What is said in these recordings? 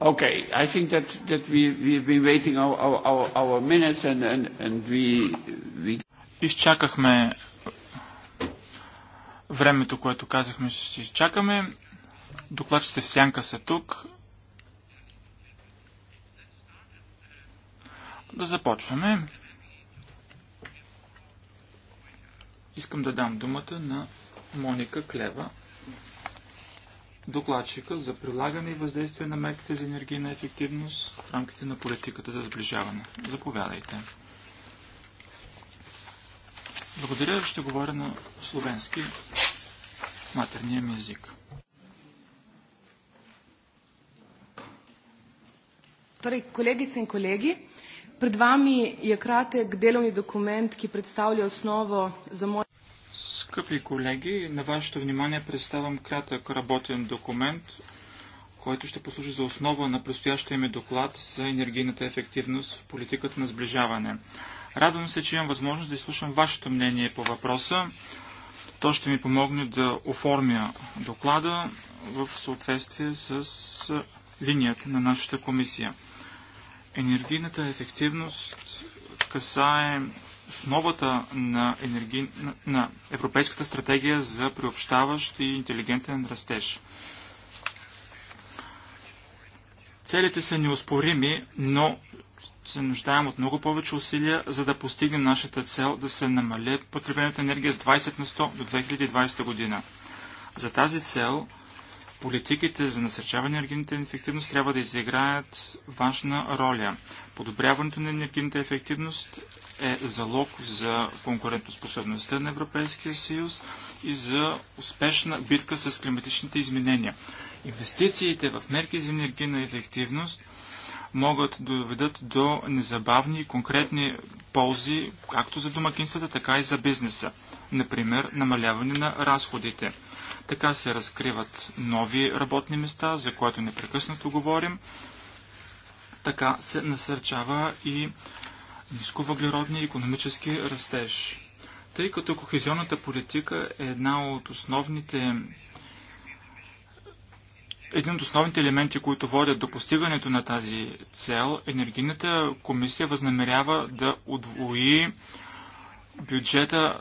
Okay. I think that that we we've been waiting our our our minutes and and and we we Изчакахме времето, което казахме, че ще изчакаме. Докладчите в сянка са тук. Да започваме. Искам да дам думата на Моника Клева докладчика за прилагане и въздействие на мерките за енергийна ефективност в рамките на политиката за сближаване. Заповядайте. Благодаря, ще говоря на словенски, матерния ми език. Torej, kolegice in kolegi, pred vami je kratek delovni dokument, ki predstavlja osnovo za moj Скъпи колеги, на вашето внимание представям кратък работен документ, който ще послужи за основа на предстоящия ми доклад за енергийната ефективност в политиката на сближаване. Радвам се, че имам възможност да изслушам вашето мнение по въпроса. То ще ми помогне да оформя доклада в съответствие с линията на нашата комисия. Енергийната ефективност касае основата на, енерги... на Европейската стратегия за приобщаващ и интелигентен растеж. Целите са неоспорими, но се нуждаем от много повече усилия, за да постигнем нашата цел да се намали потребената енергия с 20 на 100 до 2020 година. За тази цел политиките за насърчаване на енергийната ефективност трябва да изиграят важна роля. Подобряването на енергийната ефективност е залог за конкурентоспособността на Европейския съюз и за успешна битка с климатичните изменения. Инвестициите в мерки за енергийна ефективност могат да доведат до незабавни и конкретни ползи както за домакинствата, така и за бизнеса. Например, намаляване на разходите. Така се разкриват нови работни места, за което непрекъснато говорим. Така се насърчава и нисковъглеродния економически растеж. Тъй като кохезионната политика е една от основните един от основните елементи, които водят до постигането на тази цел, Енергийната комисия възнамерява да удвои бюджета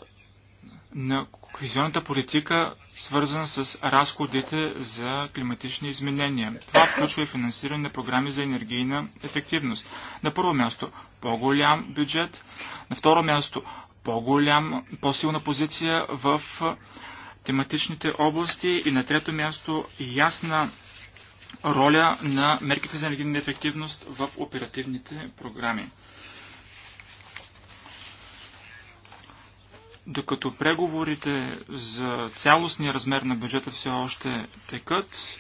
на Кохезионната политика, свързана с разходите за климатични изменения. Това включва и финансиране на програми за енергийна ефективност. На първо място по-голям бюджет. На второ място по-голям, по-силна позиция в тематичните области. И на трето място ясна роля на мерките за енергийна ефективност в оперативните програми. Докато преговорите за цялостния размер на бюджета все още текат,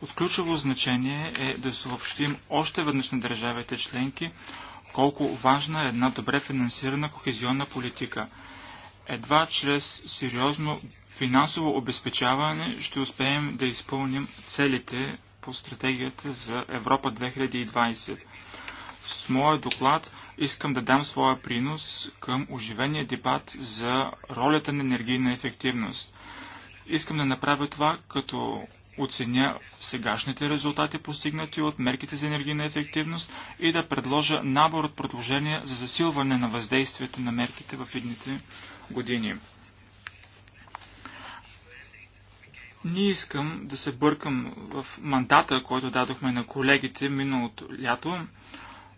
от ключово значение е да съобщим още веднъж на държавите членки колко важна е една добре финансирана кохезионна политика. Едва чрез сериозно финансово обезпечаване ще успеем да изпълним целите по стратегията за Европа 2020. С моят доклад искам да дам своя принос към оживения дебат за ролята на енергийна ефективност. Искам да направя това, като оценя сегашните резултати, постигнати от мерките за енергийна ефективност и да предложа набор от предложения за засилване на въздействието на мерките в едните години. Не искам да се бъркам в мандата, който дадохме на колегите миналото лято,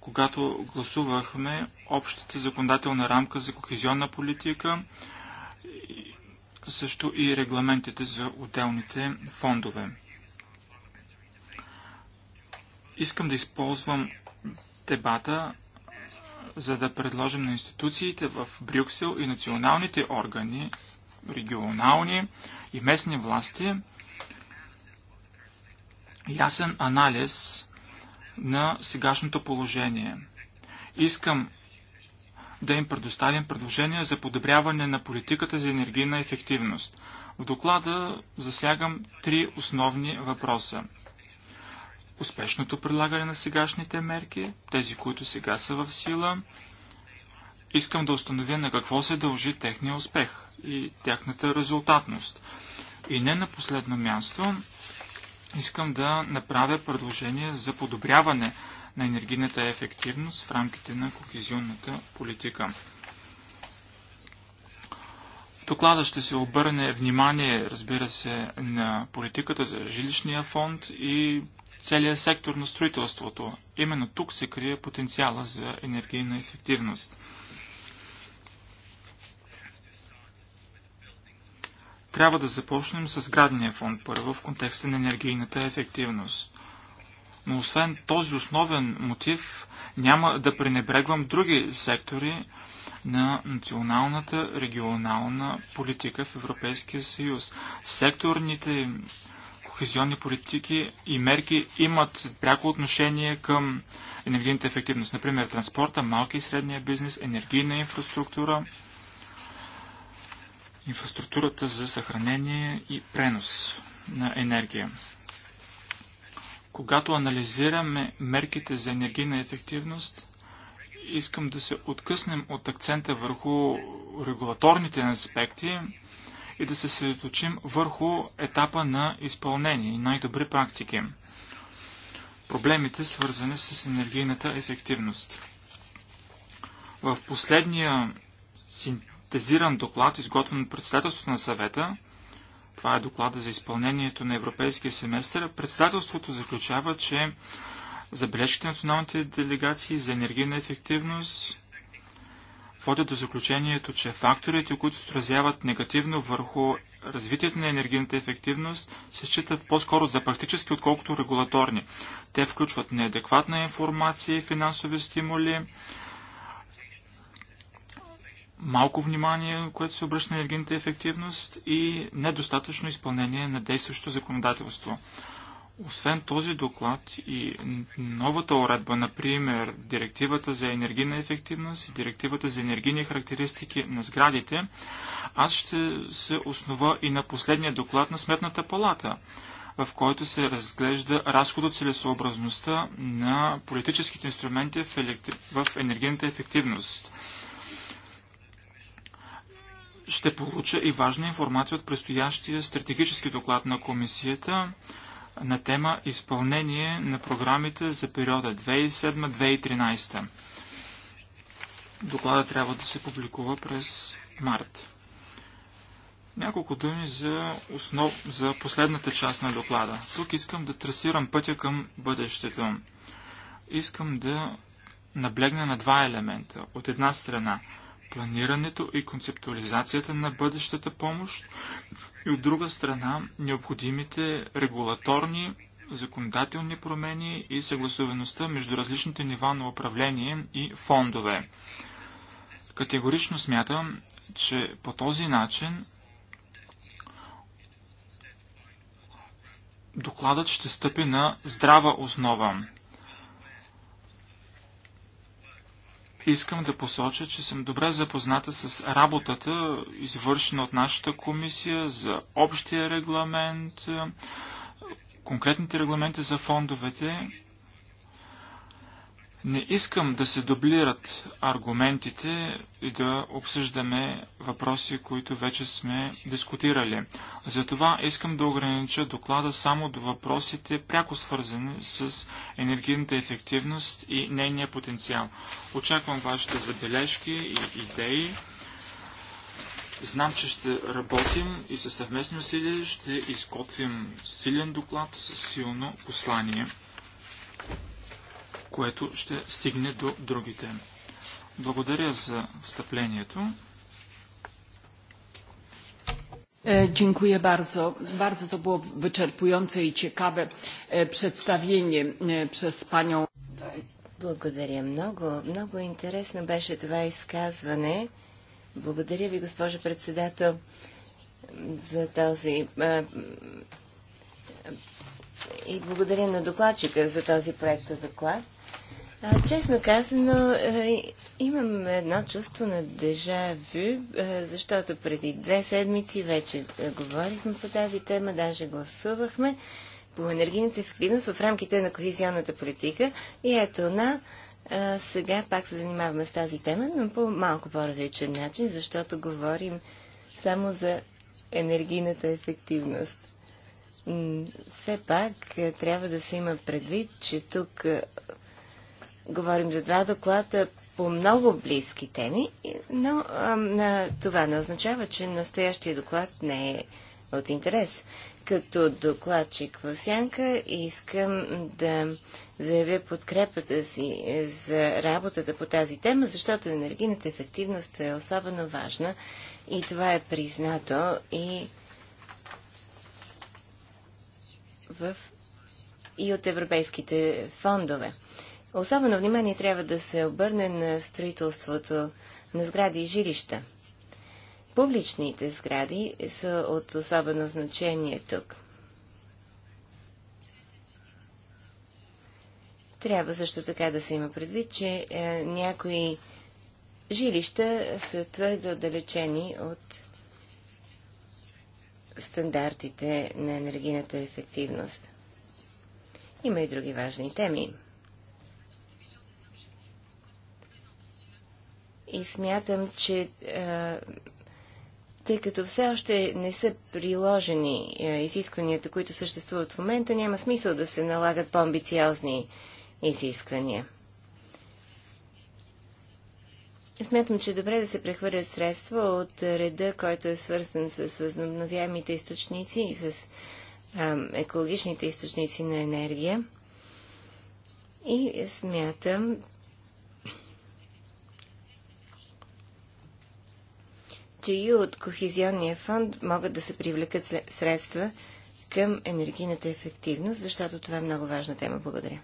когато гласувахме общата законодателна рамка за кохезионна политика, също и регламентите за отделните фондове. Искам да използвам дебата, за да предложим на институциите в Брюксел и националните органи, регионални и местни власти, ясен анализ на сегашното положение. Искам да им предоставим предложения за подобряване на политиката за енергийна ефективност. В доклада засягам три основни въпроса. Успешното прилагане на сегашните мерки, тези, които сега са в сила. Искам да установя на какво се дължи техния успех и тяхната резултатност. И не на последно място, Искам да направя предложение за подобряване на енергийната ефективност в рамките на кохезионната политика. В доклада ще се обърне внимание, разбира се, на политиката за жилищния фонд и целият сектор на строителството. Именно тук се крие потенциала за енергийна ефективност. Трябва да започнем с градния фонд първо в контекста на енергийната ефективност. Но освен този основен мотив, няма да пренебрегвам други сектори на националната регионална политика в Европейския съюз. Секторните кохезионни политики и мерки имат пряко отношение към енергийната ефективност. Например, транспорта, малки и средния бизнес, енергийна инфраструктура – инфраструктурата за съхранение и пренос на енергия. Когато анализираме мерките за енергийна ефективност, искам да се откъснем от акцента върху регулаторните аспекти и да се съсредоточим върху етапа на изпълнение и най-добри практики. Проблемите, свързани с енергийната ефективност. В последния синтез синтезиран доклад, изготвен от председателството на съвета. Това е доклада за изпълнението на европейския семестър. Председателството заключава, че забележките на националните делегации за енергийна ефективност водят до заключението, че факторите, които се отразяват негативно върху развитието на енергийната ефективност, се считат по-скоро за практически, отколкото регулаторни. Те включват неадекватна информация и финансови стимули, малко внимание, което се обръща на енергийната ефективност и недостатъчно изпълнение на действащото законодателство. Освен този доклад и новата уредба, например директивата за енергийна ефективност и директивата за енергийни характеристики на сградите, аз ще се основа и на последния доклад на Сметната палата, в който се разглежда разходоцелесообразността на политическите инструменти в, в енергийната ефективност ще получа и важна информация от предстоящия стратегически доклад на комисията на тема изпълнение на програмите за периода 2007-2013. Доклада трябва да се публикува през март. Няколко думи за, основ... за последната част на доклада. Тук искам да трасирам пътя към бъдещето. Искам да наблегна на два елемента. От една страна – планирането и концептуализацията на бъдещата помощ и от друга страна необходимите регулаторни, законодателни промени и съгласуваността между различните нива на управление и фондове. Категорично смятам, че по този начин докладът ще стъпи на здрава основа. Искам да посоча, че съм добре запозната с работата, извършена от нашата комисия за общия регламент, конкретните регламенти за фондовете не искам да се дублират аргументите и да обсъждаме въпроси, които вече сме дискутирали. Затова искам да огранича доклада само до въпросите, пряко свързани с енергийната ефективност и нейния потенциал. Очаквам вашите забележки и идеи. Знам, че ще работим и със съвместни усилия ще изготвим силен доклад с силно послание което ще стигне до другите. Благодаря за встъплението. Dziękuję bardzo. Bardzo to było wyczerpujące i ciekawe przedstawienie przez panią. Благодаря много. Много интересно беше това изказване. Благодаря ви, госпожо председател, за този е, и благодаря на докладчика за този проект доклад. А, честно казано, е, имам едно чувство на дежавю, е, защото преди две седмици вече е, говорихме по тази тема, даже гласувахме по енергийната ефективност в рамките на кохезионната политика. И ето на сега пак се занимаваме с тази тема, но по малко по-различен начин, защото говорим само за енергийната ефективност. Все пак трябва да се има предвид, че тук Говорим за два доклада по много близки теми, но а, това не означава, че настоящия доклад не е от интерес. Като докладчик в Сянка искам да заявя подкрепата си е, за работата по тази тема, защото енергийната ефективност е особено важна и това е признато и в и от европейските фондове. Особено внимание трябва да се обърне на строителството на сгради и жилища. Публичните сгради са от особено значение тук. Трябва също така да се има предвид, че е, някои жилища са твърдо отдалечени от стандартите на енергийната ефективност. Има и други важни теми. И смятам, че тъй като все още не са приложени изискванията, които съществуват в момента, няма смисъл да се налагат по-амбициозни изисквания. Смятам, че е добре да се прехвърлят средства от реда, който е свързан с възобновяемите източници и с а, екологичните източници на енергия. И смятам, че и от Кохизионния фонд могат да се привлекат средства към енергийната ефективност, защото това е много важна тема. Благодаря.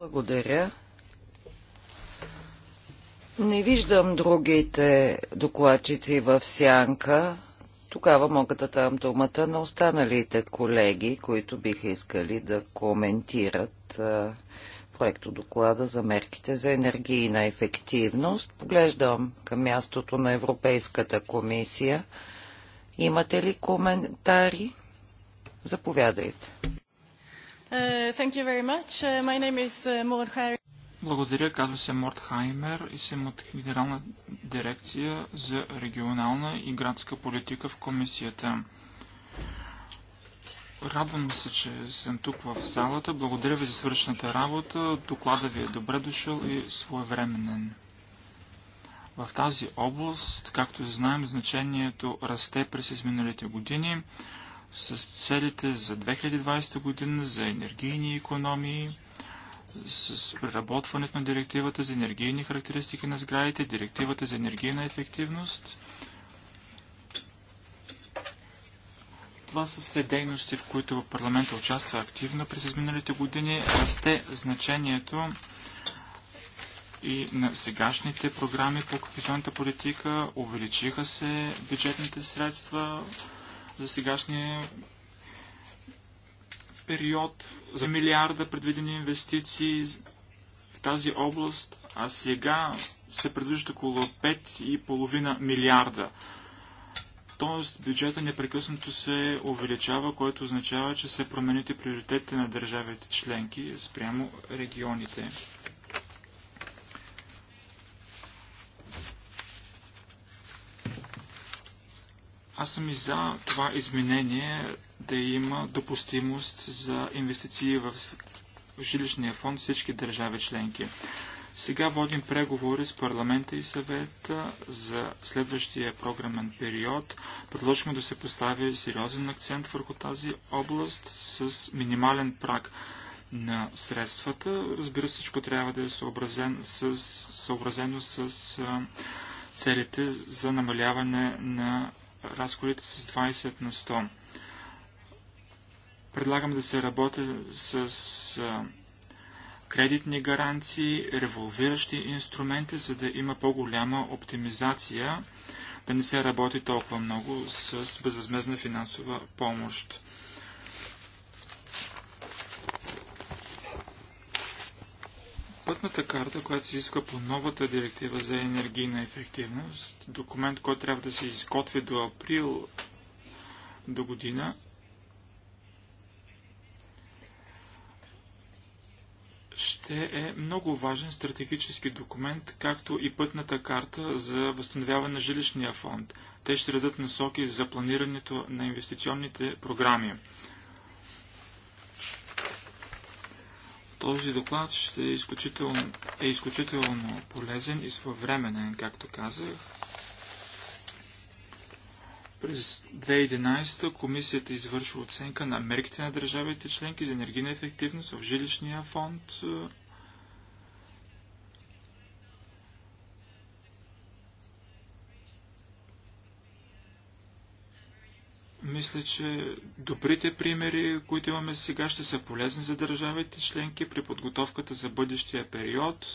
Благодаря. Не виждам другите докладчици в сянка. Тогава мога да дам думата на останалите колеги, които биха искали да коментират проекто доклада за мерките за енергийна ефективност. Поглеждам към мястото на Европейската комисия. Имате ли коментари? Заповядайте. Е, е, е, Благодаря, казва се Морт Хаймер и съм от Генерална дирекция за регионална и градска политика в комисията. Радвам се, че съм тук в залата. Благодаря ви за свършната работа. Доклада ви е добре дошъл и своевременен. В тази област, както знаем, значението расте през изминалите години с целите за 2020 година за енергийни економии, с преработването на директивата за енергийни характеристики на сградите, директивата за енергийна ефективност – Това са все дейности, в които парламента участва активно през изминалите години. Расте значението и на сегашните програми по кохезионната политика. Увеличиха се бюджетните средства за сегашния период за милиарда предвидени инвестиции в тази област, а сега се предвижда около 5,5 милиарда Тоест бюджета непрекъснато се увеличава, което означава, че се промените приоритетите на държавите членки спрямо регионите. Аз съм и за това изменение да има допустимост за инвестиции в жилищния фонд всички държави членки. Сега водим преговори с парламента и съвета за следващия програмен период. Предложихме да се постави сериозен акцент върху тази област с минимален праг на средствата. Разбира се, всичко трябва да е съобразен с, съобразено с целите за намаляване на разходите с 20 на 100. Предлагам да се работи с кредитни гаранции, револвиращи инструменти, за да има по-голяма оптимизация, да не се работи толкова много с безвъзмезна финансова помощ. Пътната карта, която се изисква по новата директива за енергийна ефективност, документ, който трябва да се изготви до април до година, ще е много важен стратегически документ, както и пътната карта за възстановяване на жилищния фонд. Те ще дадат насоки за планирането на инвестиционните програми. Този доклад ще е изключително, е изключително полезен и своевременен, както казах. През 2011 комисията извърши оценка на мерките на държавите членки за енергийна ефективност в жилищния фонд. Мисля, че добрите примери, които имаме сега, ще са полезни за държавите членки при подготовката за бъдещия период.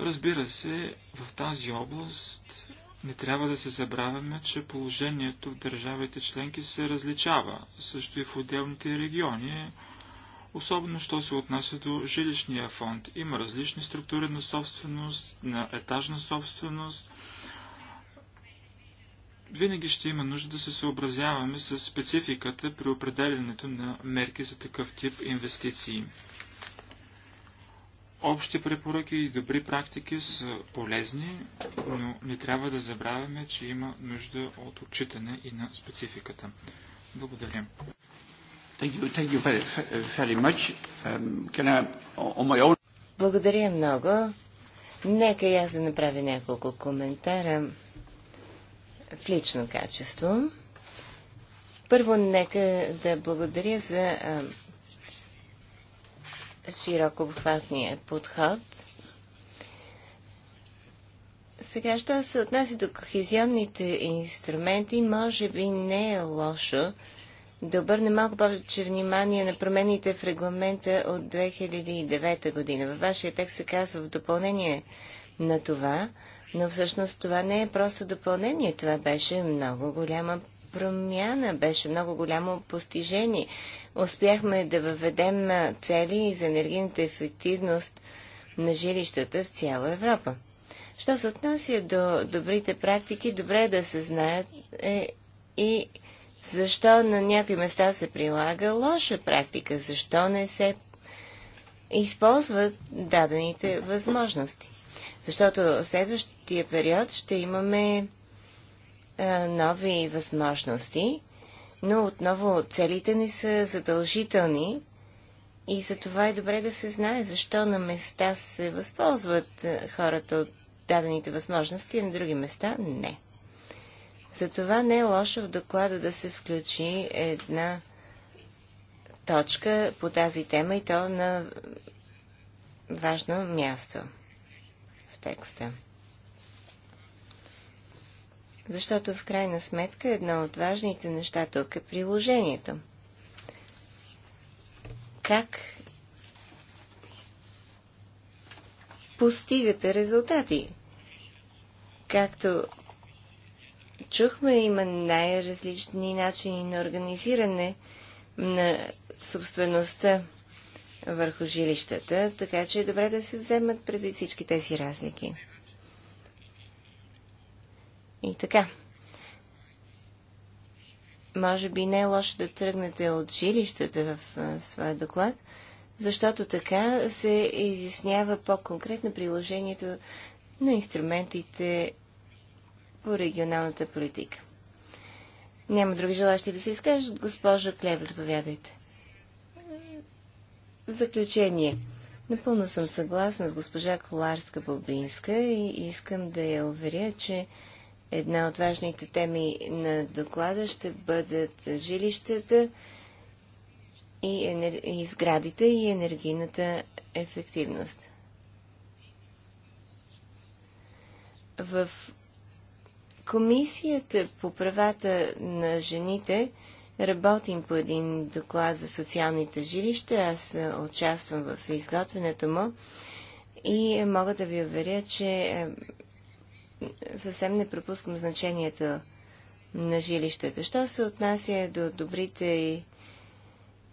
Разбира се, в тази област не трябва да се забравяме, че положението в държавите членки се различава, също и в отделните региони, особено що се отнася до жилищния фонд. Има различни структури на собственост, на етажна собственост. Винаги ще има нужда да се съобразяваме с спецификата при определенето на мерки за такъв тип инвестиции. Общи препоръки и добри практики са полезни, но не трябва да забравяме, че има нужда от отчитане и на спецификата. Благодаря. Благодаря много. Нека и аз да направя няколко коментара в лично качество. Първо, нека да благодаря за широкообхватния подход. Сега, що се отнася до кохезионните инструменти, може би не е лошо да обърне малко повече внимание на промените в регламента от 2009 година. Във вашия текст се казва в допълнение на това, но всъщност това не е просто допълнение, това беше много голяма промяна беше много голямо постижение. Успяхме да въведем цели за енергийната ефективност на жилищата в цяла Европа. Що се отнася до добрите практики, добре е да се знаят е, и защо на някои места се прилага лоша практика, защо не се използват дадените възможности. Защото следващия период ще имаме е, нови възможности, но отново целите не са задължителни и за това е добре да се знае защо на места се възползват е, хората от дадените възможности, а на други места не. Затова не е лошо в доклада да се включи една точка по тази тема и то на важно място в текста защото в крайна сметка едно от важните неща тук е приложението. Как постигате резултати? Както чухме, има най-различни начини на организиране на собствеността върху жилищата, така че е добре да се вземат преди всички тези разлики. И така. Може би не е лошо да тръгнете от жилищата в а, своя доклад, защото така се изяснява по-конкретно приложението на инструментите по регионалната политика. Няма други желащи да се изкажат. Госпожа Клева, заповядайте. В заключение, напълно съм съгласна с госпожа Коларска-Бобинска и искам да я уверя, че Една от важните теми на доклада ще бъдат жилищата и, енер... и енергийната ефективност. В Комисията по правата на жените работим по един доклад за социалните жилища. Аз участвам в изготвянето му и мога да ви уверя, че съвсем не пропускам значението на жилищата. Що се отнася до добрите и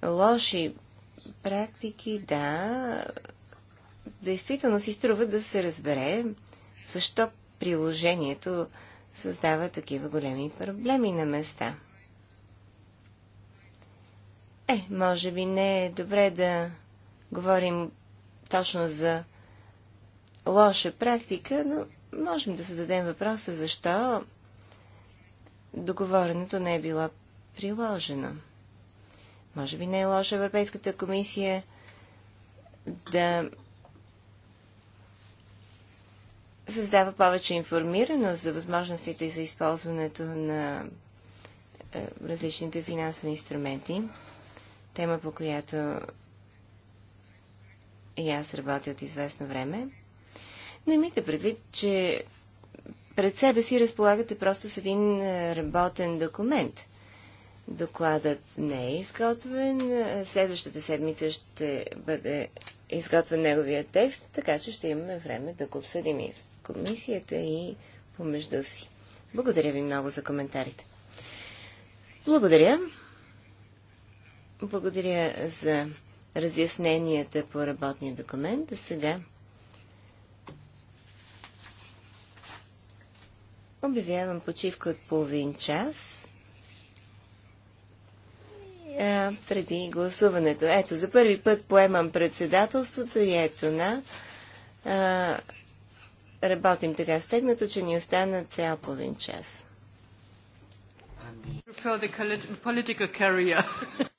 лоши практики, да, действително си струва да се разбере защо приложението създава такива големи проблеми на места. Е, може би не е добре да говорим точно за лоша практика, но можем да зададем въпроса защо договоренето не е било приложено. Може би не е лошо Европейската комисия да създава повече информираност за възможностите за използването на е, различните финансови инструменти. Тема, по която и аз работя от известно време. Не имайте предвид, че пред себе си разполагате просто с един е, работен документ. Докладът не е изготвен. Е, следващата седмица ще бъде изготвен неговия текст, така че ще имаме време да го обсъдим и в комисията и помежду си. Благодаря ви много за коментарите. Благодаря. Благодаря за разясненията по работния документ. А сега Обявявам почивка от половин час а, преди гласуването. Ето, за първи път поемам председателството и ето на. А, работим така стегнато, че ни остана цял половин час.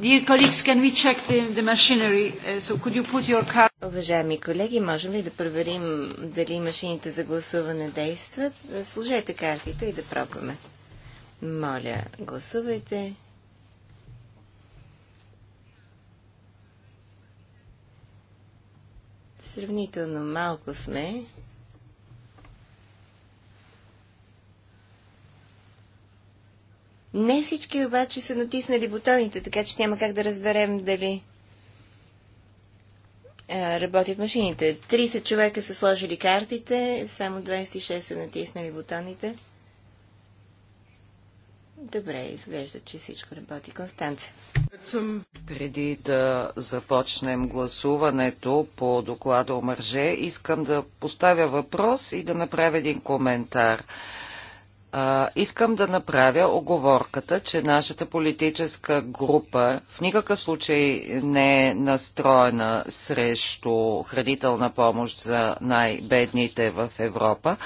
Dear colleagues, can we check the, the machinery? Uh, so could you put your card... Уважаеми колеги, можем ли да проверим дали машините за гласуване действат? Сложете картите и да пробваме. Моля, гласувайте. Сравнително малко сме. Не всички обаче са натиснали бутоните, така че няма как да разберем дали е, работят машините. 30 човека са сложили картите, само 26 са натиснали бутоните. Добре, изглежда, че всичко работи. Констанция. Преди да започнем гласуването по доклада Омърже, искам да поставя въпрос и да направя един коментар. А, искам да направя оговорката, че нашата политическа група в никакъв случай не е настроена срещу хранителна помощ за най-бедните в Европа,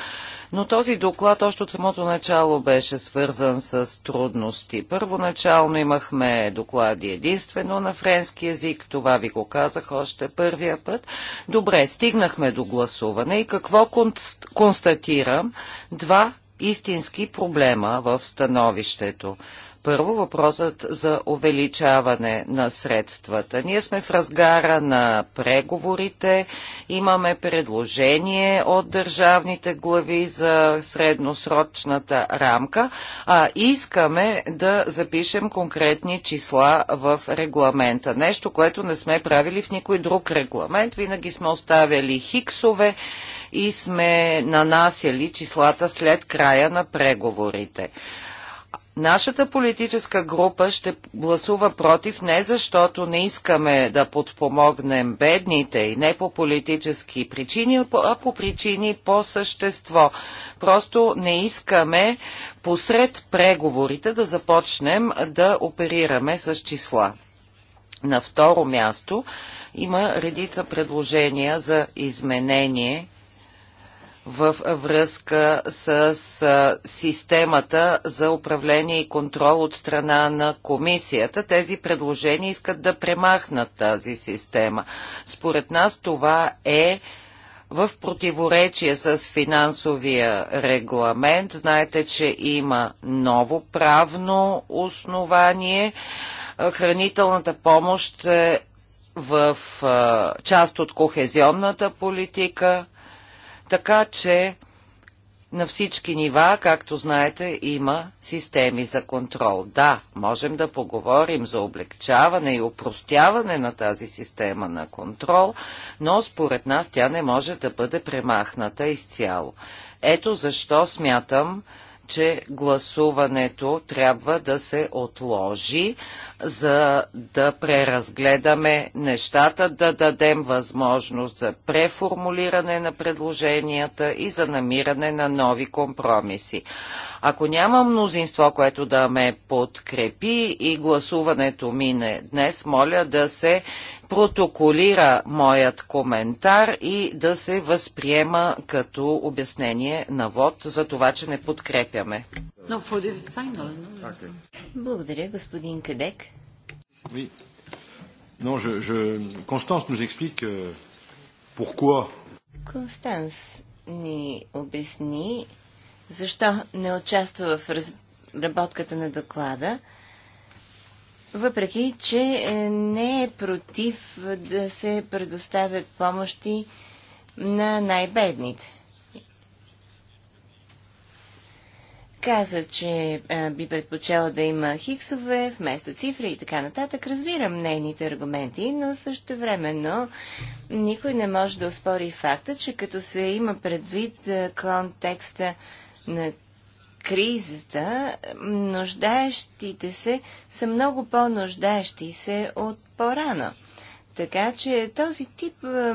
но този доклад още от самото начало беше свързан с трудности. Първоначално имахме доклади единствено на френски язик, това ви го казах още първия път. Добре, стигнахме до гласуване и какво констатирам? Два истински проблема в становището. Първо въпросът за увеличаване на средствата. Ние сме в разгара на преговорите, имаме предложение от държавните глави за средносрочната рамка, а искаме да запишем конкретни числа в регламента. Нещо, което не сме правили в никой друг регламент. Винаги сме оставяли хиксове и сме нанасяли числата след края на преговорите. Нашата политическа група ще гласува против не защото не искаме да подпомогнем бедните и не по политически причини, а по причини по същество. Просто не искаме посред преговорите да започнем да оперираме с числа. На второ място има редица предложения за изменение в връзка с системата за управление и контрол от страна на комисията. Тези предложения искат да премахнат тази система. Според нас това е в противоречие с финансовия регламент. Знаете, че има ново правно основание. Хранителната помощ е в част от кохезионната политика така че на всички нива, както знаете, има системи за контрол. Да, можем да поговорим за облегчаване и упростяване на тази система на контрол, но според нас тя не може да бъде премахната изцяло. Ето защо смятам, че гласуването трябва да се отложи, за да преразгледаме нещата, да дадем възможност за преформулиране на предложенията и за намиране на нови компромиси. Ако няма мнозинство, което да ме подкрепи и гласуването мине днес, моля да се протоколира моят коментар и да се възприема като обяснение на вод за това, че не подкрепяме. No, final, okay. Благодаря, господин Кадек. Oui. Non, je, je... Constance nous explique euh, pourquoi. Констанс ни обясни защо не участва в разработката на доклада, въпреки че е, не е против е, да се предоставят помощи на най-бедните. каза, че а, би предпочела да има хиксове вместо цифри и така нататък. Разбирам нейните аргументи, но също времено никой не може да успори факта, че като се има предвид контекста на кризата, нуждаещите се са много по-нуждаещи се от по-рано. Така че този тип а,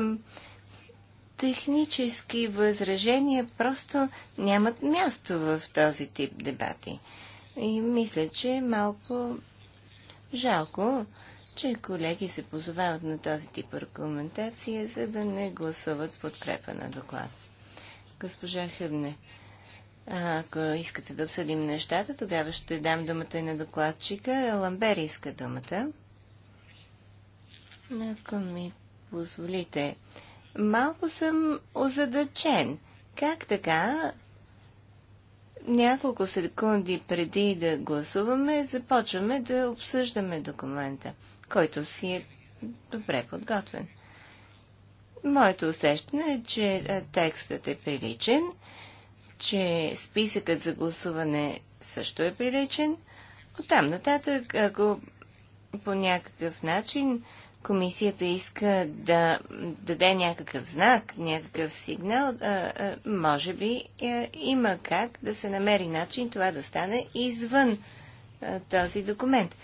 технически възражения просто нямат място в този тип дебати. И мисля, че е малко жалко, че колеги се позовават на този тип аргументация, за да не гласуват в подкрепа на доклад. Госпожа Хъбне, ако искате да обсъдим нещата, тогава ще дам думата и на докладчика. Ламбер иска думата. Ако ми позволите, Малко съм озадачен. Как така? Няколко секунди преди да гласуваме, започваме да обсъждаме документа, който си е добре подготвен. Моето усещане е, че текстът е приличен, че списъкът за гласуване също е приличен. Оттам нататък, ако по някакъв начин комисията иска да даде някакъв знак, някакъв сигнал, може би е, има как да се намери начин това да стане извън този документ.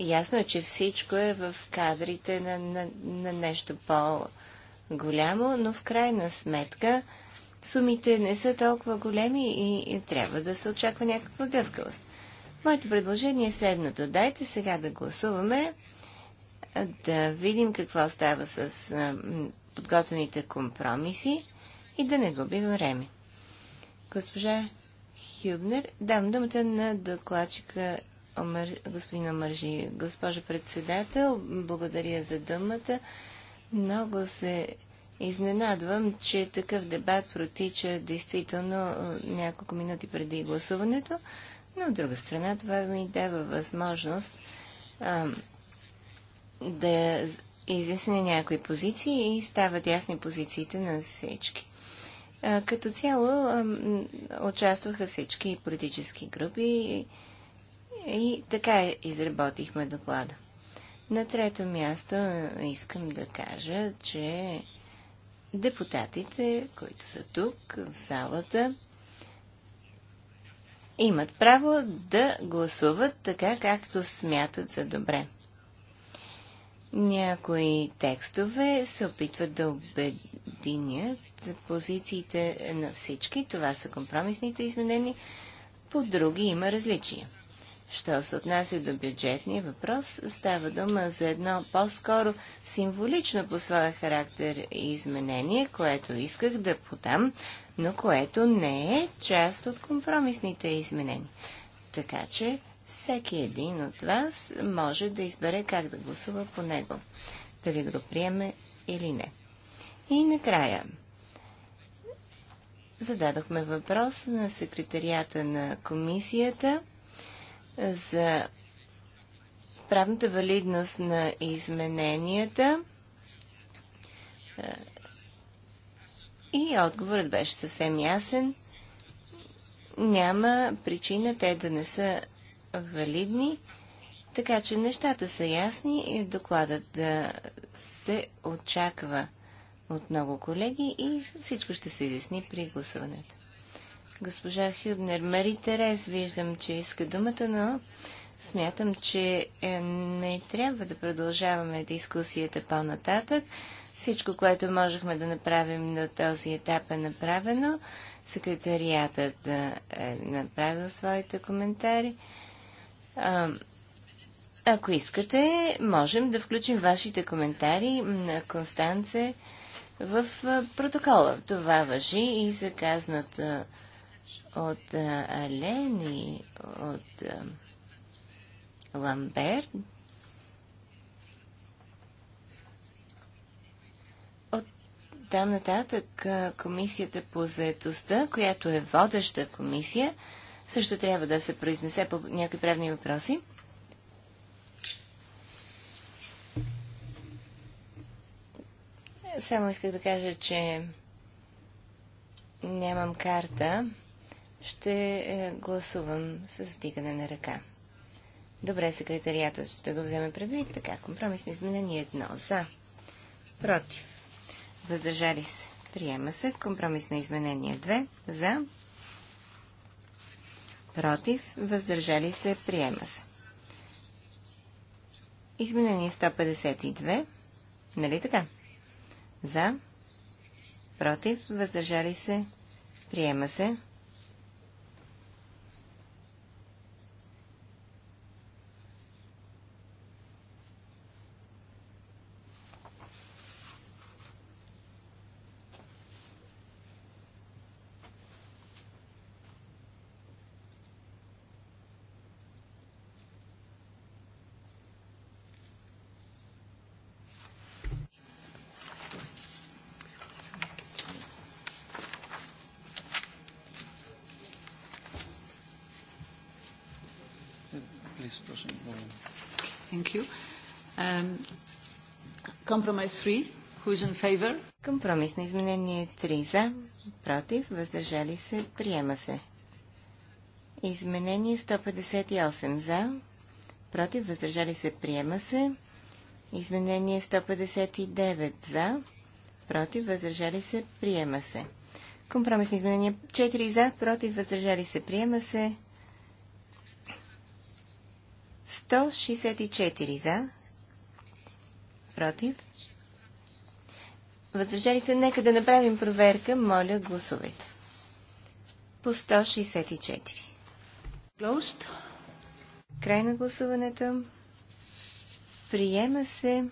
Ясно е, че всичко е в кадрите на, на, на нещо по-голямо, но в крайна сметка сумите не са толкова големи и, и трябва да се очаква някаква гъвкавост. Моето предложение е следното. Дайте сега да гласуваме да видим какво става с подготвените компромиси и да не губим време. Госпожа Хюбнер, дам думата на докладчика Омър... господин Омържи. Госпожо председател, благодаря за думата. Много се изненадвам, че такъв дебат протича действително няколко минути преди гласуването, но от друга страна това ми дава възможност ам, да изясни някои позиции и стават ясни позициите на всички. Като цяло участваха всички политически групи и, така изработихме доклада. На трето място искам да кажа, че депутатите, които са тук в залата, имат право да гласуват така, както смятат за добре. Някои текстове се опитват да обединят позициите на всички. Това са компромисните изменения. По други има различия. Що се отнася до бюджетния въпрос, става дума за едно по-скоро символично по своя характер изменение, което исках да подам, но което не е част от компромисните изменения. Така че всеки един от вас може да избере как да гласува по него, дали да го приеме или не. И накрая зададохме въпрос на секретарията на комисията за правната валидност на измененията. И отговорът беше съвсем ясен. Няма причина те да не са валидни, така че нещата са ясни и докладът да се очаква от много колеги и всичко ще се изясни при гласуването. Госпожа Хюбнер, Мари Терес, виждам, че иска думата, но смятам, че е, не трябва да продължаваме дискусията по-нататък. Всичко, което можехме да направим на този етап е направено. Секретариатът е, е направил своите коментари ако искате, можем да включим вашите коментари на Констанце в протокола. Това въжи и за казната от Ален и от Ламберт. От там нататък комисията по заедостта, която е водеща комисия, също трябва да се произнесе по някои правни въпроси. Само исках да кажа, че нямам карта. Ще е, гласувам с вдигане на ръка. Добре, секретарията ще го вземе предвид. Така, компромисно изменение едно. За. Против. Въздържали се. Приема се. Компромисно изменение 2. За против, въздържали се, приема се. Изменение 152, нали така? За, против, въздържали се, приема се. Compromise 3. in favor? Компромисно изменение 3 за, против, въздържали се, приема се. Изменение 158 за, против, въздържали се, приема се. Изменение 159 за, против, въздържали се, приема се. Компромисно изменение 4 за, против, въздържали се, приема се. 164 за, Против? Въздържали се? Нека да направим проверка. Моля, гласувайте. По 164. Closed. Край на гласуването. Приема се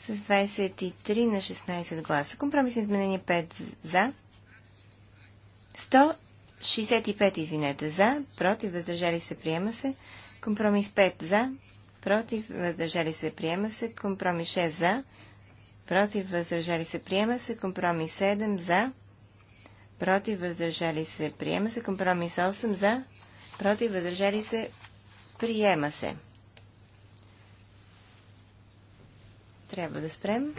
с 23 на 16 гласа. Компромисно изменение 5 за. 165, извинете, за. Против, въздържали се, приема се. Компромис 5 за против, въздържали се, приема се. Компромис 6 за, против, въздържали се, приема се. Компромис 7 за, против, въздържали се, приема се. Компромис 8 за, против, въздържали се, приема се. Трябва да спрем.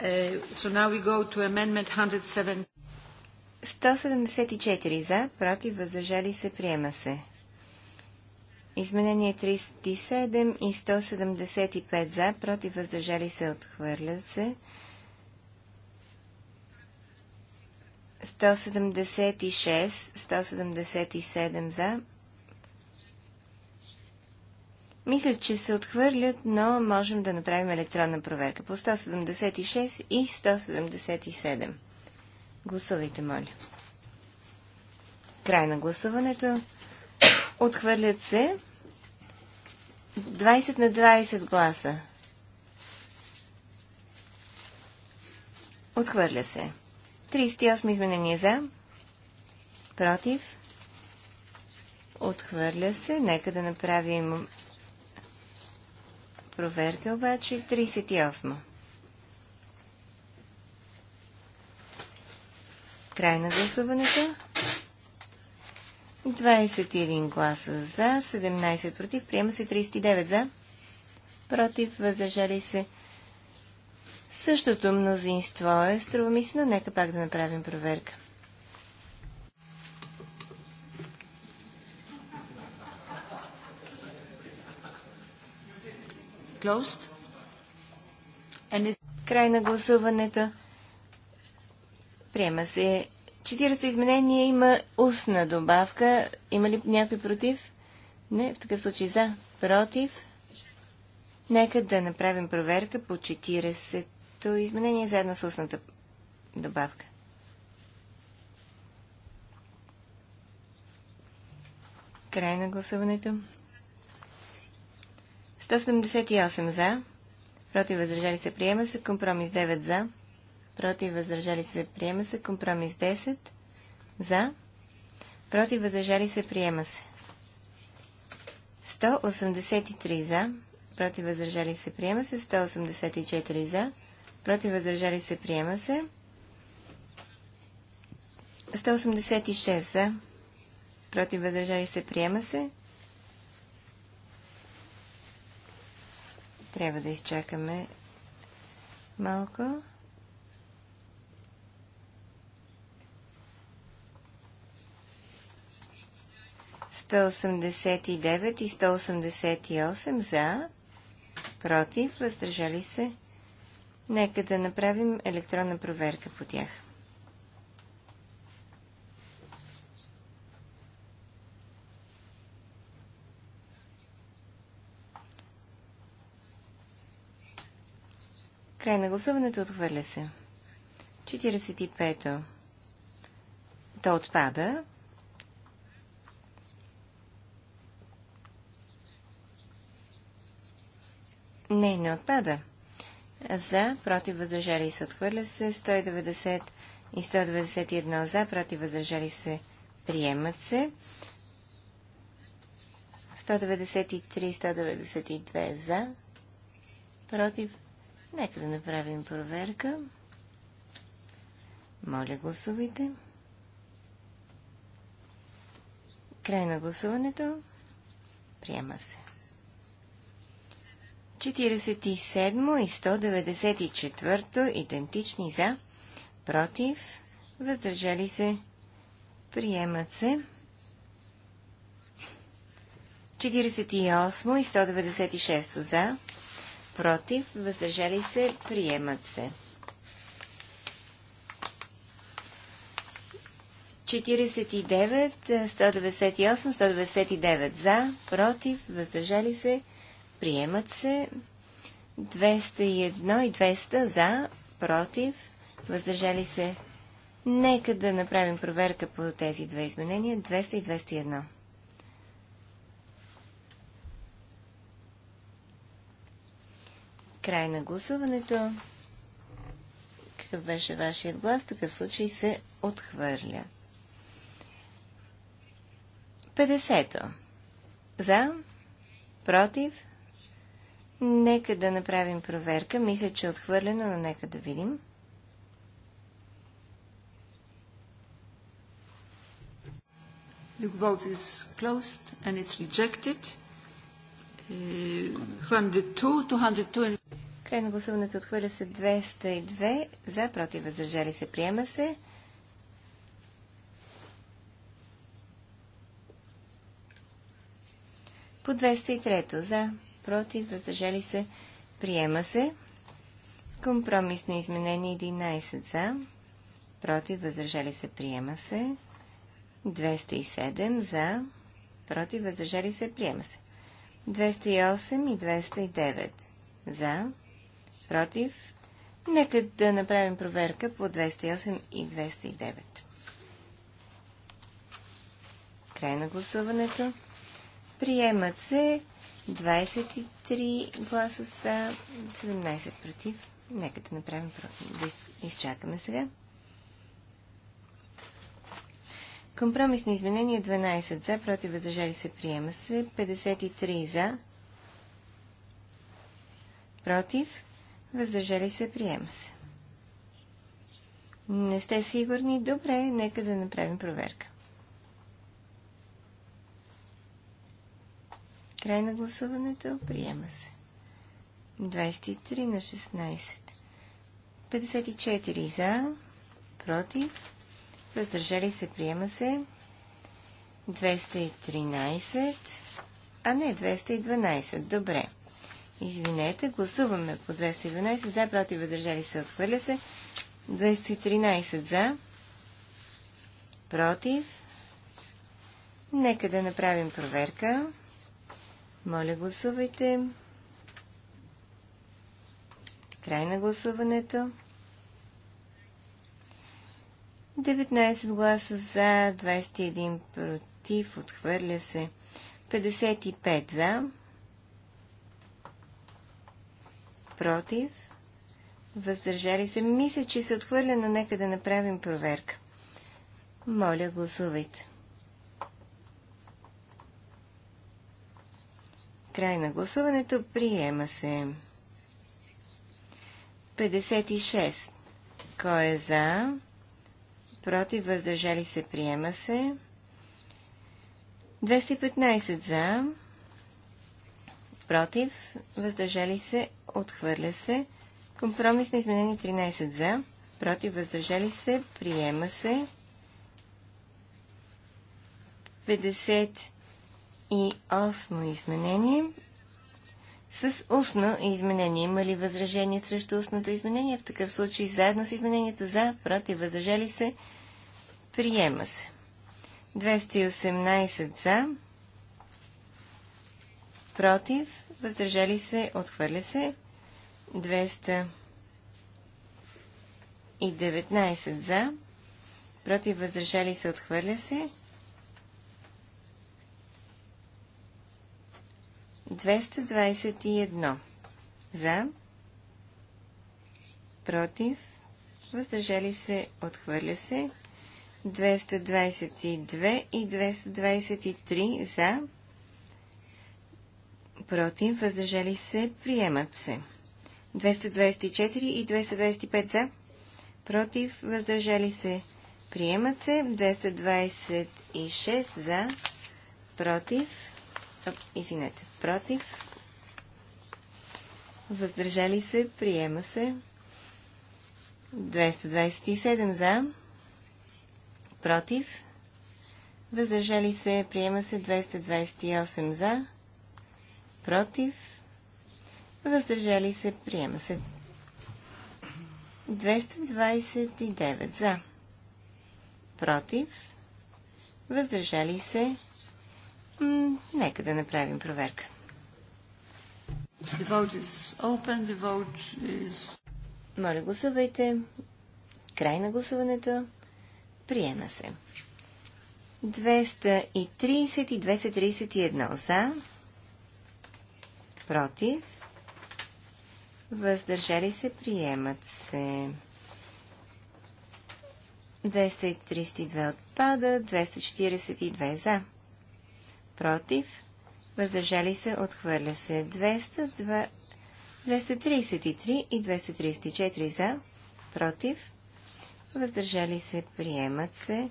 Е, so now we go to amendment 174 за, против, въздържали се, приема се. Изменение 37 и 175 за, против въздържали се, отхвърлят се. 176, 177 за. Мисля, че се отхвърлят, но можем да направим електронна проверка по 176 и 177. Гласувайте, моля. Край на гласуването. Отхвърлят се. 20 на 20 гласа. Отхвърля се. 38 изменение за. Против. Отхвърля се. Нека да направим проверка обаче. 38. Край на гласуването. 21 гласа за, 17 против. Приема се 39 за. Против, въздържали се. Същото мнозинство е, струва ми се, но нека пак да направим проверка. Край на гласуването. Приема се 40 изменение има устна добавка. Има ли някой против? Не, в такъв случай за. Против. Нека да направим проверка по 40-то изменение заедно с устната добавка. Край на гласуването. 178 за. Против възражали се приема се. Компромис 9 за против, въздържали се, приема се. Компромис 10 за, против, въздържали се, приема се. 183 за, против, въздържали се, приема се. 184 за, против, въздържали се, приема се. 186 за, против, въздържали се, приема се. Трябва да изчакаме малко. 189 и 188 за, против, въздържали се. Нека да направим електронна проверка по тях. Край на гласуването отхвърля се. 45-то. То отпада. Не, не отпада. За, против, въздържали се, отхвърля се. 190 и 191 за, против, въздържали се, приемат се. 193-192 за, против. Нека да направим проверка. Моля, гласувайте. Край на гласуването. Приема се. 47 и 194 идентични за, против, въздържали се, приемат се. 48 и 196 за, против, въздържали се, приемат се. 49, 198, 199 за, против, въздържали се, приемат се. Приемат се 201 и 200 за, против, въздържали се. Нека да направим проверка по тези две изменения. 200 и 201. Край на гласуването. Какъв беше вашият глас? Такъв случай се отхвърля. 50. За, против, Нека да направим проверка. Мисля, че е отхвърлено, но нека да видим. The vote is closed and it's rejected. Uh, Край на гласуването отхвърля се 202 за, против въздържали се, приема се. По 203 за, против, въздържали се, приема се. Компромисно изменение 11 за, против, въздържали се, приема се. 207 за, против, въздържали се, приема се. 208 и 209 за, против. Нека да направим проверка по 208 и 209. Край на гласуването. Приемат се 23 гласа са 17 против. Нека да направим, да изчакаме сега. Компромисно изменение 12 за, против въздържали се приема се, 53 за, против, въздържали се приема се. Не сте сигурни? Добре, нека да направим проверка. Край на гласуването. Приема се. 23 на 16. 54 за. Против. Въздържали се. Приема се. 213. А не, 212. Добре. Извинете, гласуваме по 212 за, против, въздържали се, отхвърля се. 213 за, против. Нека да направим проверка. Моля, гласувайте. Край на гласуването. 19 гласа за, 21 против, отхвърля се. 55 за, против, въздържали се. Мисля, че се отхвърля, но нека да направим проверка. Моля, гласувайте. Край на гласуването. Приема се. 56. Кой е за? Против, въздържали се, приема се. 215 за. Против, въздържали се, отхвърля се. Компромисно изменени 13 за. Против, въздържали се, приема се. 50 и осмо изменение с устно изменение. Има ли възражение срещу устното изменение? В такъв случай заедно с изменението за, против, въздържали се, приема се. 218 за, против, въздържали се, отхвърля се. 219 за, против, въздържали се, отхвърля се. 221. За. Против. Въздържали се. Отхвърля се. 222 и 223 за. Против. Въздържали се. Приемат се. 224 и 225 за. Против. Въздържали се. Приемат се. 226 за. Против. Извинете против, въздържали се, приема се. 227 за, против, въздържали се, приема се. 228 за, против, въздържали се, приема се. 229 за, против, въздържали се, М нека да направим проверка. The vote is open. The vote is... Моля, гласувайте. Край на гласуването. Приема се. 230 и 231 за. Против. Въздържали се. Приемат се. 232 отпада. 242 за. Против въздържали се, отхвърля се. 202, 233 и 234 за, против, въздържали се, приемат се.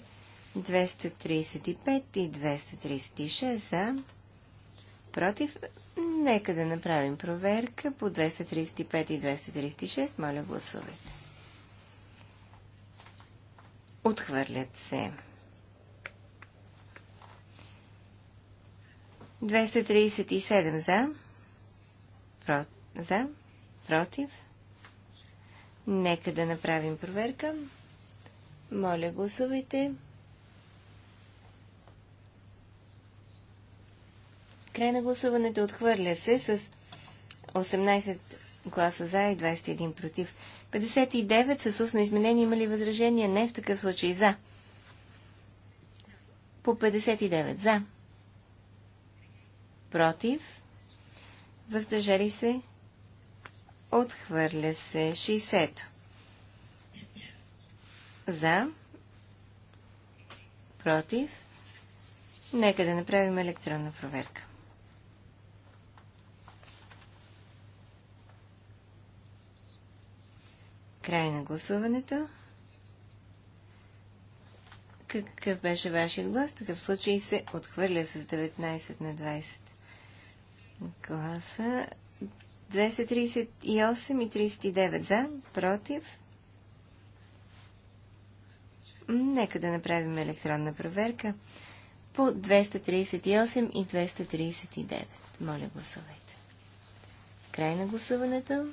235 и 236 за, против. Нека да направим проверка по 235 и 236. Моля, гласувайте. Отхвърлят се. 237 за. Про... За. Против. Нека да направим проверка. Моля, гласувайте. Край на гласуването отхвърля се с 18 гласа за и 21 против. 59 с устно изменение има ли възражение? Не в такъв случай за. По 59 за против, въздържали се, отхвърля се 60 за, против, нека да направим електронна проверка. Край на гласуването. Какъв беше вашият глас? В такъв случай се отхвърля с 19 на 20 гласа. 238 и 39 за, против. Нека да направим електронна проверка по 238 и 239. Моля, гласувайте. Край на гласуването.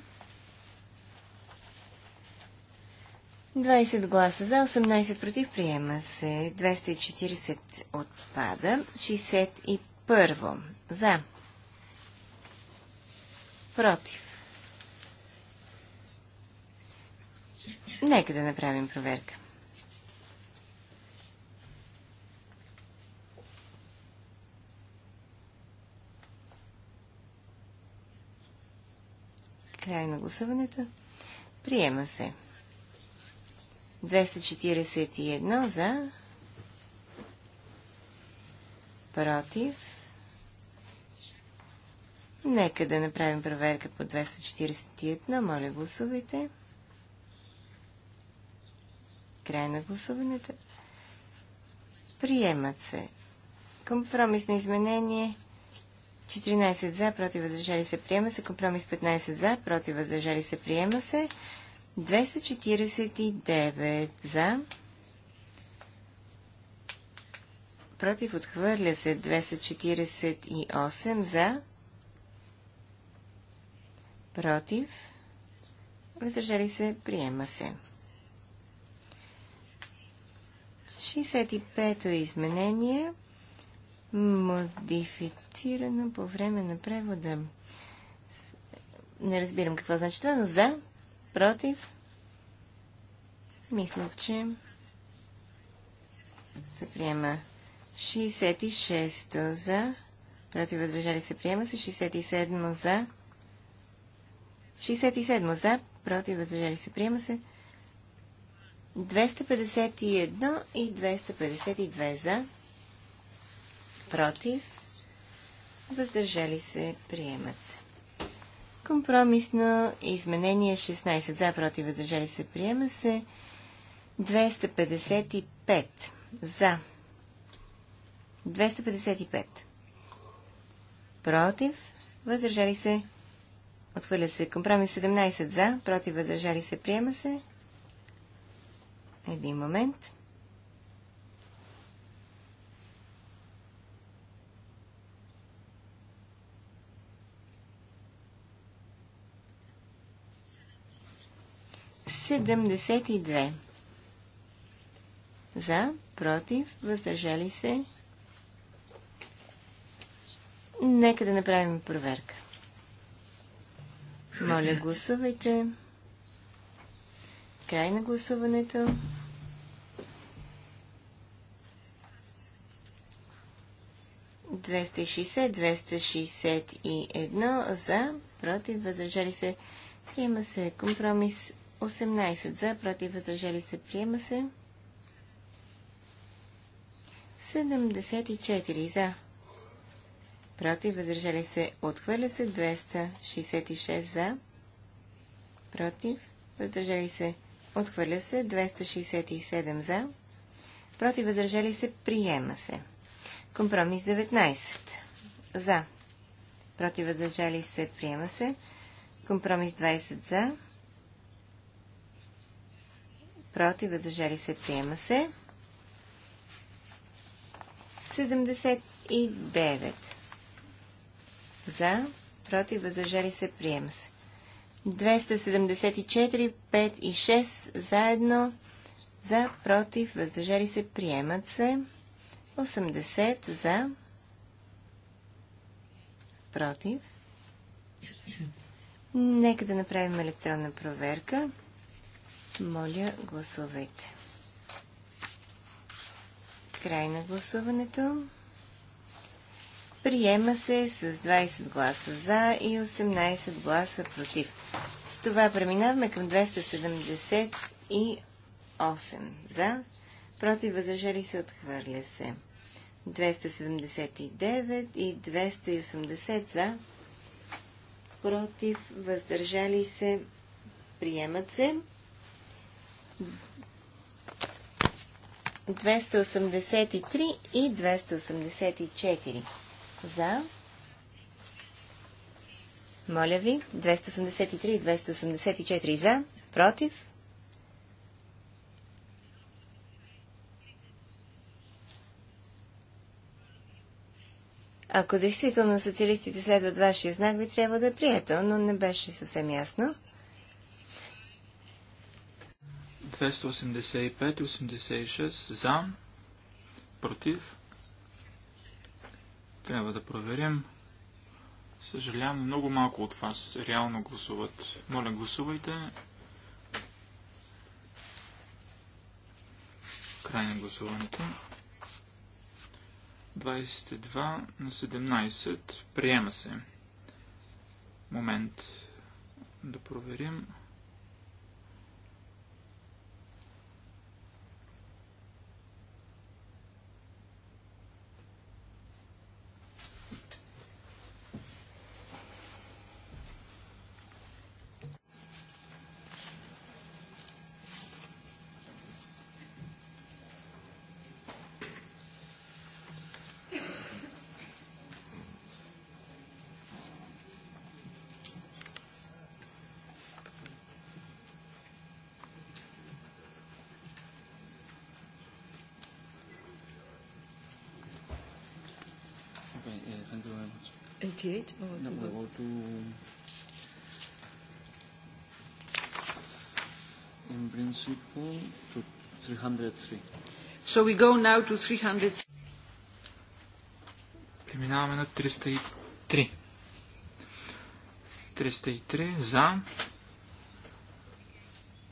20 гласа за, 18 против, приема се. 240 отпада. 61 за, Против. Нека да направим проверка. Край на гласуването. Приема се. 241 за. Против. Нека да направим проверка по 241. Моля, гласувайте. Край на гласуването. Приемат се. Компромисно изменение 14 за, против въздържали се, приема се. Компромис 15 за, против въздържали се, приема се. 249 за. Против отхвърля се 248 за против, въздържали се, приема се. 65-то изменение, модифицирано по време на превода. Не разбирам какво значи това, но за, против, мисля, че се приема 66-то за, против, въздържали се, приема се, 67-то за, 67 за, против, въздържали се, приема се. 251 и 252 за, против, въздържали се, приемат се. Компромисно изменение 16 за, против, въздържали се, приема се. 255 за. 255 против, въздържали се, Отхвърля се. Компромис 17 за. Против въздържали се. Приема се. Един момент. Седемдесет и две. За, против, въздържали се. Нека да направим проверка. Моля, гласувайте. Край на гласуването. Двеста 260-261 за, против, въздържали се, приема се. Компромис 18 за, против, въздържали се, приема се. 74 за, против, въздържали се, отхвърля се, 266 за, против, въздържали се, отхвърля се, 267 за, против, въздържали се, приема се. Компромис 19 за, против, въздържали се, приема се, компромис 20 за, против, въздържали се, приема се. 79 за, против, въздържали се, приема се. 274, 5 и 6 заедно. За, против, въздържали се, приемат се. 80 за, против. Нека да направим електронна проверка. Моля, гласувайте. Край на гласуването. Приема се с 20 гласа за и 18 гласа против. С това преминаваме към 278 за, против възражали се отхвърля се. 279 и 280 за, против въздържали се, приемат се. 283 и 284. За. Моля ви. 283 и 284 за. Против. Ако действително социалистите следват вашия знак, ви трябва да е приятел, но не беше съвсем ясно. 285 86 за, против, трябва да проверим. Съжалявам, много малко от вас реално гласуват. Моля, гласувайте. Край на гласуването. 22 на 17. Приема се. Момент да проверим. In principle, to 303. So we go now to 303. Преминаваме на 303. 303 за,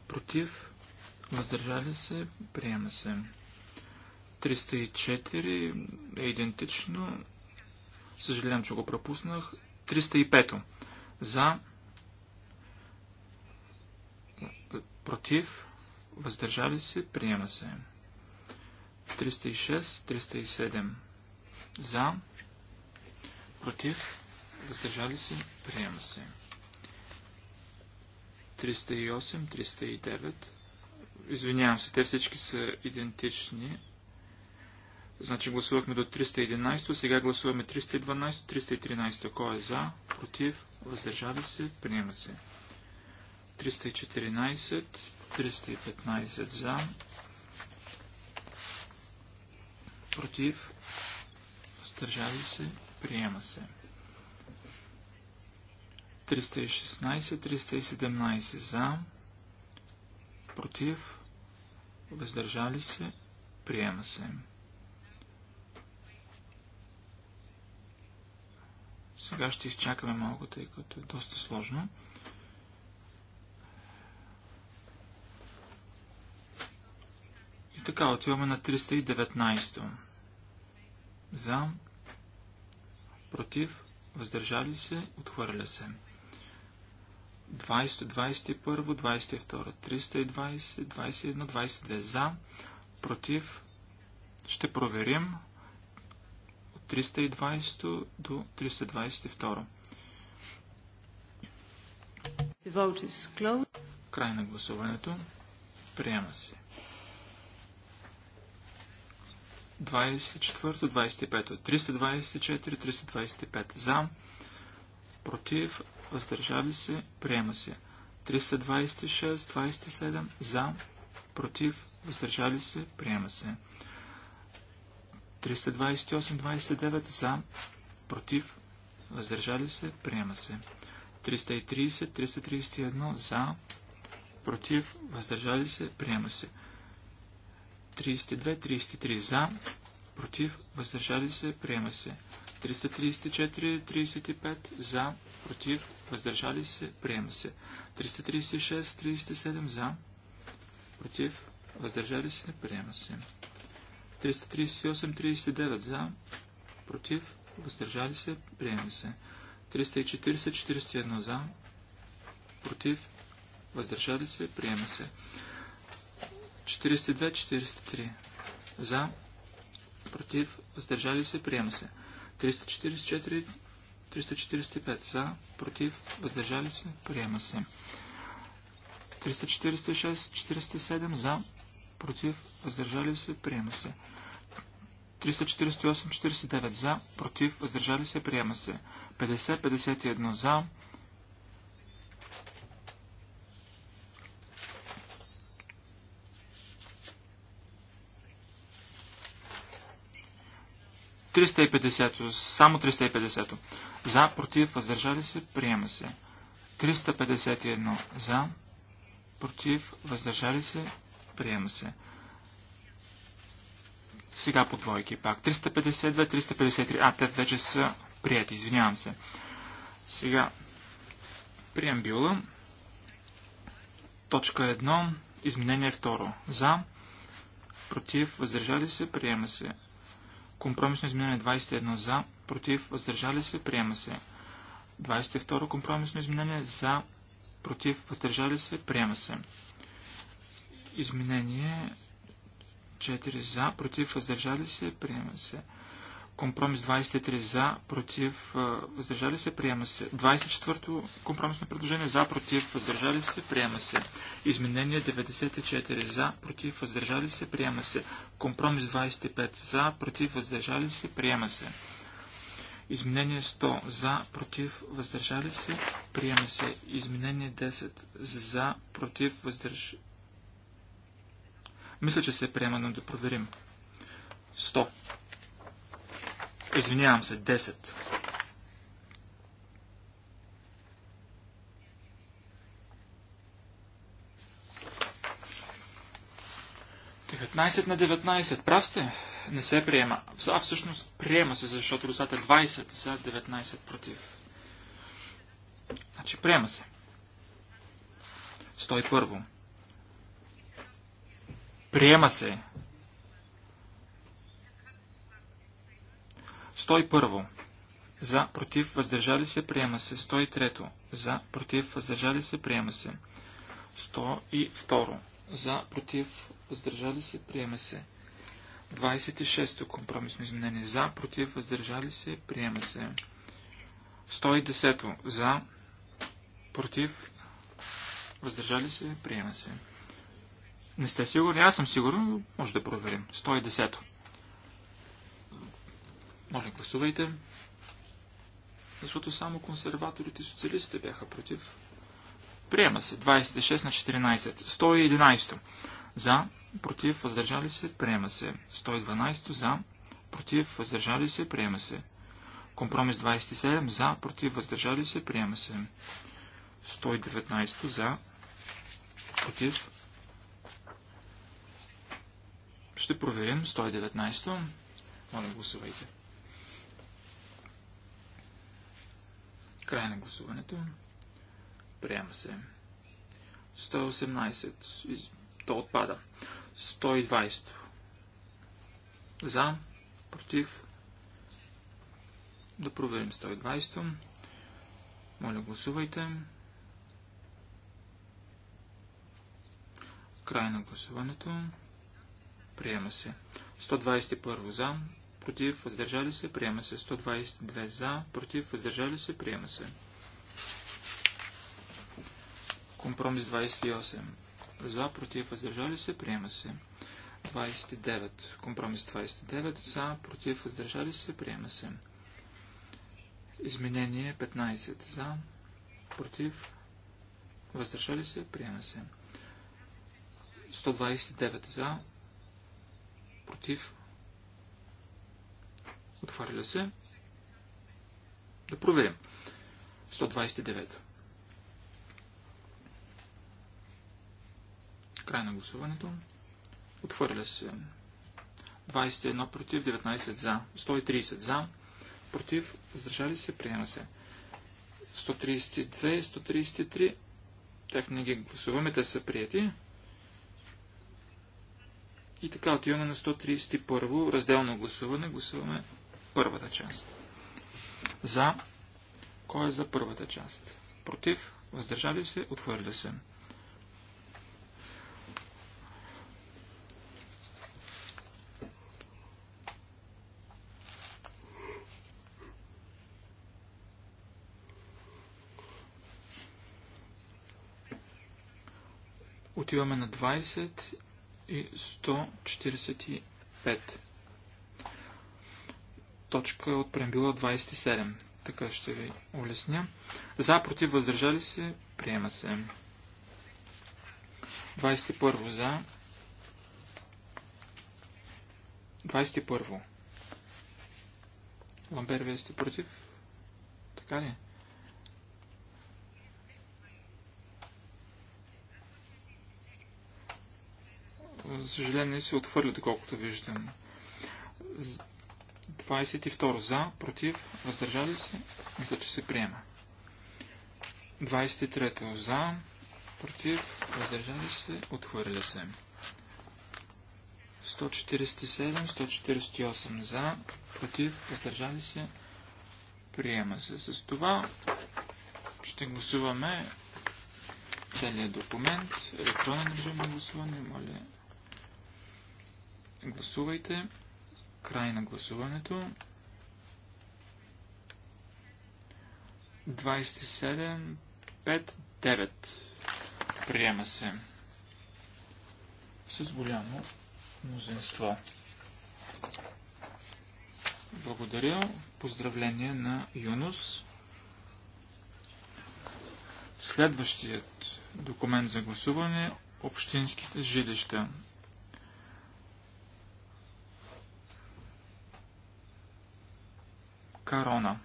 против, въздържали се, приема се. 304 е идентично, Съжалявам, че го пропуснах. 305. За. Против. Въздържали се. Приема се. 306. 307. За. Против. Въздържали се. Приема се. 308. 309. Извинявам се, те всички са идентични. Значи гласувахме до 311, сега гласуваме 312, 313. Кой е за? Против? Въздържали се? Приема се. 314, 315 за. Против? Въздържали се? Приема се. 316, 317 за. Против? Въздържали се? Приема се. Сега ще изчакаме малко, тъй като е доста сложно. И така, отиваме на 319. За, против, въздържали се, отхвърля се. 20, 21, 22, 320, 21, 22 за, против, ще проверим 320 до 322. Край на гласуването. Приема се. 24-25. 324-325. За. Против. Въздържали се. Приема се. 326-27. За. Против. Въздържали се. Приема се. 328-29 за, против, въздържали се, приема се. 330-331 за, против, въздържали се, приема се. 32-33 за, против, въздържали се, приема се. 334-35 за, против, въздържали се, приема се. 336-37 за, против, въздържали се, приема се. 338-39 за, против, въздържали се, приема се. 340-41 за, против, въздържали се, приема се. 42-43 за, против, въздържали се, приема се. 344 345 за, против, въздържали се, приема се. 346-47 за, против, въздържали се, приема се. 348-49 за, против, въздържали се, приема се. 50-51 за. само 350. За, против, въздържали се, приема се. 351 за, против, въздържали се, приема се. Сега по двойки пак. 352, 353. А, те вече са прияти, извинявам се. Сега, преамбюла. Точка 1, изменение 2. За, против, въздържали се, приема се. Компромисно изменение 21 за, против, въздържали се, приема се. 22 компромисно изменение за, против, въздържали се, приема се. Изменение 4 за, против, въздържали се, приема се. Компромис 23 за, против, въздържали се, приема се. 24-то компромисно предложение за, против, въздържали се, приема се. Изменение 94 за, против, въздържали се, приема се. Компромис 25 за, против, въздържали се, приема се. Изменение 100 за, против, въздържали се, приема се. Изменение 10 за, против, въздържали се мисля, че се е приема, но да проверим. 100. Извинявам се, 10. 19 на 19. Прав сте. Не се приема. А всъщност приема се, защото русата е 20 за 19 против. Значи приема се. 101. Приема се. 101. За, против, въздържали се, приема се. 103. За, против, въздържали се, приема се. 102. За, против, въздържали се, приема се. 26. Компромисно изменение. За, против, въздържали се, приема се. 110. За, против, въздържали се, приема се. Не сте сигурни? Аз съм сигурен, но може да проверим. 110. Моля, гласувайте. Защото само консерваторите и социалистите бяха против. Приема се. 26 на 14. 111. За. Против. Въздържали се. Приема се. 112. За. Против. Въздържали се. Приема се. Компромис 27. За. Против. Въздържали се. Приема се. 119. За. Против ще проверим 119-то. Моля, гласувайте. Край на гласуването. Приема се. 118. То отпада. 120. За. Против. Да проверим 120. Моля, гласувайте. Край на гласуването. Приема се. 121 за. Против. Въздържали се. Приема се. 122 за. Против. Въздържали се. Приема се. Компромис 28. За. Против. Въздържали се. Приема се. 29. Компромис 29. За. Против. Въздържали се. Приема се. Изменение 15. За. Против. Въздържали се. Приема се. 129 за, Против. Отваря се. Да проверим. 129. Край на гласуването. Отваря се. 21 против, 19 за. 130 за. Против, въздържали се, приема се. 132, 133. Тях не ги гласуваме, те са прияти. И така отиваме на 131. во Разделно гласуване. Гласуваме първата част. За. Кой е за първата част? Против. Въздържали се. Отхвърля се. Отиваме на 20 и 145. Точка от прембила 27. Така ще ви улесня. За, против, въздържали се, приема се. 21 за. 21. Ламбер, вие сте против? Така ли? За съжаление се отвърля, доколкото виждам. 22 за, против, въздържали се, мисля, че се приема. 23 за, против, въздържали се, отхвърля се. 147, 148 за, против, въздържали се, приема се. С това ще гласуваме целият документ. Електронен режим на гласуване, моля. Гласувайте. Край на гласуването. 27, 5, 9. Приема се. С голямо мнозинство. Благодаря. Поздравление на Юнус. Следващият документ за гласуване – общинските жилища. Карона.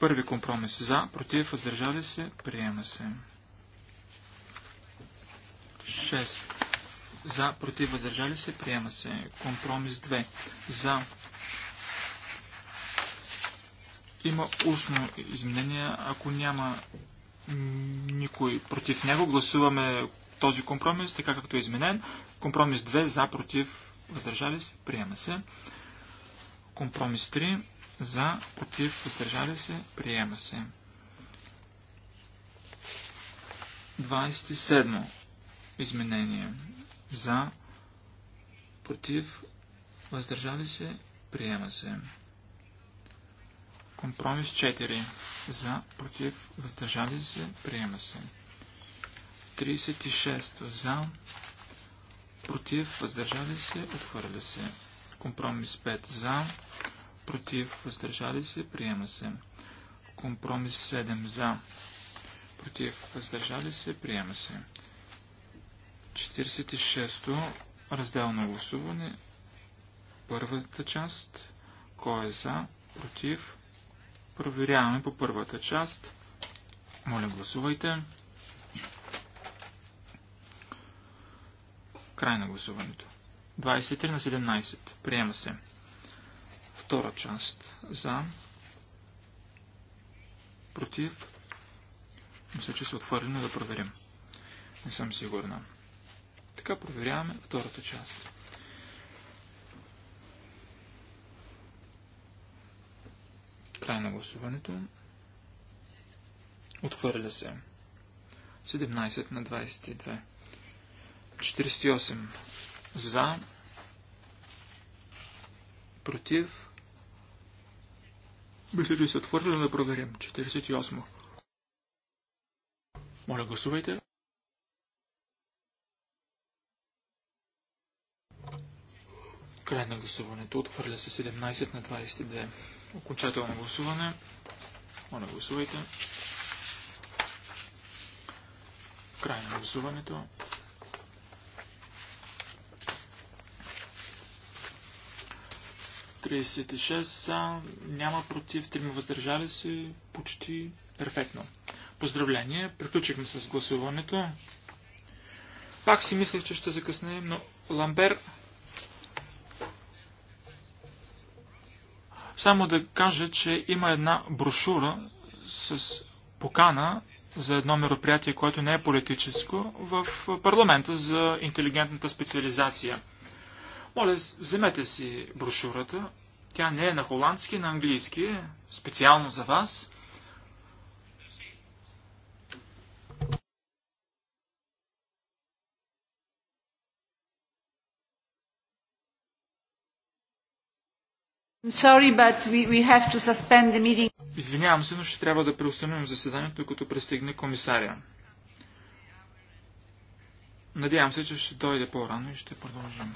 Първи компромис за, против, въздържали се, приема се. 6. За, против, въздържали се, приема се. Компромис 2. За. Има устно изменение. Ако няма никой против него, гласуваме този компромис, така както е изменен. Компромис 2. За, против, въздържали се, приема се. Компромис 3. За, против, въздържали се, приема се. 27. Изменение. За, против, въздържали се, приема се. Компромис 4. За, против, въздържали се, приема се. 36. За, против, въздържали се, отхвърля се. Компромис 5 за, против, въздържали се, приема се. Компромис 7 за, против, въздържали се, приема се. 46-то разделно гласуване. Първата част. Кой е за? Против? Проверяваме по първата част. Моля, гласувайте. Край на гласуването. 23 на 17. Приема се. Втора част. За. Против. Мисля, че се отвърлено да проверим. Не съм сигурна. Така проверяваме втората част. Край на гласуването. Отхвърля се. 17 на 22. 48. За против, мисля, че се отвърля да проверим. 48. Моля, гласувайте. Край на гласуването. Отвърля се 17 на 22. Окончателно гласуване. Моля, гласувайте. Край на гласуването. 36 за, няма против, 3 въздържали се, почти перфектно. Поздравление, приключихме с гласуването. Пак си мислех, че ще закъснем, но Ламбер... Само да кажа, че има една брошура с покана за едно мероприятие, което не е политическо, в парламента за интелигентната специализация – моля, вземете си брошурата. Тя не е на холандски, на английски, е специално за вас. Извинявам се, но ще трябва да преустановим заседанието, докато пристигне комисаря. Надявам се, че ще дойде по-рано и ще продължим.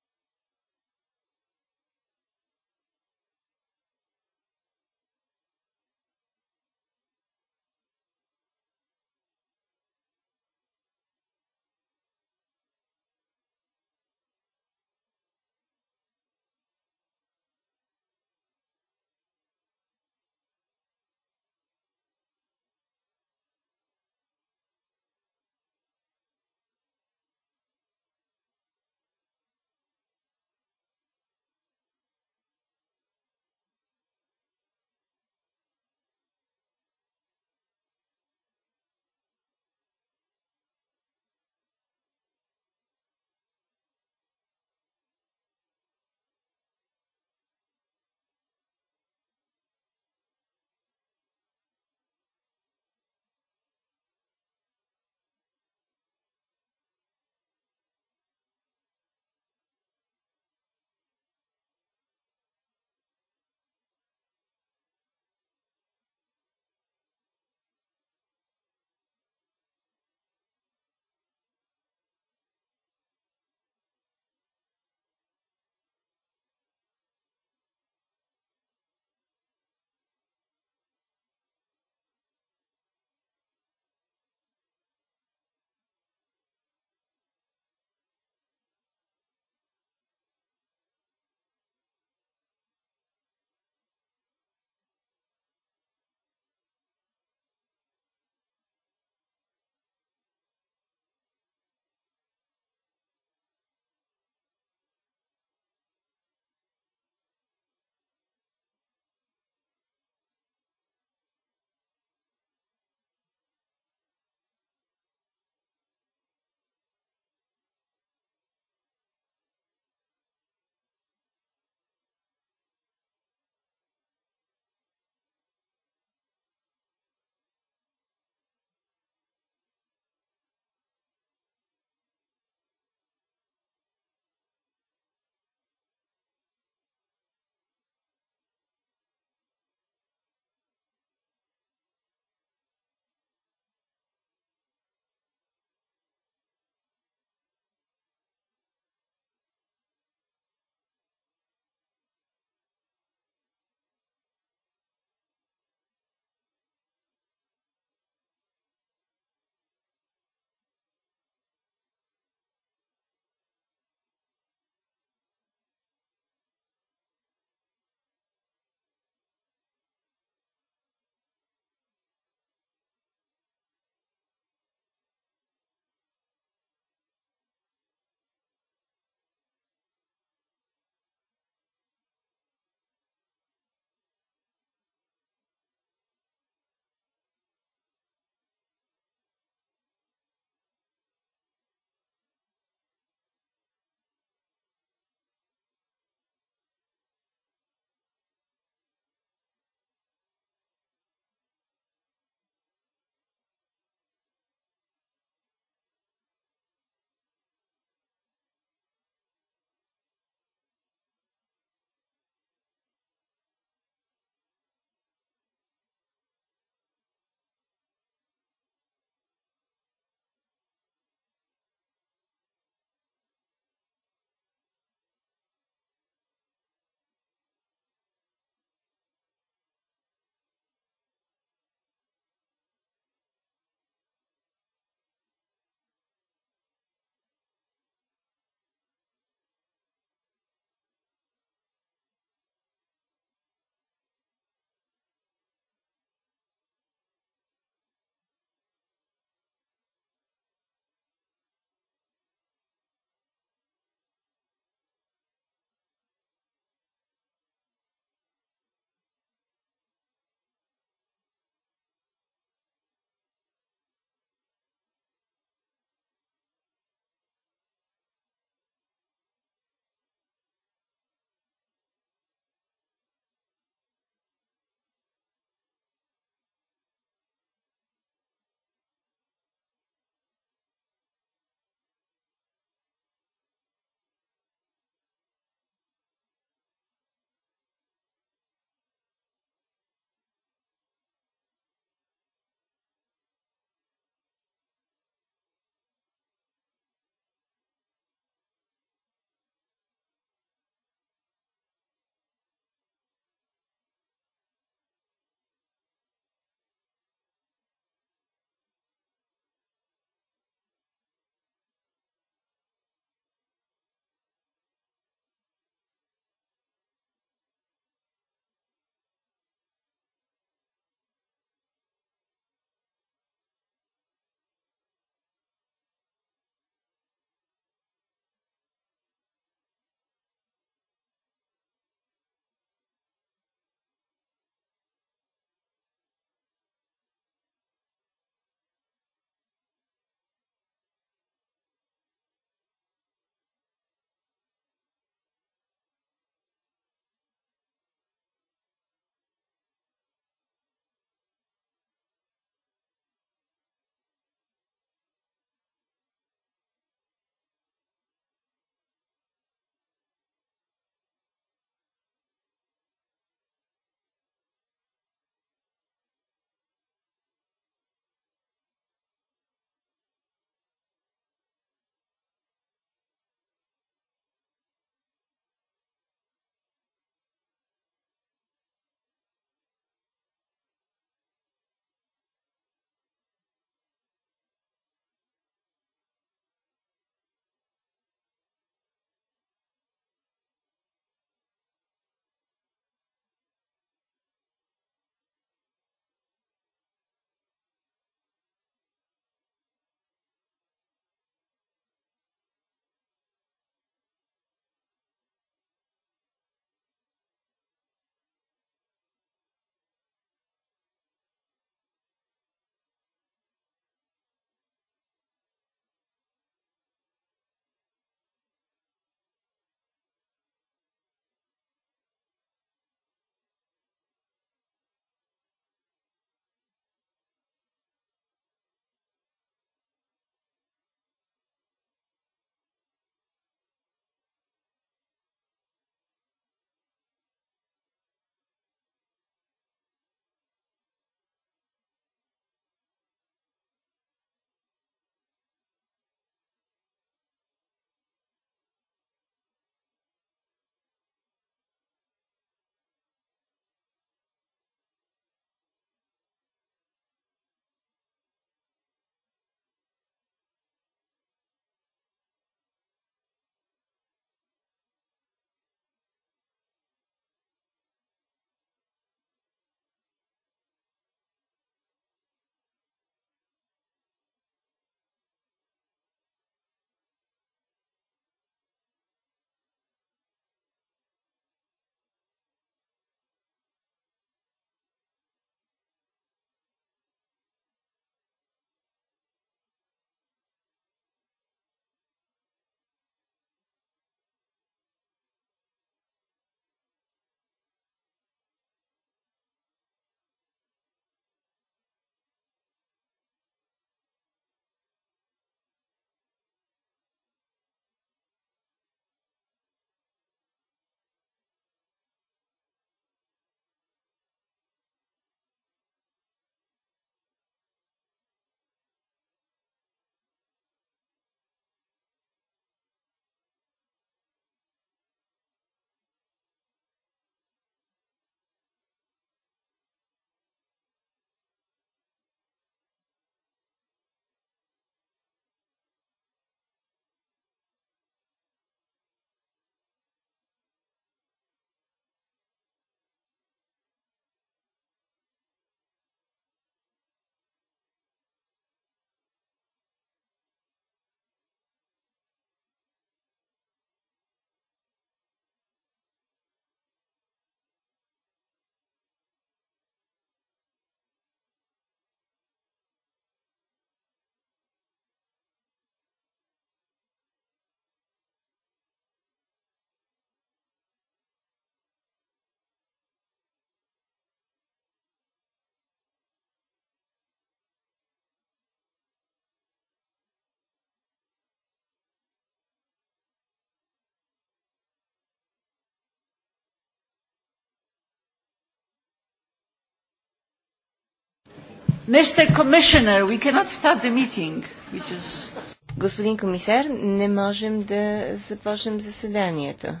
Mr. Commissioner, we cannot start the meeting, which is... Господин комисар, не можем да започнем заседанието.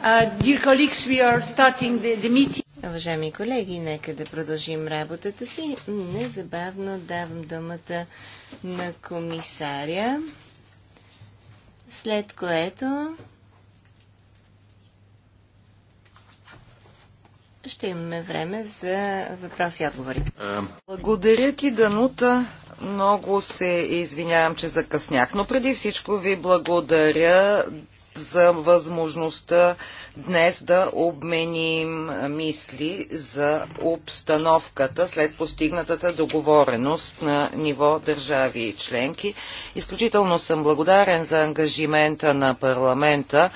Uh, dear colleagues, we are starting the, the meeting. Уважаеми колеги, нека да продължим работата си. Незабавно давам думата на комисаря, след което ще имаме време за въпроси и отговори. Благодаря ти, Данута. Много се извинявам, че закъснях, но преди всичко ви благодаря за възможността днес да обменим мисли за обстановката след постигнатата договореност на ниво държави и членки. Изключително съм благодарен за ангажимента на парламента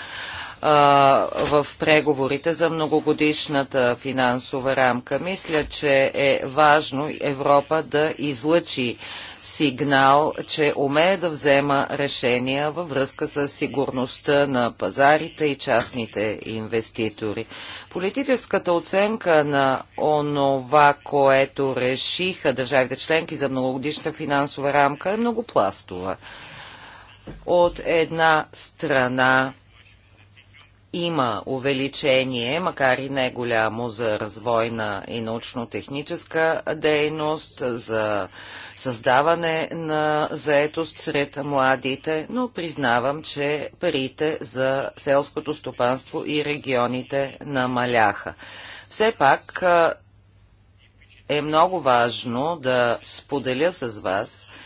в преговорите за многогодишната финансова рамка. Мисля, че е важно Европа да излъчи сигнал, че умее да взема решения във връзка с сигурността на пазарите и частните инвеститори. Политическата оценка на онова, което решиха държавите членки за многогодишна финансова рамка е многопластова. От една страна има увеличение, макар и не голямо за развойна и научно-техническа дейност, за създаване на заетост сред младите, но признавам, че парите за селското стопанство и регионите намаляха. Все пак е много важно да споделя с вас –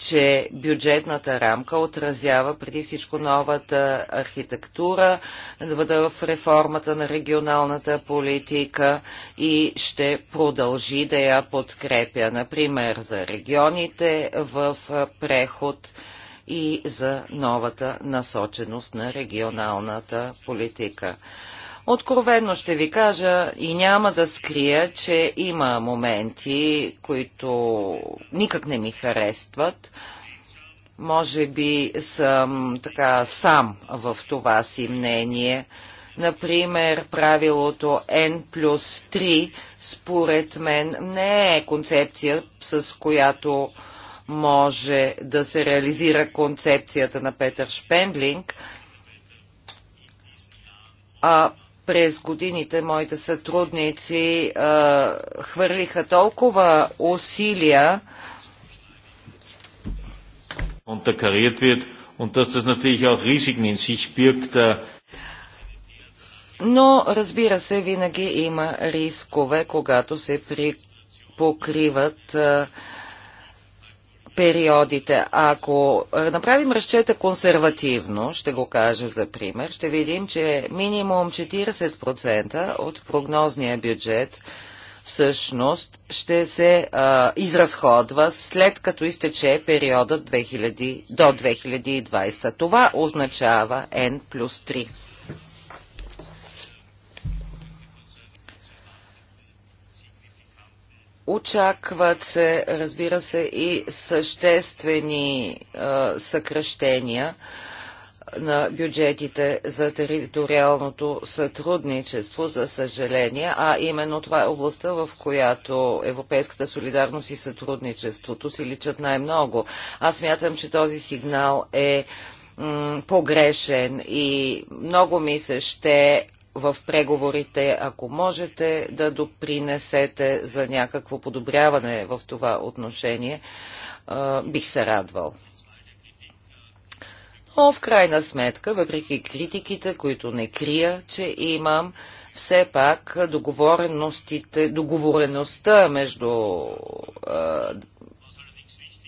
че бюджетната рамка отразява преди всичко новата архитектура в реформата на регионалната политика и ще продължи да я подкрепя, например за регионите в преход и за новата насоченост на регионалната политика. Откровенно ще ви кажа и няма да скрия, че има моменти, които никак не ми харесват. Може би съм така сам в това си мнение. Например, правилото N плюс 3, според мен, не е концепция, с която може да се реализира концепцията на Петър Шпендлинг, а през годините моите сътрудници а, хвърлиха толкова усилия. wird und dass das natürlich auch Risiken in sich birgt. Äh, Но, разбира се, винаги има рискове, когато се покриват а, периодите. Ако е, направим разчета консервативно, ще го кажа за пример, ще видим, че минимум 40% от прогнозния бюджет всъщност ще се а, изразходва след като изтече периода 2000, до 2020. Това означава N плюс 3. Очакват се, разбира се, и съществени а, съкръщения на бюджетите за териториалното сътрудничество, за съжаление, а именно това е областта, в която европейската солидарност и сътрудничеството си личат най-много. Аз мятам, че този сигнал е погрешен и много ми се ще в преговорите, ако можете да допринесете за някакво подобряване в това отношение, бих се радвал. Но в крайна сметка, въпреки критиките, които не крия, че имам, все пак договореностите, договореността между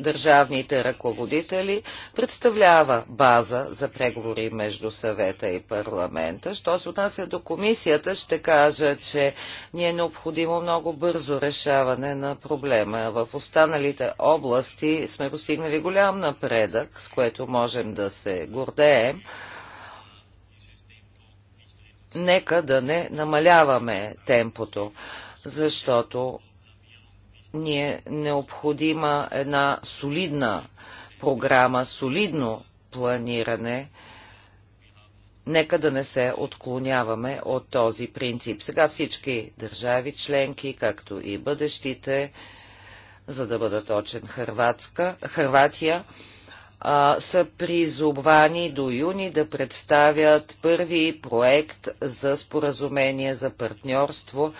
държавните ръководители представлява база за преговори между съвета и парламента. Що се отнася до комисията, ще кажа, че ни е необходимо много бързо решаване на проблема. В останалите области сме постигнали голям напредък, с което можем да се гордеем. Нека да не намаляваме темпото, защото ни е необходима една солидна програма, солидно планиране. Нека да не се отклоняваме от този принцип. Сега всички държави членки, както и бъдещите, за да бъда точен, Хърватска, Хърватия, а, са призовани до юни да представят първи проект за споразумение за партньорство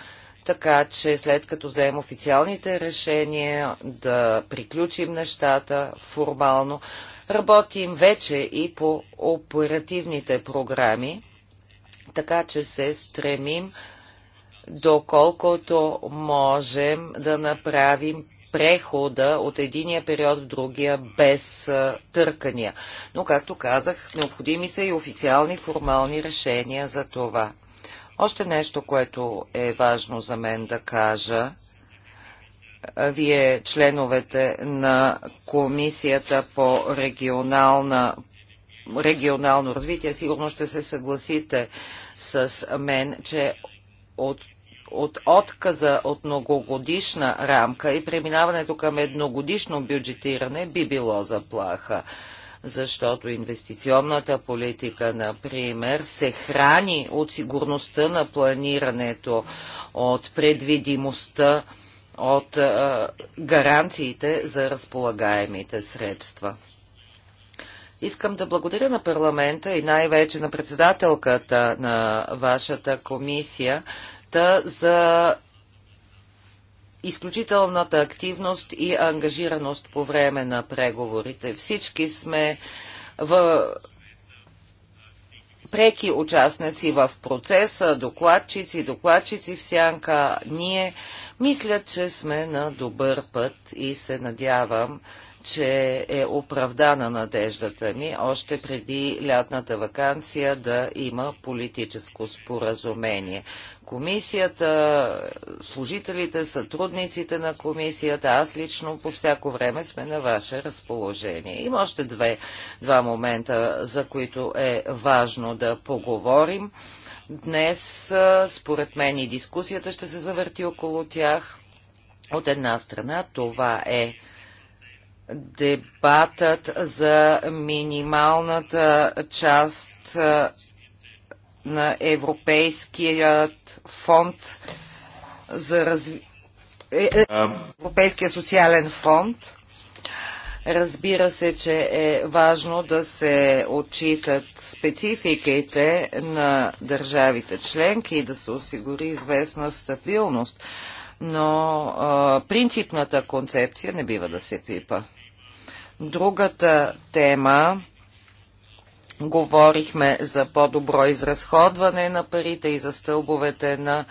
така че след като взем официалните решения да приключим нещата формално, работим вече и по оперативните програми, така че се стремим доколкото можем да направим прехода от единия период в другия без търкания. Но, както казах, необходими са и официални формални решения за това. Още нещо, което е важно за мен да кажа. Вие, членовете на Комисията по регионална регионално развитие, сигурно ще се съгласите с мен, че от от отказа от многогодишна рамка и преминаването към едногодишно бюджетиране би било заплаха защото инвестиционната политика, например, се храни от сигурността на планирането, от предвидимостта, от гаранциите за разполагаемите средства. Искам да благодаря на парламента и най-вече на председателката на вашата комисия за изключителната активност и ангажираност по време на преговорите. Всички сме в преки участници в процеса, докладчици, докладчици в сянка, ние, мисля, че сме на добър път и се надявам, че е оправдана надеждата ми още преди лятната вакансия да има политическо споразумение. Комисията, служителите, сътрудниците на комисията, аз лично по всяко време сме на ваше разположение. Има още две, два момента, за които е важно да поговорим. Днес, според мен, и дискусията ще се завърти около тях. От една страна, това е дебатът за минималната част на Европейският фонд за разви... Е, е, Европейския социален фонд. Разбира се, че е важно да се отчитат спецификите на държавите членки и да се осигури известна стабилност но а, принципната концепция не бива да се пипа. Другата тема говорихме за по-добро изразходване на парите и за стълбовете на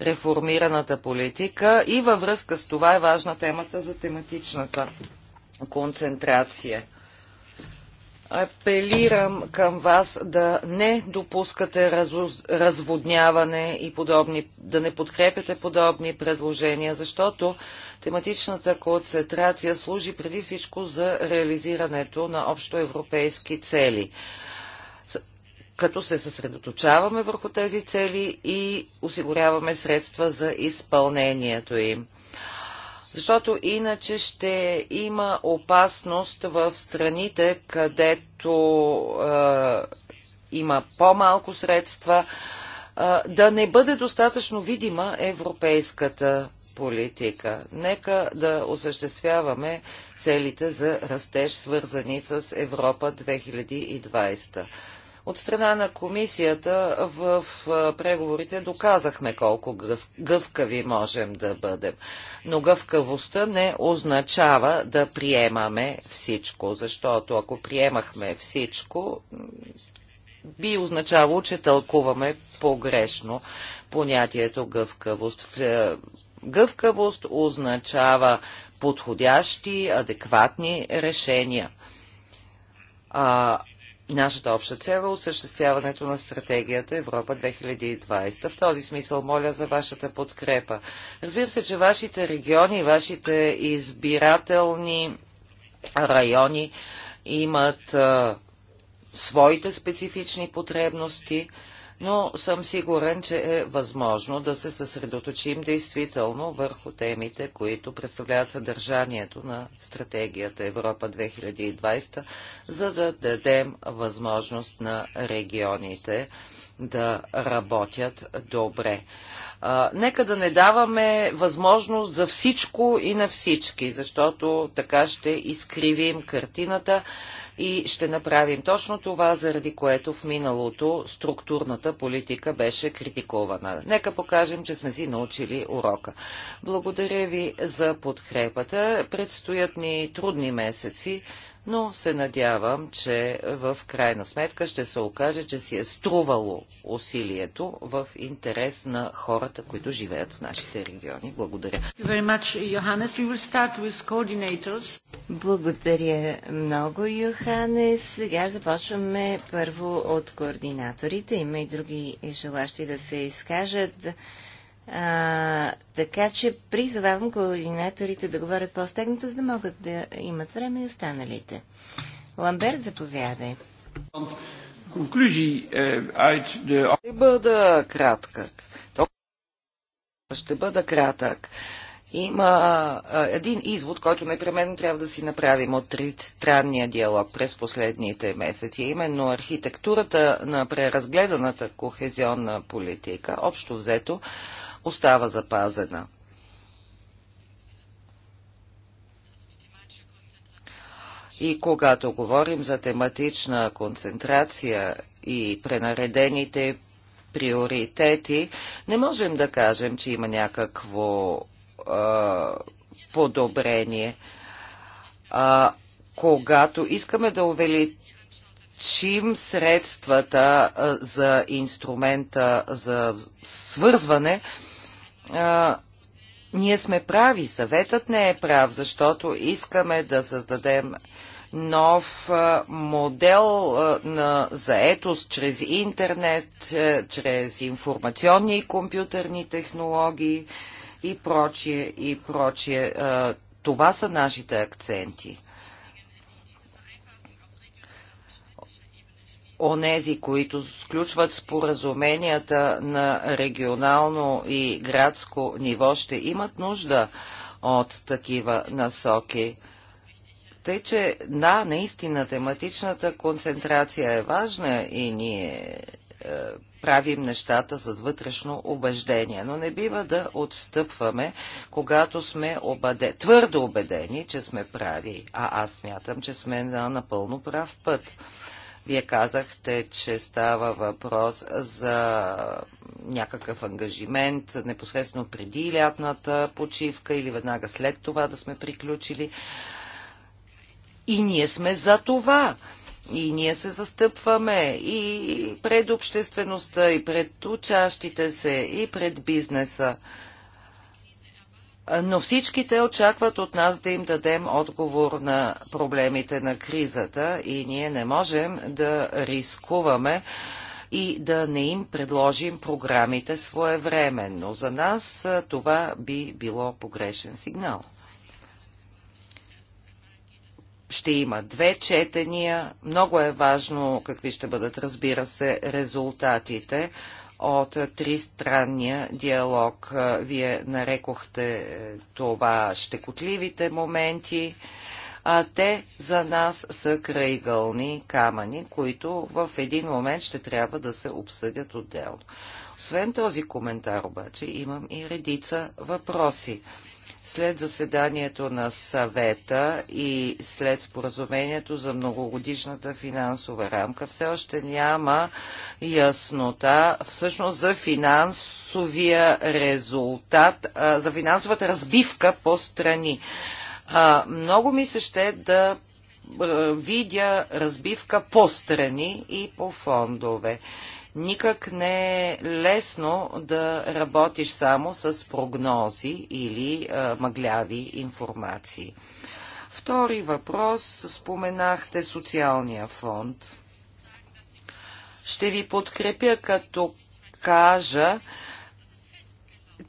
реформираната политика и във връзка с това е важна темата за тематичната концентрация апелирам към вас да не допускате разводняване и подобни, да не подкрепяте подобни предложения, защото тематичната концентрация служи преди всичко за реализирането на общоевропейски цели като се съсредоточаваме върху тези цели и осигуряваме средства за изпълнението им. Защото иначе ще има опасност в страните, където е, има по-малко средства, е, да не бъде достатъчно видима европейската политика. Нека да осъществяваме целите за растеж, свързани с Европа 2020. От страна на комисията в преговорите доказахме колко гъвкави можем да бъдем. Но гъвкавостта не означава да приемаме всичко, защото ако приемахме всичко, би означавало, че тълкуваме погрешно понятието гъвкавост. Гъвкавост означава подходящи, адекватни решения. Нашата обща цел е осъществяването на стратегията Европа 2020. В този смисъл моля за вашата подкрепа. Разбира се, че вашите региони, вашите избирателни райони имат а, своите специфични потребности но съм сигурен, че е възможно да се съсредоточим действително върху темите, които представляват съдържанието на стратегията Европа 2020, за да дадем възможност на регионите да работят добре. А, нека да не даваме възможност за всичко и на всички, защото така ще изкривим картината и ще направим точно това, заради което в миналото структурната политика беше критикувана. Нека покажем, че сме си научили урока. Благодаря ви за подкрепата. Предстоят ни трудни месеци, но се надявам, че в крайна сметка ще се окаже, че си е струвало усилието в интерес на хората, които живеят в нашите региони. Благодаря. Благодаря много, Йоханес. Сега започваме първо от координаторите. Има и други желащи да се изкажат. А, така че призовавам координаторите да говорят по-стегнато, за да могат да имат време и останалите. Ламберт, заповядай. Е, Ще бъда кратка. Ще бъда кратък. Има един извод, който непременно трябва да си направим от тристранния диалог през последните месеци. Именно архитектурата на преразгледаната кохезионна политика, общо взето, остава запазена. И когато говорим за тематична концентрация и пренаредените приоритети, не можем да кажем, че има някакво а, подобрение. А, когато искаме да увеличим средствата а, за инструмента за свързване, а, а, ние сме прави, съветът не е прав, защото искаме да създадем нов модел на заетост чрез интернет, чрез информационни и компютърни технологии и прочие, и прочие. Това са нашите акценти. онези, които сключват споразуменията на регионално и градско ниво, ще имат нужда от такива насоки. Тъй, че да, наистина тематичната концентрация е важна и ние е, правим нещата с вътрешно убеждение, но не бива да отстъпваме, когато сме обаде... твърдо убедени, че сме прави, а аз смятам, че сме на напълно прав път. Вие казахте, че става въпрос за някакъв ангажимент непосредствено преди лятната почивка или веднага след това да сме приключили. И ние сме за това. И ние се застъпваме и пред обществеността, и пред учащите се, и пред бизнеса но всички те очакват от нас да им дадем отговор на проблемите на кризата и ние не можем да рискуваме и да не им предложим програмите своевременно. За нас това би било погрешен сигнал. Ще има две четения. Много е важно какви ще бъдат, разбира се, резултатите от тристранния диалог. Вие нарекохте е, това щекотливите моменти, а те за нас са крайгълни камъни, които в един момент ще трябва да се обсъдят отделно. Освен този коментар обаче имам и редица въпроси. След заседанието на съвета и след споразумението за многогодишната финансова рамка все още няма яснота всъщност за финансовия резултат, за финансовата разбивка по страни. Много ми се ще да видя разбивка по страни и по фондове. Никак не е лесно да работиш само с прогнози или а, мъгляви информации. Втори въпрос. Споменахте социалния фонд. Ще ви подкрепя като кажа,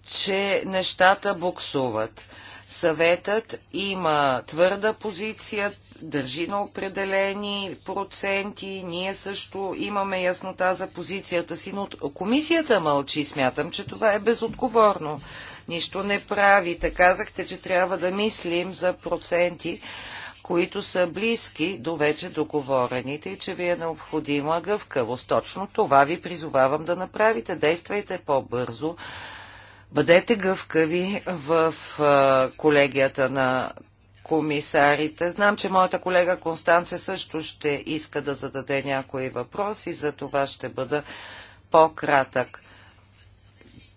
че нещата буксуват. Съветът има твърда позиция, държи на определени проценти. Ние също имаме яснота за позицията си, но комисията мълчи. Смятам, че това е безотговорно. Нищо не правите. Казахте, че трябва да мислим за проценти които са близки до вече договорените и че ви е необходима гъвкавост. Точно това ви призовавам да направите. Действайте по-бързо. Бъдете гъвкави в колегията на комисарите. Знам, че моята колега Констанция също ще иска да зададе някои въпроси, за това ще бъда по-кратък.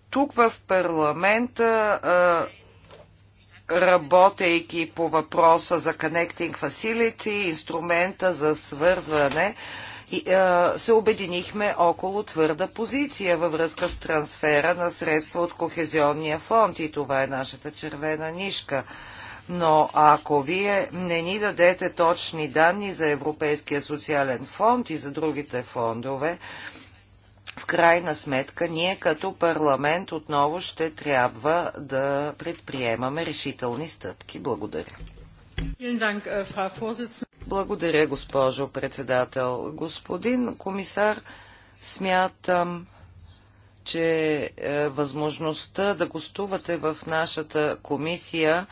Тук в парламента работейки по въпроса за Connecting Facility, инструмента за свързване, се обединихме около твърда позиция във връзка с трансфера на средства от Кохезионния фонд и това е нашата червена нишка – но ако вие не ни дадете точни данни за Европейския социален фонд и за другите фондове, в крайна сметка ние като парламент отново ще трябва да предприемаме решителни стъпки. Благодаря. Äh, Благодаря, госпожо председател. Господин комисар, смятам, че е, възможността да гостувате в нашата комисия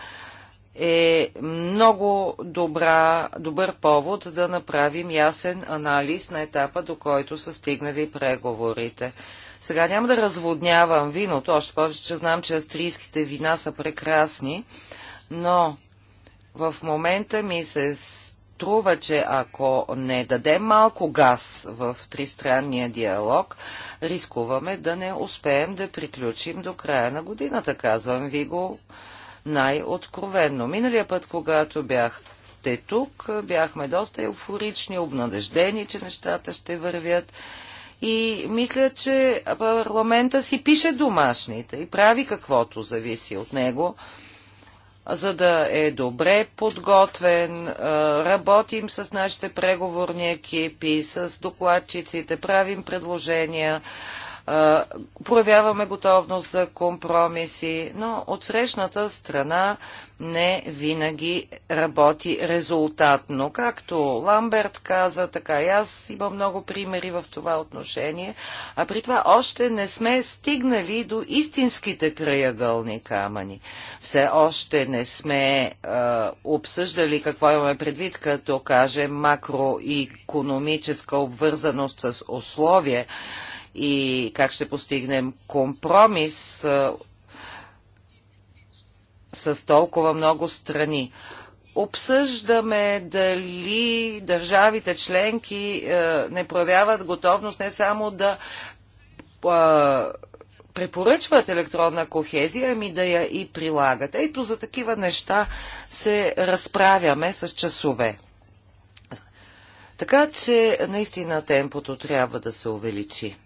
е много добра, добър повод да направим ясен анализ на етапа, до който са стигнали преговорите. Сега няма да разводнявам виното, още повече, че знам, че австрийските вина са прекрасни, но в момента ми се струва, че ако не дадем малко газ в тристранния диалог, рискуваме да не успеем да приключим до края на годината. Казвам ви го най-откровенно. Миналия път, когато бяхте тук, бяхме доста еуфорични, обнадеждени, че нещата ще вървят. И мисля, че парламента си пише домашните и прави каквото зависи от него за да е добре подготвен. Работим с нашите преговорни екипи, с докладчиците, правим предложения, проявяваме готовност за компромиси, но от срещната страна не винаги работи резултатно. Както Ламберт каза, така и аз имам много примери в това отношение, а при това още не сме стигнали до истинските краягълни камъни. Все още не сме е, обсъждали какво имаме предвид, като каже, макроекономическа обвързаност с условия и как ще постигнем компромис с толкова много страни. Обсъждаме дали държавите членки не проявяват готовност не само да препоръчват електронна кохезия, ами да я и прилагат. Ето за такива неща се разправяме с часове. Така че наистина темпото трябва да се увеличи.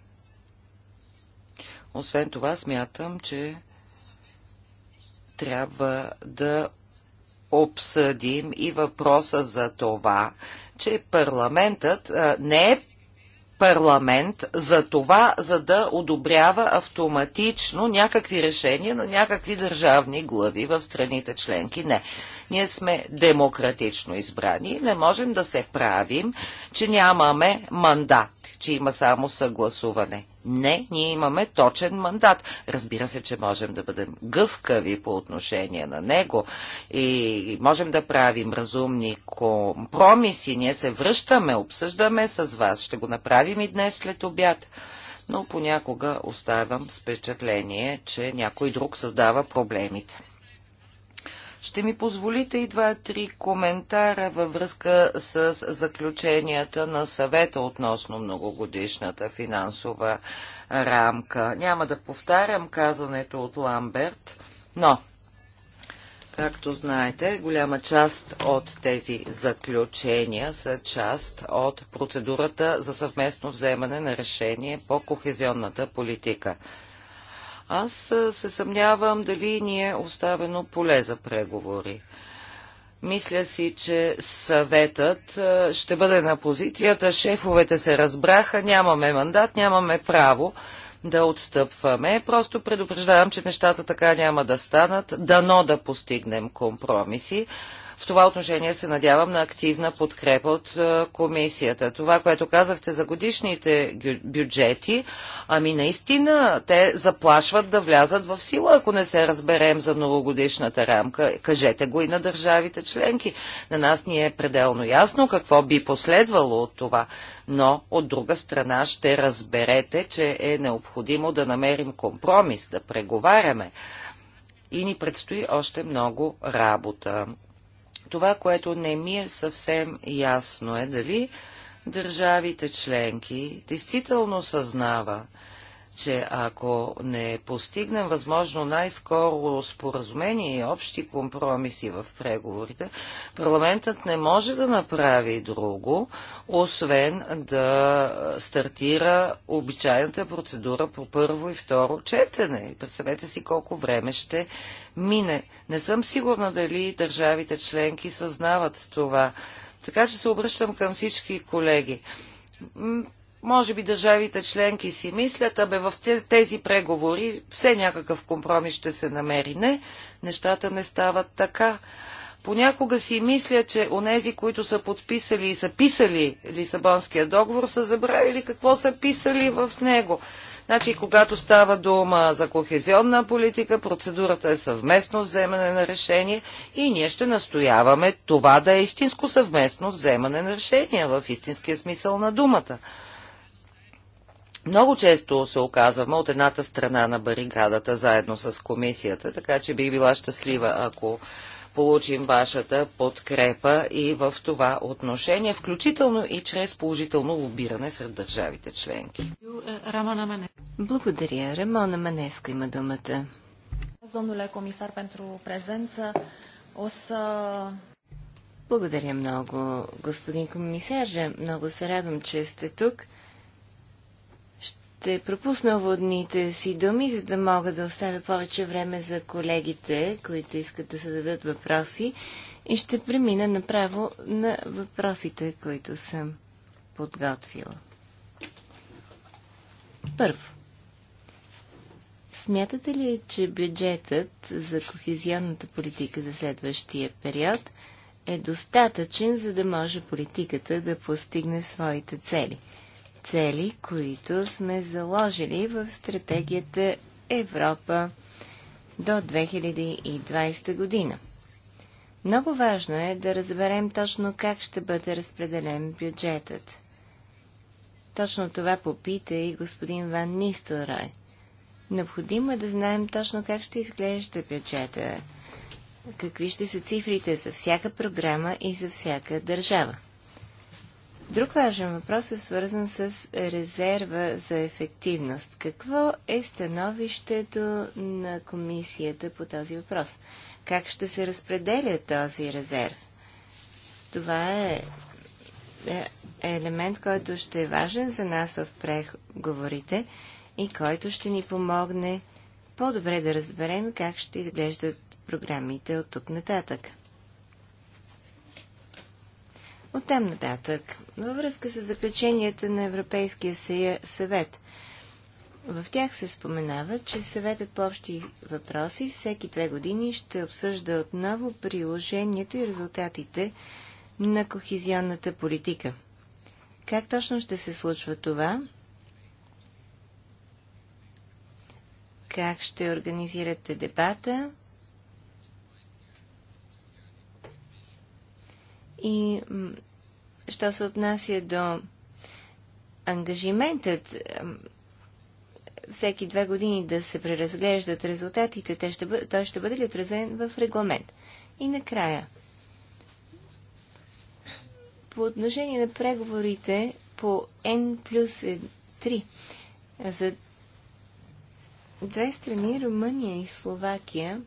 Освен това, смятам, че трябва да обсъдим и въпроса за това, че парламентът не е парламент за това, за да одобрява автоматично някакви решения на някакви държавни глави в страните членки. Не. Ние сме демократично избрани и не можем да се правим, че нямаме мандат, че има само съгласуване. Не, ние имаме точен мандат. Разбира се, че можем да бъдем гъвкави по отношение на него и можем да правим разумни компромиси. Ние се връщаме, обсъждаме с вас. Ще го направим и днес след обяд но понякога оставам с впечатление, че някой друг създава проблемите. Ще ми позволите и два-три коментара във връзка с заключенията на съвета относно многогодишната финансова рамка. Няма да повтарям казването от Ламберт, но Както знаете, голяма част от тези заключения са част от процедурата за съвместно вземане на решение по кохезионната политика. Аз се съмнявам дали ни е оставено поле за преговори. Мисля си, че съветът ще бъде на позицията. Шефовете се разбраха, нямаме мандат, нямаме право да отстъпваме. Просто предупреждавам, че нещата така няма да станат. Дано да постигнем компромиси. В това отношение се надявам на активна подкрепа от е, комисията. Това, което казахте за годишните бюджети, ами наистина те заплашват да влязат в сила, ако не се разберем за многогодишната рамка. Кажете го и на държавите членки. На нас ни е пределно ясно какво би последвало от това. Но от друга страна ще разберете, че е необходимо да намерим компромис, да преговаряме и ни предстои още много работа. Това, което не ми е съвсем ясно е дали държавите членки действително съзнава, че ако не постигнем възможно най-скоро споразумение и общи компромиси в преговорите, парламентът не може да направи друго, освен да стартира обичайната процедура по първо и второ четене. Представете си колко време ще мине. Не съм сигурна дали държавите членки съзнават това. Така че се обръщам към всички колеги може би държавите членки си мислят, абе в тези преговори все някакъв компромис ще се намери. Не, нещата не стават така. Понякога си мисля, че онези, които са подписали и са писали Лисабонския договор, са забравили какво са писали в него. Значи, когато става дума за кохезионна политика, процедурата е съвместно вземане на решение и ние ще настояваме това да е истинско съвместно вземане на решение в истинския смисъл на думата. Много често се оказваме от едната страна на барикадата заедно с комисията, така че би била щастлива, ако получим вашата подкрепа и в това отношение, включително и чрез положително лобиране сред държавите членки. Благодаря. Рамона Манеско има думата. Благодаря много, господин комисар. Много се радвам, че сте тук сте пропуснал водните си думи, за да мога да оставя повече време за колегите, които искат да зададат въпроси и ще премина направо на въпросите, които съм подготвила. Първо. Смятате ли, че бюджетът за кохезионната политика за следващия период е достатъчен, за да може политиката да постигне своите цели? цели, които сме заложили в стратегията Европа до 2020 година. Много важно е да разберем точно как ще бъде разпределен бюджетът. Точно това попита и господин Ван Нистелрой. Необходимо е да знаем точно как ще изглежда бюджета, какви ще са цифрите за всяка програма и за всяка държава. Друг важен въпрос е свързан с резерва за ефективност. Какво е становището на комисията по този въпрос? Как ще се разпределя този резерв? Това е, е, е елемент, който ще е важен за нас в преговорите и който ще ни помогне по-добре да разберем как ще изглеждат програмите от тук нататък. От там нататък, във връзка с заключенията на Европейския съвет, в тях се споменава, че съветът по общи въпроси всеки две години ще обсъжда отново приложението и резултатите на кохезионната политика. Как точно ще се случва това? Как ще организирате дебата? И що се отнася до ангажиментът всеки две години да се преразглеждат резултатите, те ще бъ... той ще бъде ли отразен в регламент? И накрая, по отношение на преговорите по N плюс 3 за две страни, Румъния и Словакия,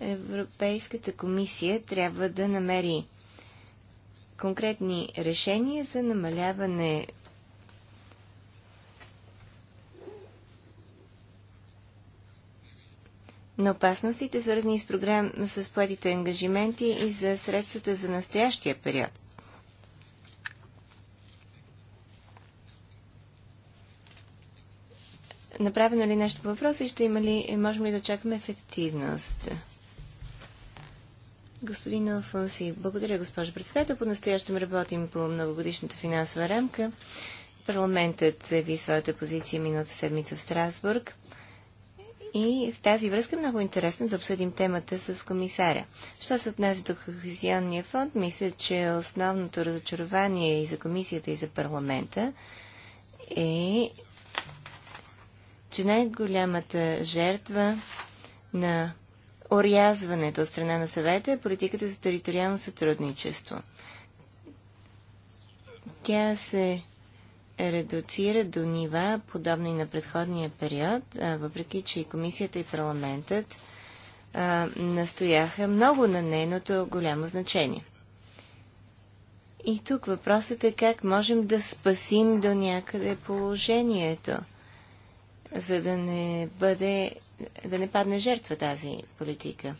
Европейската комисия трябва да намери конкретни решения за намаляване на опасностите, свързани с, програм... с поетите ангажименти и за средствата за настоящия период. Направено ли нещо по въпроса и ще има ли, можем ли да очакваме ефективност? Господин Алфонси, благодаря, госпожо председател. По настоящем работим по многогодишната финансова рамка. Парламентът заяви своята позиция минута седмица в Страсбург. И в тази връзка е много е интересно да обсъдим темата с комисаря. Що се отнася до Кохезионния фонд, мисля, че основното разочарование и за комисията, и за парламента е, че най-голямата жертва на орязването от страна на съвета е политиката за териториално сътрудничество. Тя се редуцира до нива, подобни на предходния период, въпреки че и комисията и парламентът а, настояха много на нейното голямо значение. И тук въпросът е как можем да спасим до някъде положението, за да не бъде да не падне жертва тази политика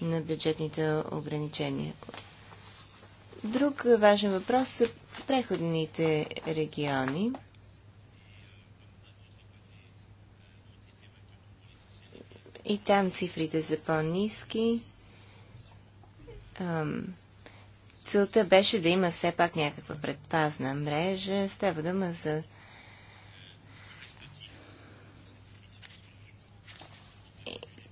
на бюджетните ограничения. Друг важен въпрос са преходните региони. И там цифрите са по-низки. Целта беше да има все пак някаква предпазна мрежа. Става дума за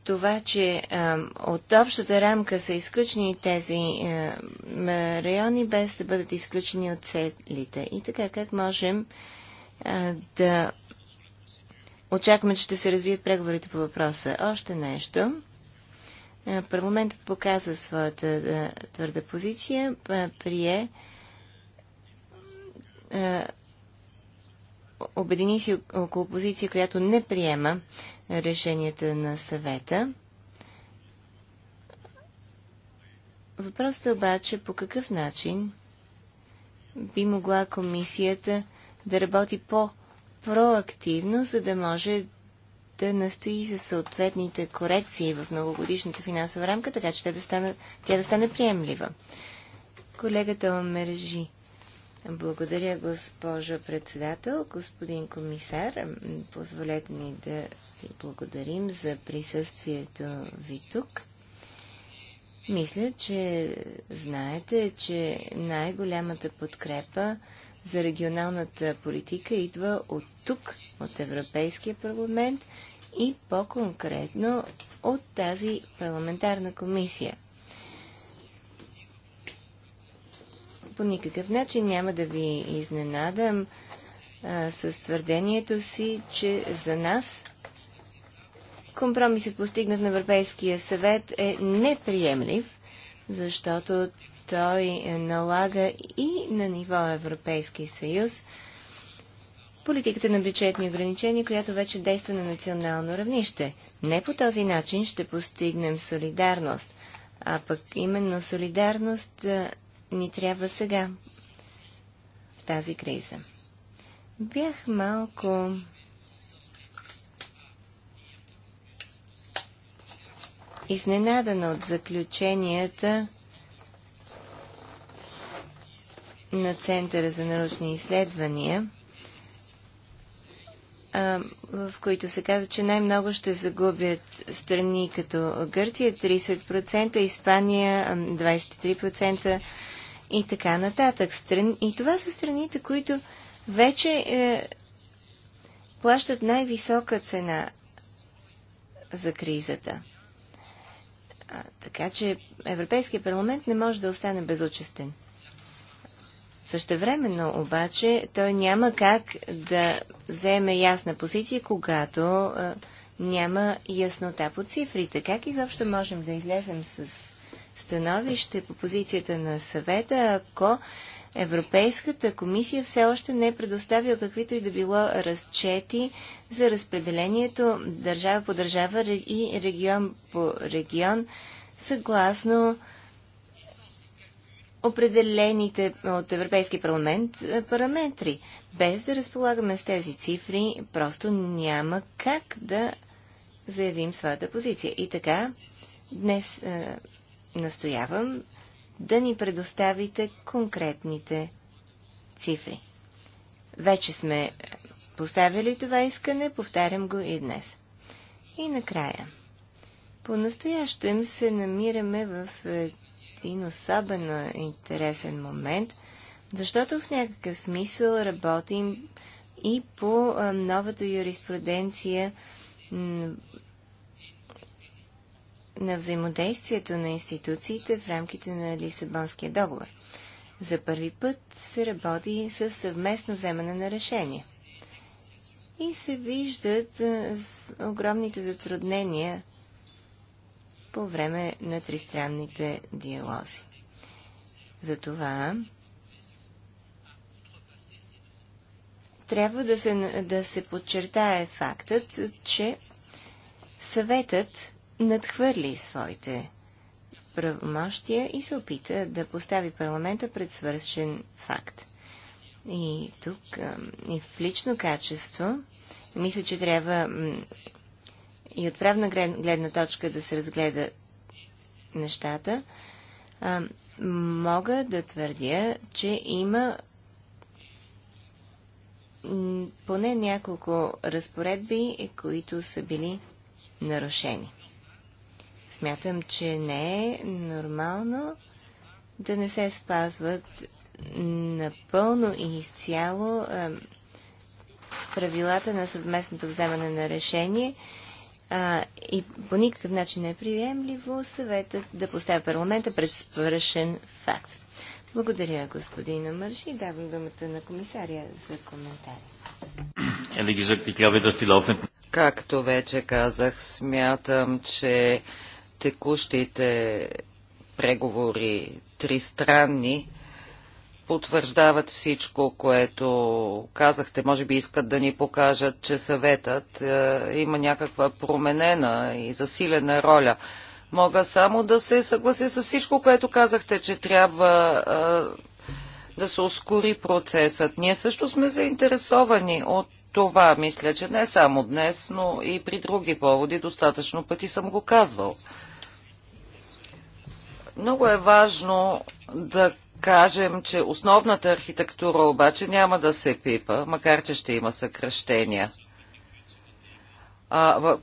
това, че а, от общата рамка са изключени тези а, райони, без да бъдат изключени от целите. И така, как можем а, да очакваме, че ще се развият преговорите по въпроса? Още нещо. А, парламентът показа своята а, твърда позиция, а, прие а, обедини си около позиция, която не приема решенията на съвета. Въпросът е обаче по какъв начин би могла комисията да работи по-проактивно, за да може да настои за съответните корекции в многогодишната финансова рамка, така че тя да стане, тя да стане приемлива. Колегата ме благодаря, госпожо председател, господин комисар. Позволете ми да ви благодарим за присъствието ви тук. Мисля, че знаете, че най-голямата подкрепа за регионалната политика идва от тук, от Европейския парламент и по-конкретно от тази парламентарна комисия – по никакъв начин няма да ви изненадам а, с твърдението си, че за нас компромисът постигнат на Европейския съвет е неприемлив, защото той налага и на ниво Европейски съюз политиката на бюджетни ограничения, която вече действа на национално равнище. Не по този начин ще постигнем солидарност, а пък именно солидарност ни трябва сега, в тази криза. Бях малко изненадана от заключенията на Центъра за научни изследвания, в които се казва, че най-много ще загубят страни като Гърция 30%, Испания 23%, и така нататък. И това са страните, които вече е, плащат най-висока цена за кризата. А, така че Европейския парламент не може да остане безучестен. Същевременно обаче той няма как да вземе ясна позиция, когато е, няма яснота по цифрите. Как изобщо можем да излезем с становище по позицията на съвета, ако Европейската комисия все още не е предоставила каквито и да било разчети за разпределението държава по държава и регион по регион, съгласно определените от Европейски парламент е, параметри. Без да разполагаме с тези цифри, просто няма как да заявим своята позиция. И така, днес е, настоявам да ни предоставите конкретните цифри. Вече сме поставили това искане, повтарям го и днес. И накрая. По-настоящем се намираме в един особено интересен момент, защото в някакъв смисъл работим и по новата юриспруденция на взаимодействието на институциите в рамките на Лисабонския договор. За първи път се работи с съвместно вземане на решения. И се виждат огромните затруднения по време на тристранните диалози. Затова трябва да се, да се подчертае фактът, че съветът надхвърли своите правомощия и се опита да постави парламента пред свършен факт. И тук, и в лично качество, мисля, че трябва и от правна гледна точка да се разгледа нещата, мога да твърдя, че има поне няколко разпоредби, които са били нарушени. Смятам, че не е нормално да не се спазват напълно и изцяло правилата на съвместното вземане на решение а, и по никакъв начин не е приемливо съветът да поставя парламента пред свършен факт. Благодаря, господина Мърши. Давам думата на комисария за коментари. Както вече казах, смятам, че текущите преговори тристранни потвърждават всичко, което казахте. Може би искат да ни покажат, че съветът е, има някаква променена и засилена роля. Мога само да се съглася с всичко, което казахте, че трябва е, да се ускори процесът. Ние също сме заинтересовани от това. Мисля, че не само днес, но и при други поводи достатъчно пъти съм го казвал. Много е важно да кажем, че основната архитектура обаче няма да се пипа, макар че ще има съкръщения. А,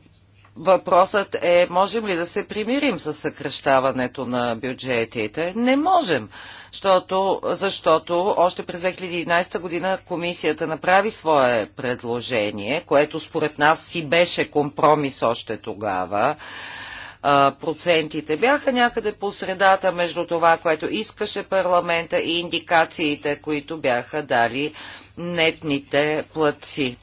въпросът е, можем ли да се примирим с съкръщаването на бюджетите? Не можем, защото, защото още през 2011 година комисията направи свое предложение, което според нас си беше компромис още тогава а, процентите бяха някъде по средата между това, което искаше парламента и индикациите, които бяха дали нетните платци.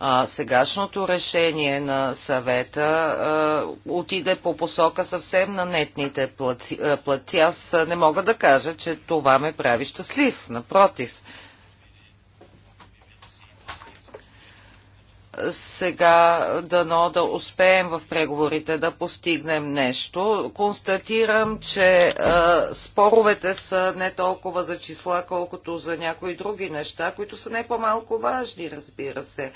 А, сегашното решение на съвета а, отиде по посока съвсем на нетните платци. Аз не мога да кажа, че това ме прави щастлив. Напротив. сега дано да успеем в преговорите да постигнем нещо. Констатирам, че а, е, споровете са не толкова за числа, колкото за някои други неща, които са не по-малко важни, разбира се.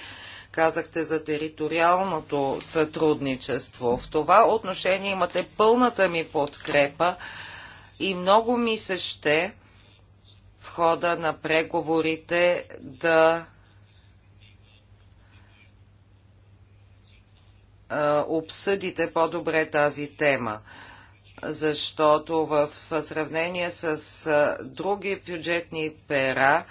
Казахте за териториалното сътрудничество. В това отношение имате пълната ми подкрепа и много ми се ще в хода на преговорите да обсъдите по-добре тази тема защото в сравнение с други бюджетни пера,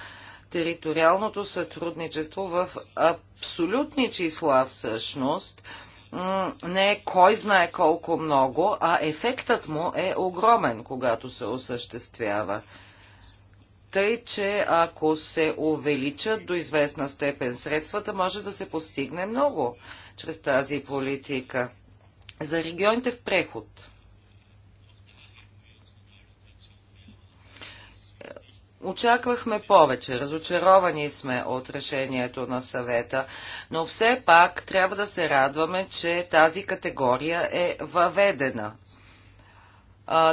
териториалното сътрудничество в абсолютни числа всъщност не е кой знае колко много, а ефектът му е огромен, когато се осъществява. Тъй, че ако се увеличат до известна степен средствата, може да се постигне много чрез тази политика. За регионите в преход. Очаквахме повече, разочаровани сме от решението на съвета, но все пак трябва да се радваме, че тази категория е въведена.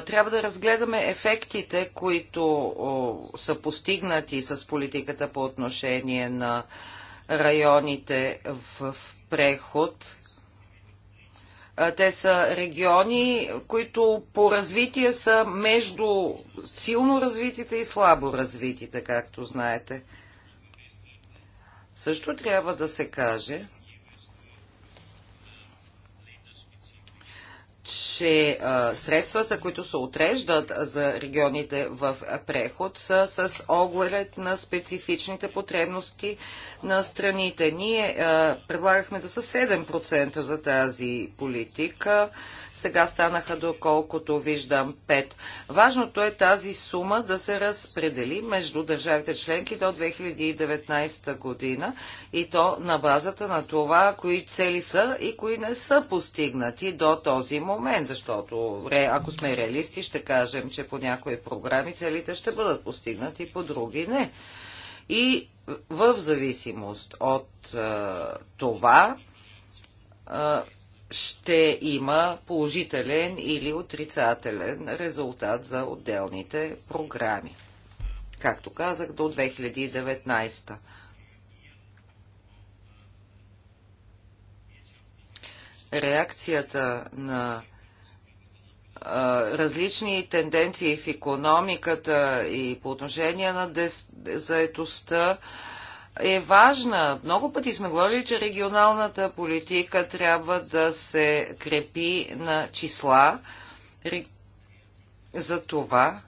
Трябва да разгледаме ефектите, които са постигнати с политиката по отношение на районите в преход. Те са региони, които по развитие са между силно развитите и слабо развитите, както знаете. Също трябва да се каже, че а, средствата, които се отреждат за регионите в преход, са с оглед на специфичните потребности на страните. Ние а, предлагахме да са 7% за тази политика. А, сега станаха доколкото виждам 5. Важното е тази сума да се разпредели между държавите членки до 2019 година и то на базата на това, кои цели са и кои не са постигнати до този момент, защото ако сме реалисти, ще кажем, че по някои програми целите ще бъдат постигнати, по други не. И в зависимост от а, това, а, ще има положителен или отрицателен резултат за отделните програми. Както казах, до 2019. Реакцията на различни тенденции в економиката и по отношение на заетостта е важна. Много пъти сме говорили, че регионалната политика трябва да се крепи на числа за това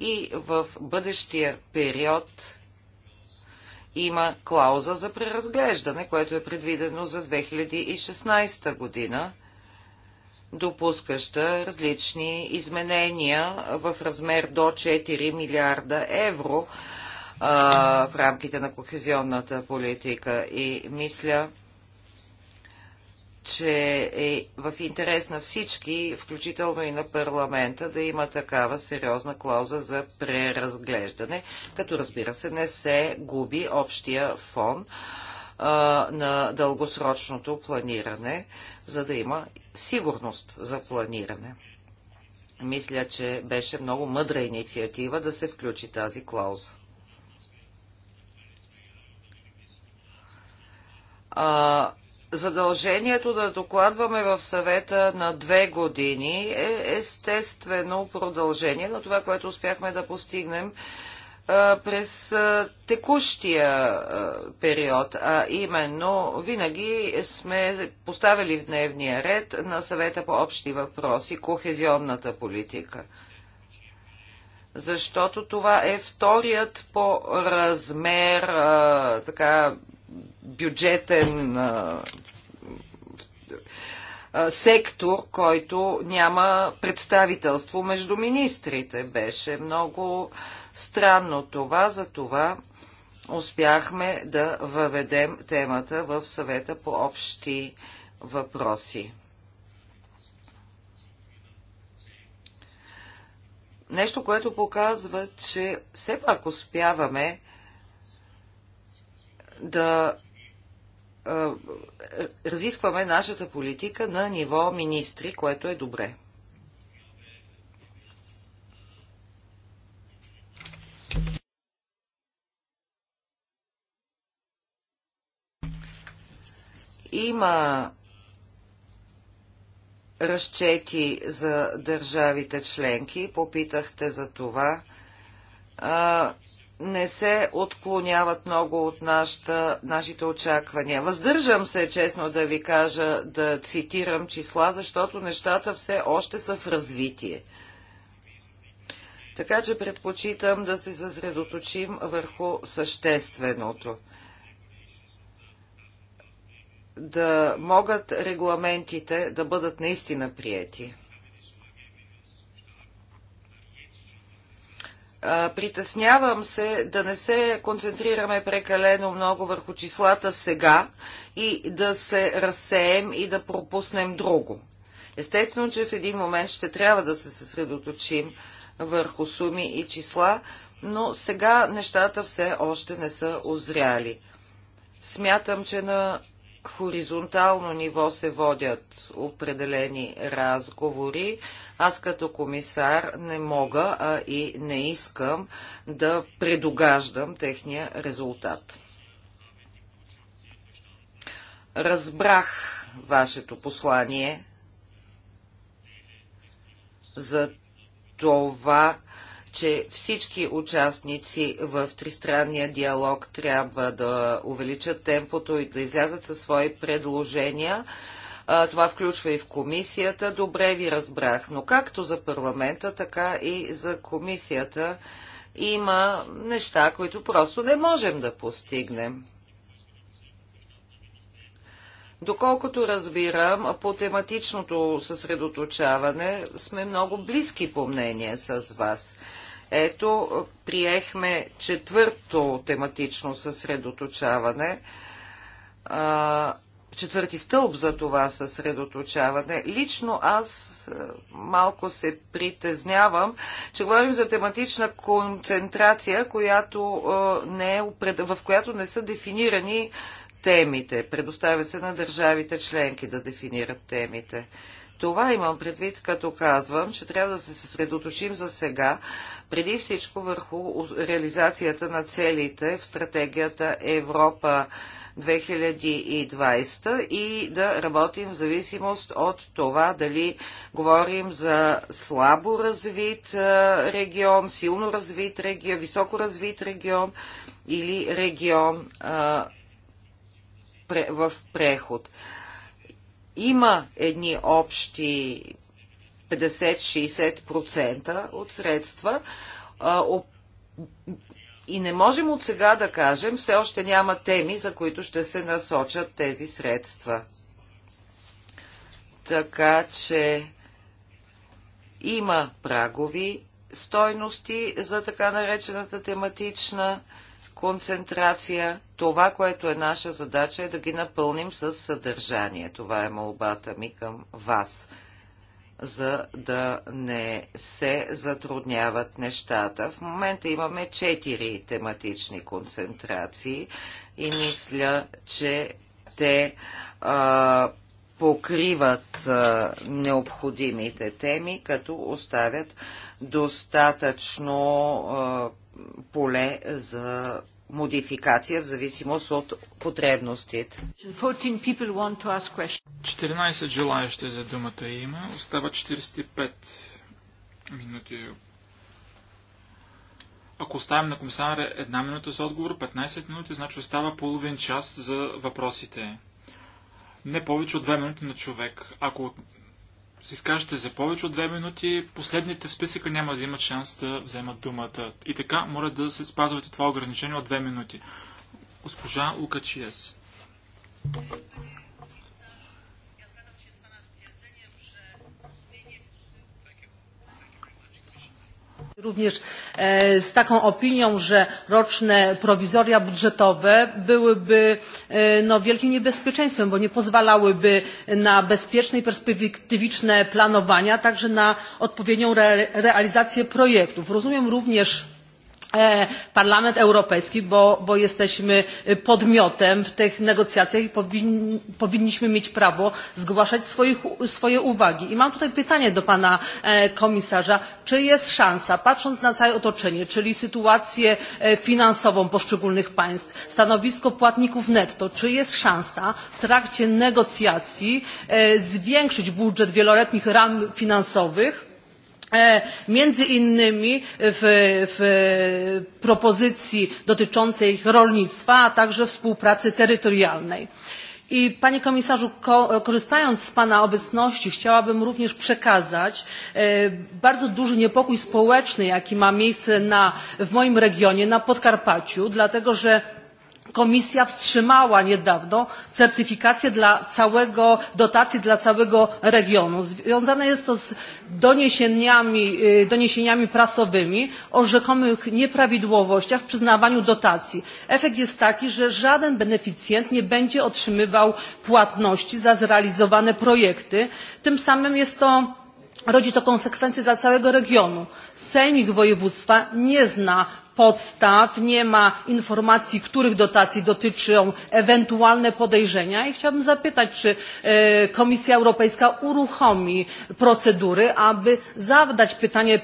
и в бъдещия период има клауза за преразглеждане, което е предвидено за 2016 година, допускаща различни изменения в размер до 4 милиарда евро а, в рамките на кохезионната политика. И мисля, че е в интерес на всички, включително и на парламента, да има такава сериозна клауза за преразглеждане, като разбира се не се губи общия фон а, на дългосрочното планиране, за да има сигурност за планиране. Мисля, че беше много мъдра инициатива да се включи тази клауза. А, задължението да докладваме в съвета на две години е естествено продължение на това, което успяхме да постигнем през текущия период, а именно винаги сме поставили в дневния ред на съвета по общи въпроси кохезионната политика. Защото това е вторият по размер така бюджетен сектор, който няма представителство между министрите. Беше много странно това, за това успяхме да въведем темата в съвета по общи въпроси. Нещо, което показва, че все пак успяваме да е, разискваме нашата политика на ниво министри, което е добре. Има разчети за държавите членки. Попитахте за това. А, не се отклоняват много от нашата, нашите очаквания. Въздържам се, честно да ви кажа, да цитирам числа, защото нещата все още са в развитие. Така че предпочитам да се съсредоточим върху същественото. Да могат регламентите да бъдат наистина прияти. Притеснявам се да не се концентрираме прекалено много върху числата сега и да се разсеем и да пропуснем друго. Естествено, че в един момент ще трябва да се съсредоточим върху суми и числа, но сега нещата все още не са озряли. Смятам, че на хоризонтално ниво се водят определени разговори. Аз като комисар не мога, а и не искам да предогаждам техния резултат. Разбрах вашето послание за това, че всички участници в тристранния диалог трябва да увеличат темпото и да излязат със свои предложения. Това включва и в комисията. Добре ви разбрах, но както за парламента, така и за комисията има неща, които просто не можем да постигнем. Доколкото разбирам, по тематичното съсредоточаване сме много близки по мнение с вас. Ето, приехме четвърто тематично съсредоточаване, четвърти стълб за това съсредоточаване. Лично аз малко се притезнявам, че говорим за тематична концентрация, която не е, в която не са дефинирани темите. Предоставя се на държавите членки да дефинират темите. Това имам предвид, като казвам, че трябва да се съсредоточим за сега, преди всичко върху реализацията на целите в стратегията Европа 2020 и да работим в зависимост от това дали говорим за слабо развит е, регион, силно развит регион, високо развит регион или регион а, е, в преход има едни общи 50-60% от средства и не можем от сега да кажем, все още няма теми, за които ще се насочат тези средства. Така че има прагови стойности за така наречената тематична концентрация. Това, което е наша задача е да ги напълним с съдържание. Това е молбата ми към вас, за да не се затрудняват нещата. В момента имаме четири тематични концентрации и мисля, че те а, покриват а, необходимите теми, като оставят достатъчно а, поле за модификация в зависимост от потребностите. 14 желаящи за думата има. Остава 45 минути. Ако оставим на комисаря една минута за отговор, 15 минути, значи остава половин час за въпросите. Не повече от 2 минути на човек. Ако се изкажете е за повече от две минути, последните в списъка няма да имат шанс да вземат думата. И така, моля да се спазвате това ограничение от две минути. Госпожа Лукачиес. również z taką opinią, że roczne prowizoria budżetowe byłyby wielkim niebezpieczeństwem, bo nie pozwalałyby na bezpieczne i perspektywiczne planowania, a także na odpowiednią realizację projektów. Rozumiem również Parlament Europejski, bo, jesteśmy podmiotem w tych negocjacjach i powinniśmy mieć prawo zgłaszać swoje uwagi. I mam tutaj pytanie do pana komisarza, czy jest szansa, patrząc na całe otoczenie, czyli sytuację finansową poszczególnych państw, stanowisko płatników netto, czy jest szansa w trakcie negocjacji zwiększyć budżet wieloletnich ram finansowych, między innymi w, propozycji dotyczącej rolnictwa, a także współpracy terytorialnej. I panie komisarzu, korzystając z pana obecności, chciałabym również przekazać bardzo duży niepokój społeczny, jaki ma miejsce w moim regionie, na Podkarpaciu, dlatego że Komisja wstrzymała niedawno certyfikację dla całego, dotacji dla całego regionu. Związane jest to z doniesieniami, doniesieniami prasowymi o rzekomych nieprawidłowościach w przyznawaniu dotacji. Efekt jest taki, że żaden beneficjent nie będzie otrzymywał płatności za zrealizowane projekty. Tym samym jest to rodzi to konsekwencje dla całego regionu. Sejmik województwa nie zna podstaw, nie ma informacji, których dotacji dotyczą ewentualne podejrzenia i chciałabym zapytać, czy Komisja Europejska uruchomi procedury, aby zadać pytanie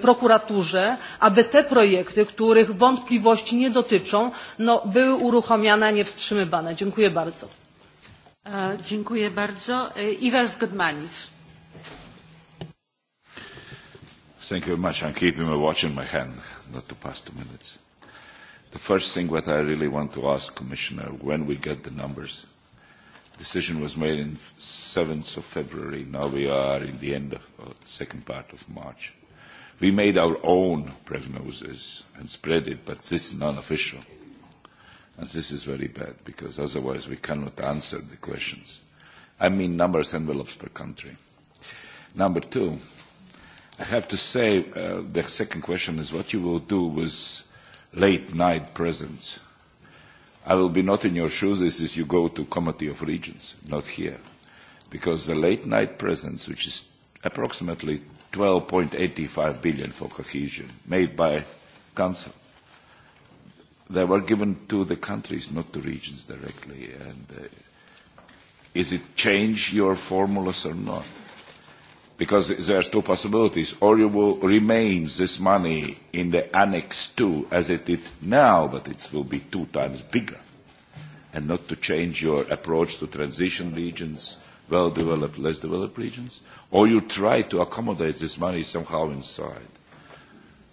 prokuraturze, aby te projekty, których wątpliwości nie dotyczą, były uruchamiane, a nie wstrzymywane. Dziękuję bardzo. Dziękuję bardzo. Thank you very much. I'm keeping my watch in my hand not to pass two minutes. The first thing that I really want to ask, Commissioner, when we get the numbers, decision was made in 7th of February. Now we are in the end of uh, the second part of March. We made our own prognosis and spread it, but this is non-official. And this is very bad because otherwise we cannot answer the questions. I mean numbers envelopes per country. Number two, I have to say, uh, the second question is what you will do with late night presence. I will be not in your shoes this is you go to Committee of Regions, not here. Because the late night presence, which is approximately 12.85 billion for cohesion, made by Council, they were given to the countries, not to regions directly. And uh, is it change your formulas or not? because there are two possibilities. Or you will remain this money in the Annex II as it is now, but it will be two times bigger, and not to change your approach to transition regions, well-developed, less developed regions. Or you try to accommodate this money somehow inside.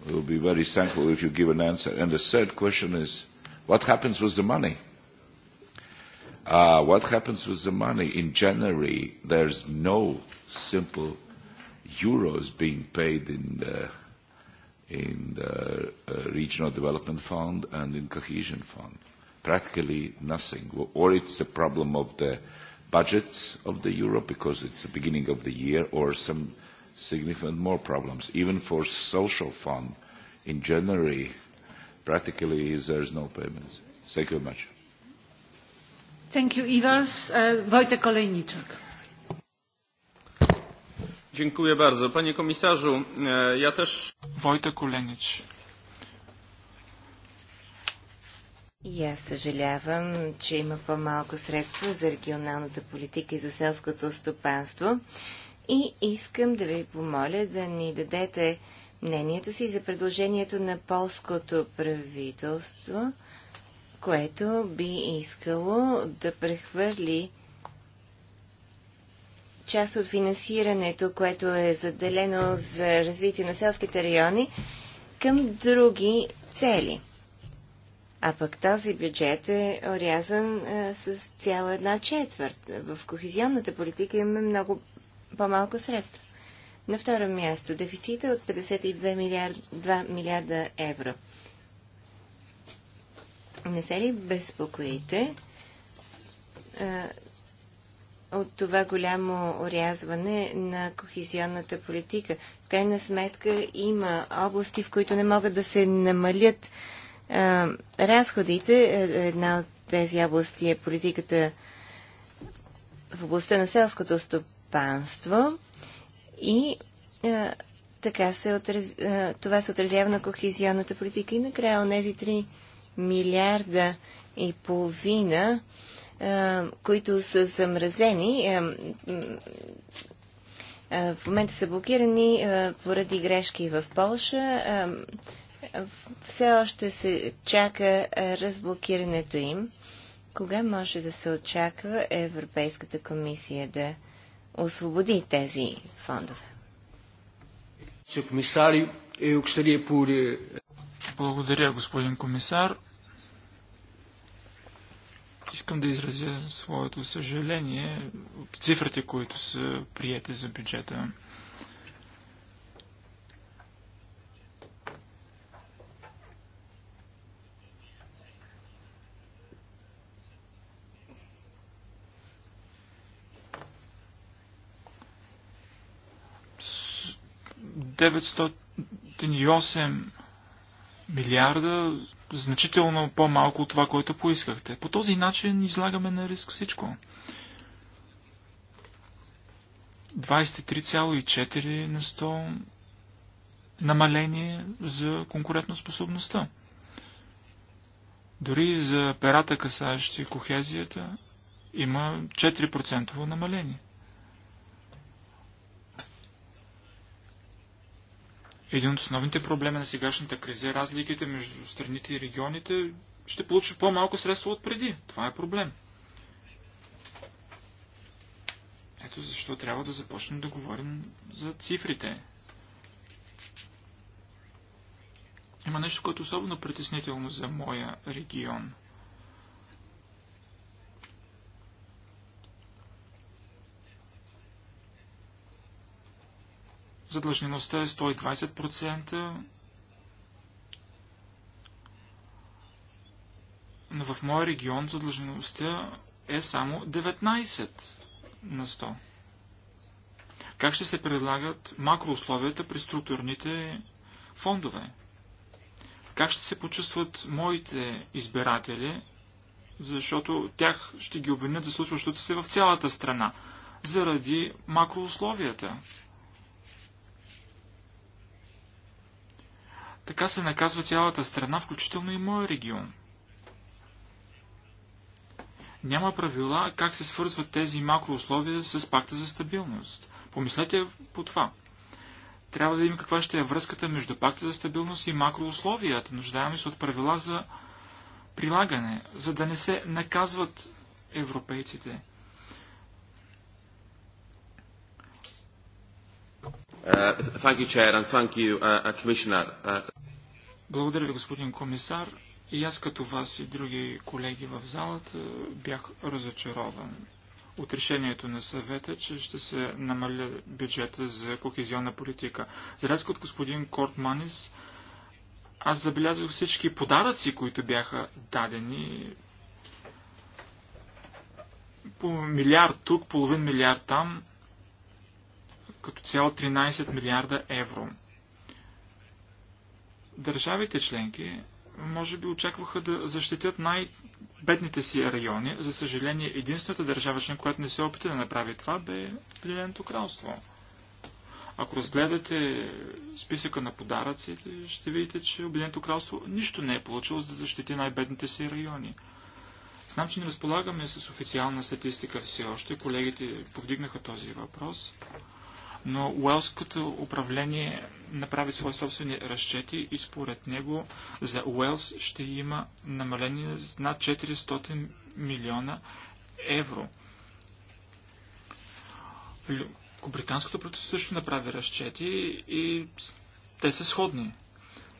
We will be very thankful if you give an answer. And the third question is, what happens with the money? Uh, what happens with the money? In January, there's no simple euros being paid in the in the uh, regional development fund and in cohesion fund. Practically nothing. Or it's a problem of the budgets of the euro because it's the beginning of the year or some significant more problems. Even for social fund in January, practically there's no payments. Thank you very much. Thank you, Ivars. Uh, Wojtek Olejniczak. Dziękuję bardzo. Panie komisarzu, e, ja też... Wojtek Ulenicz. аз съжалявам, че има по-малко средства за регионалната политика и за селското стопанство. И искам да ви помоля да ни дадете мнението си за предложението на полското правителство, което би искало да прехвърли част от финансирането, което е заделено за развитие на селските райони, към други цели. А пък този бюджет е орязан с цяла една четвърт. В кохезионната политика имаме много по-малко средства. На второ място, дефицита от 52 милиард, 2 милиарда евро. Не се ли безпокоите, от това голямо орязване на кохезионната политика. В крайна сметка има области, в които не могат да се намалят а, разходите. Е, една от тези области е политиката в областта на селското стопанство и а, така се отраз... а, това се отразява на кохезионната политика. И накрая от тези 3 милиарда и половина които са замразени. В момента са блокирани поради грешки в Польша. Все още се чака разблокирането им. Кога може да се очаква Европейската комисия да освободи тези фондове? Е, Благодаря, господин комисар. Искам да изразя своето съжаление от цифрите, които са приети за бюджета. и 908 милиарда значително по-малко от това, което поискахте. По този начин излагаме на риск всичко. 23,4 на 100 намаление за конкурентоспособността. Дори за перата, касаещи кохезията, има 4% намаление. Един от основните проблеми на сегашната криза е разликите между страните и регионите. Ще получи по-малко средства от преди. Това е проблем. Ето защо трябва да започнем да говорим за цифрите. Има нещо, което е особено притеснително за моя регион – задлъжнеността е 120%, но в моя регион задлъжнеността е само 19 на 100. Как ще се предлагат макроусловията при структурните фондове? Как ще се почувстват моите избиратели, защото тях ще ги обвинят за случващото се в цялата страна, заради макроусловията? Така се наказва цялата страна, включително и моя регион. Няма правила как се свързват тези макроусловия с пакта за стабилност. Помислете по това. Трябва да видим каква ще е връзката между пакта за стабилност и макроусловията. Нуждаваме се от правила за прилагане, за да не се наказват европейците. Благодаря ви, господин комисар. И аз като вас и други колеги в залата бях разочарован от решението на съвета, че ще се намаля бюджета за кохезионна политика. За разлика от господин Корт Манис, аз забелязах всички подаръци, които бяха дадени по милиард тук, половин милиард там – като цяло 13 милиарда евро. Държавите членки може би очакваха да защитят най-бедните си райони. За съжаление, единствената държава член, която не се опита да направи това, бе Обединеното кралство. Ако разгледате списъка на подаръците, ще видите, че Обединеното кралство нищо не е получило за да защити най-бедните си райони. Знам, че не разполагаме с официална статистика все още. Колегите повдигнаха този въпрос но Уелското управление направи свои собствени разчети и според него за Уелс ще има намаление на над 400 милиона евро. Британското правителство също направи разчети и те са сходни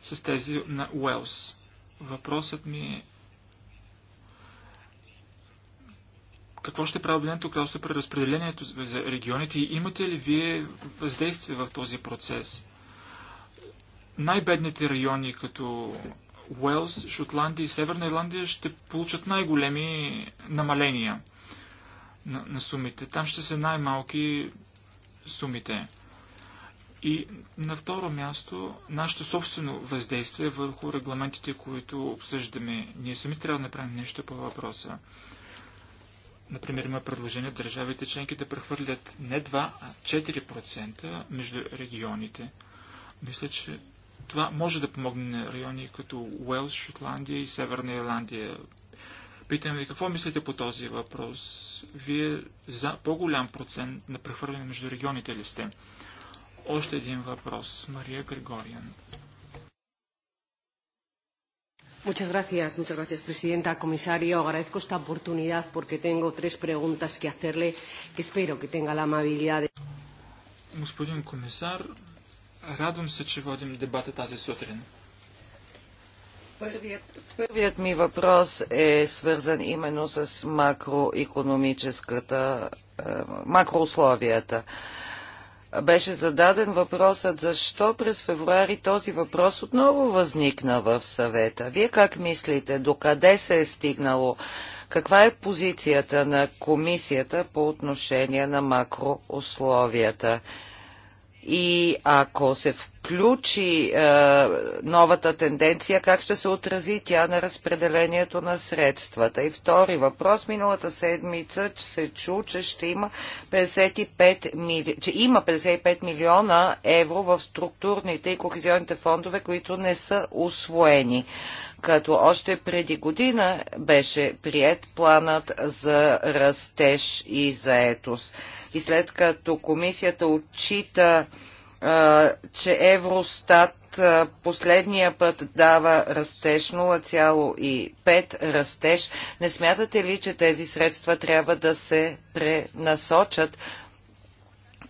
с тези на Уелс. Въпросът ми е какво ще прави Обединеното кралство при разпределението за регионите и имате ли вие въздействие в този процес? Най-бедните райони, като Уелс, Шотландия и Северна Ирландия, ще получат най-големи намаления на, на сумите. Там ще са най-малки сумите. И на второ място, нашето собствено въздействие върху регламентите, които обсъждаме. Ние сами трябва да направим нещо по въпроса. Например, има предложение държавите членки да прехвърлят не 2, а 4% между регионите. Мисля, че това може да помогне на райони като Уелс, Шотландия и Северна Ирландия. Питам ви, какво мислите по този въпрос? Вие за по-голям процент на прехвърляне между регионите ли сте? Още един въпрос. Мария Григориан. Muchas gracias, muchas gracias, presidenta. Comisario, agradezco esta oportunidad porque tengo tres preguntas que hacerle que espero que tenga la amabilidad de... Господин комисар, радвам се, че водим дебата тази сутрин. Първият, първият ми въпрос е свързан именно с макроекономическата, макроусловията. Макроусловията беше зададен въпросът защо през февруари този въпрос отново възникна в съвета. Вие как мислите, докъде се е стигнало? Каква е позицията на комисията по отношение на макроусловията? и ако се включи е, новата тенденция, как ще се отрази тя на разпределението на средствата? И втори въпрос. Миналата седмица се чу, че ще има 55 мили... че има 55 милиона евро в структурните и кохезионните фондове, които не са освоени. Е, като още преди година беше прият планът за растеж и заетост. И след като комисията отчита, че Евростат последния път дава растеж 0,5 растеж, не смятате ли, че тези средства трябва да се пренасочат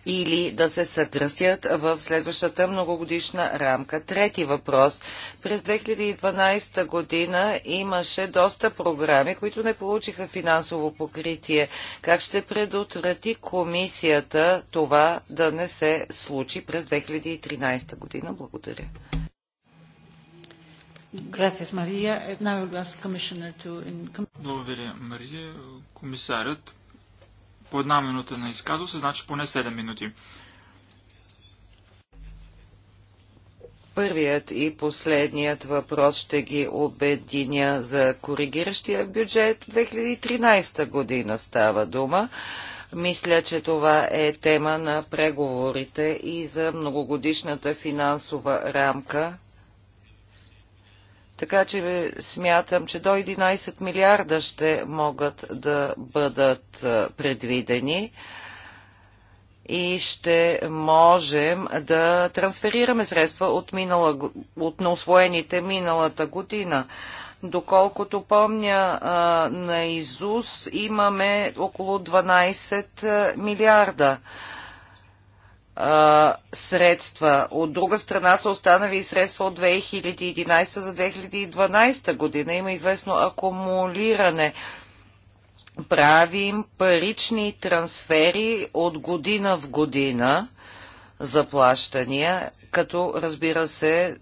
или да се съкръстят в следващата многогодишна рамка. Трети въпрос. През 2012 година имаше доста програми, които не получиха финансово покритие. Как ще предотврати комисията това да не се случи през 2013 година? Благодаря. Благодаря, Мария. Комисарят по една минута на изказва се, значи поне 7 минути. Първият и последният въпрос ще ги обединя за коригиращия бюджет. 2013 година става дума. Мисля, че това е тема на преговорите и за многогодишната финансова рамка така че смятам, че до 11 милиарда ще могат да бъдат предвидени и ще можем да трансферираме средства от, минала, от неосвоените миналата година. Доколкото помня на ИЗУС имаме около 12 милиарда средства. От друга страна са останали и средства от 2011 за 2012 година. Има известно акумулиране. Правим парични трансфери от година в година заплащания, като разбира се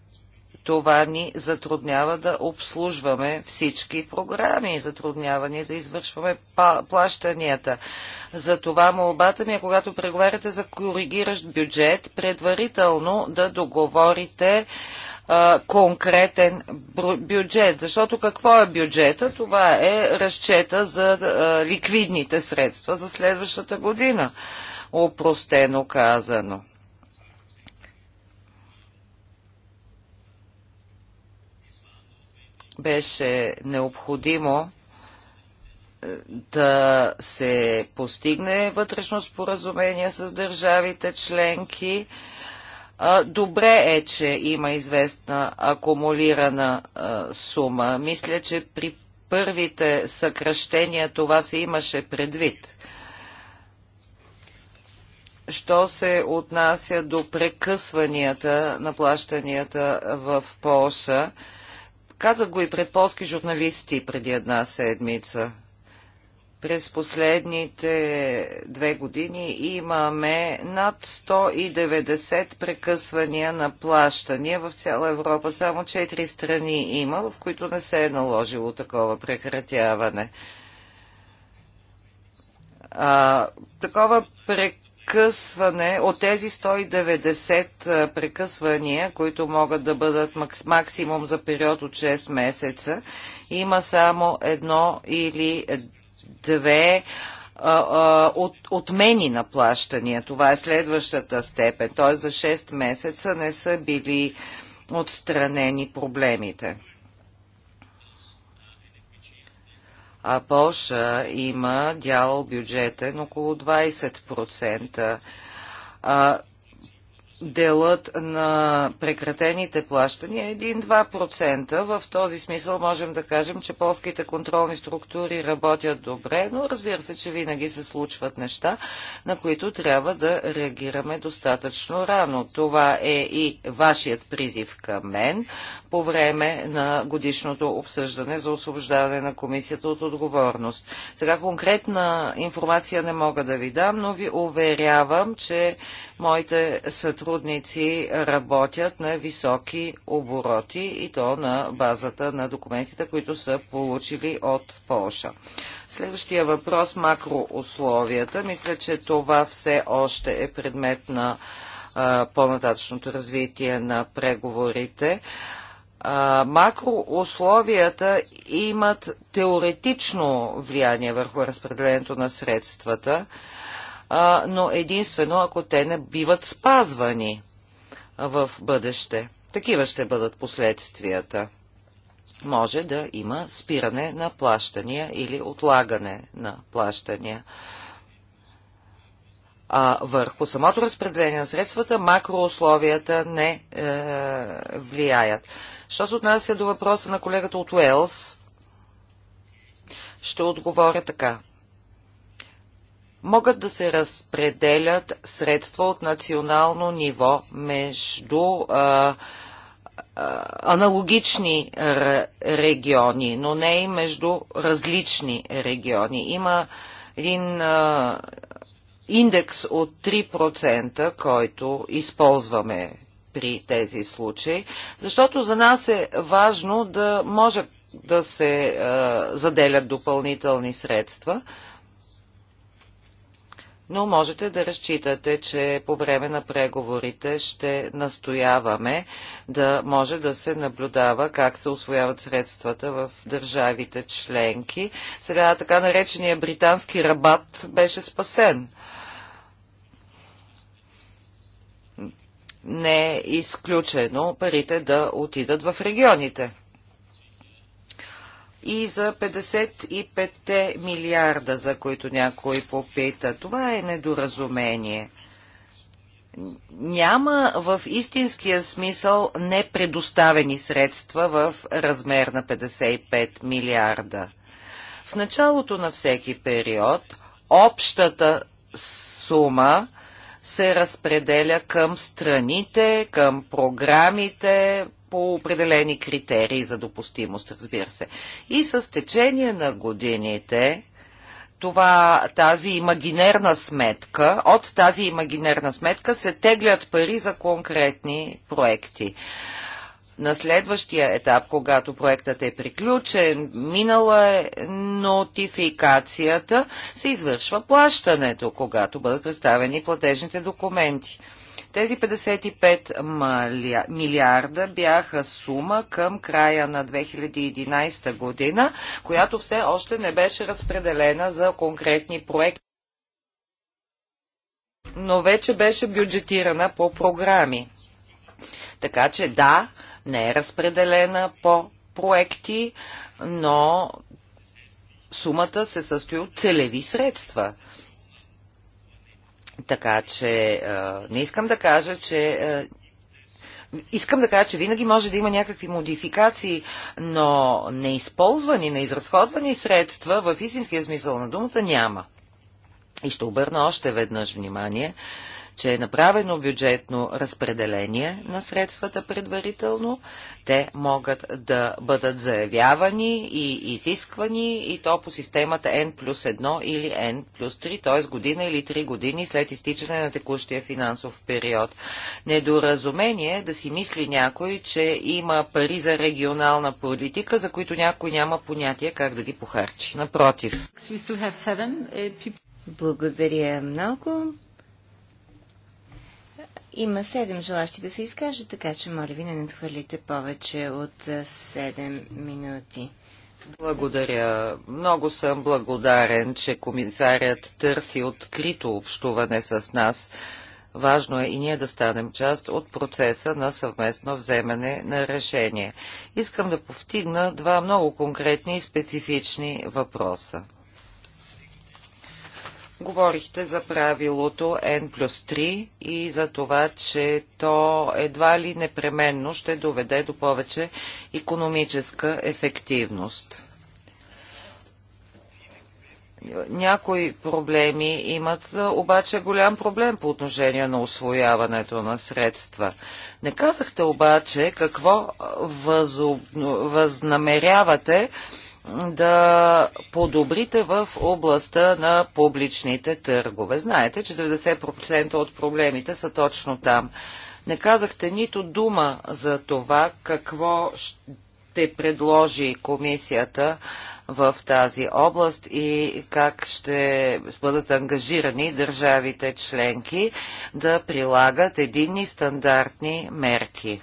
това ни затруднява да обслужваме всички програми, затруднява ни да извършваме плащанията. За това молбата ми е, когато преговаряте за коригиращ бюджет, предварително да договорите конкретен бюджет. Защото какво е бюджета? Това е разчета за ликвидните средства за следващата година. Опростено казано. беше необходимо е, да се постигне вътрешно споразумение с държавите членки. Е, добре е, че има известна акумулирана е, сума. Мисля, че при първите съкръщения това се имаше предвид. Що се отнася до прекъсванията на плащанията в Полша, Казах го и пред полски журналисти преди една седмица. През последните две години имаме над 190 прекъсвания на плащания в цяла Европа. Само 4 страни има, в които не се е наложило такова прекратяване. А, такова прекъсване прекъсване от тези 190 прекъсвания, които могат да бъдат максимум за период от 6 месеца, има само едно или две от, отмени на плащания. Това е следващата степен. Т.е. за 6 месеца не са били отстранени проблемите. а Польша има дял бюджетен около 20%. А, делът на прекратените плащания е 1-2%. В този смисъл можем да кажем, че полските контролни структури работят добре, но разбира се, че винаги се случват неща, на които трябва да реагираме достатъчно рано. Това е и вашият призив към мен по време на годишното обсъждане за освобождаване на комисията от отговорност. Сега конкретна информация не мога да ви дам, но ви уверявам, че моите сътрудници сътрудници работят на високи обороти и то на базата на документите, които са получили от Полша. Следващия въпрос – макроусловията. Мисля, че това все още е предмет на по-нататъчното развитие на преговорите. макроусловията имат теоретично влияние върху разпределението на средствата – а, но единствено ако те не биват спазвани в бъдеще. Такива ще бъдат последствията. Може да има спиране на плащания или отлагане на плащания. А върху самото разпределение на средствата макроусловията не е, влияят. Що се отнася до въпроса на колегата от Уелс, ще отговоря така могат да се разпределят средства от национално ниво между а, аналогични региони, но не и между различни региони. Има един а, индекс от 3%, който използваме при тези случаи, защото за нас е важно да може да се а, заделят допълнителни средства, но можете да разчитате, че по време на преговорите ще настояваме да може да се наблюдава как се освояват средствата в държавите членки. Сега така наречения британски рабат беше спасен. Не е изключено парите да отидат в регионите и за 55 милиарда, за които някой попита. Това е недоразумение. Няма в истинския смисъл непредоставени средства в размер на 55 милиарда. В началото на всеки период общата сума се разпределя към страните, към програмите, по определени критерии за допустимост, разбира се. И с течение на годините това, тази имагинерна сметка, от тази имагинерна сметка се теглят пари за конкретни проекти. На следващия етап, когато проектът е приключен, минала е нотификацията, се извършва плащането, когато бъдат представени платежните документи. Тези 55 милиарда бяха сума към края на 2011 година, която все още не беше разпределена за конкретни проекти но вече беше бюджетирана по програми. Така че да, не е разпределена по проекти, но сумата се състои от целеви средства. Така че не искам да кажа, че Искам да кажа, че винаги може да има някакви модификации, но неизползвани, неизразходвани средства в истинския смисъл на думата няма. И ще обърна още веднъж внимание че е направено бюджетно разпределение на средствата предварително. Те могат да бъдат заявявани и изисквани и то по системата N плюс 1 или N плюс 3, т.е. година или 3 години след изтичане на текущия финансов период. Недоразумение е да си мисли някой, че има пари за регионална политика, за които някой няма понятие как да ги похарчи. Напротив. Eh, Благодаря много. Има седем желащи да се изкажат, така че моля ви не надхвърлите повече от седем минути. Благодаря. Много съм благодарен, че комисарят търси открито общуване с нас. Важно е и ние да станем част от процеса на съвместно вземане на решение. Искам да повтигна два много конкретни и специфични въпроса. Говорихте за правилото N плюс 3 и за това, че то едва ли непременно ще доведе до повече економическа ефективност. Някои проблеми имат обаче голям проблем по отношение на освояването на средства. Не казахте обаче какво възобно... възнамерявате да подобрите в областта на публичните търгове. Знаете, че 90% от проблемите са точно там. Не казахте нито дума за това какво ще предложи комисията в тази област и как ще бъдат ангажирани държавите членки да прилагат единни стандартни мерки.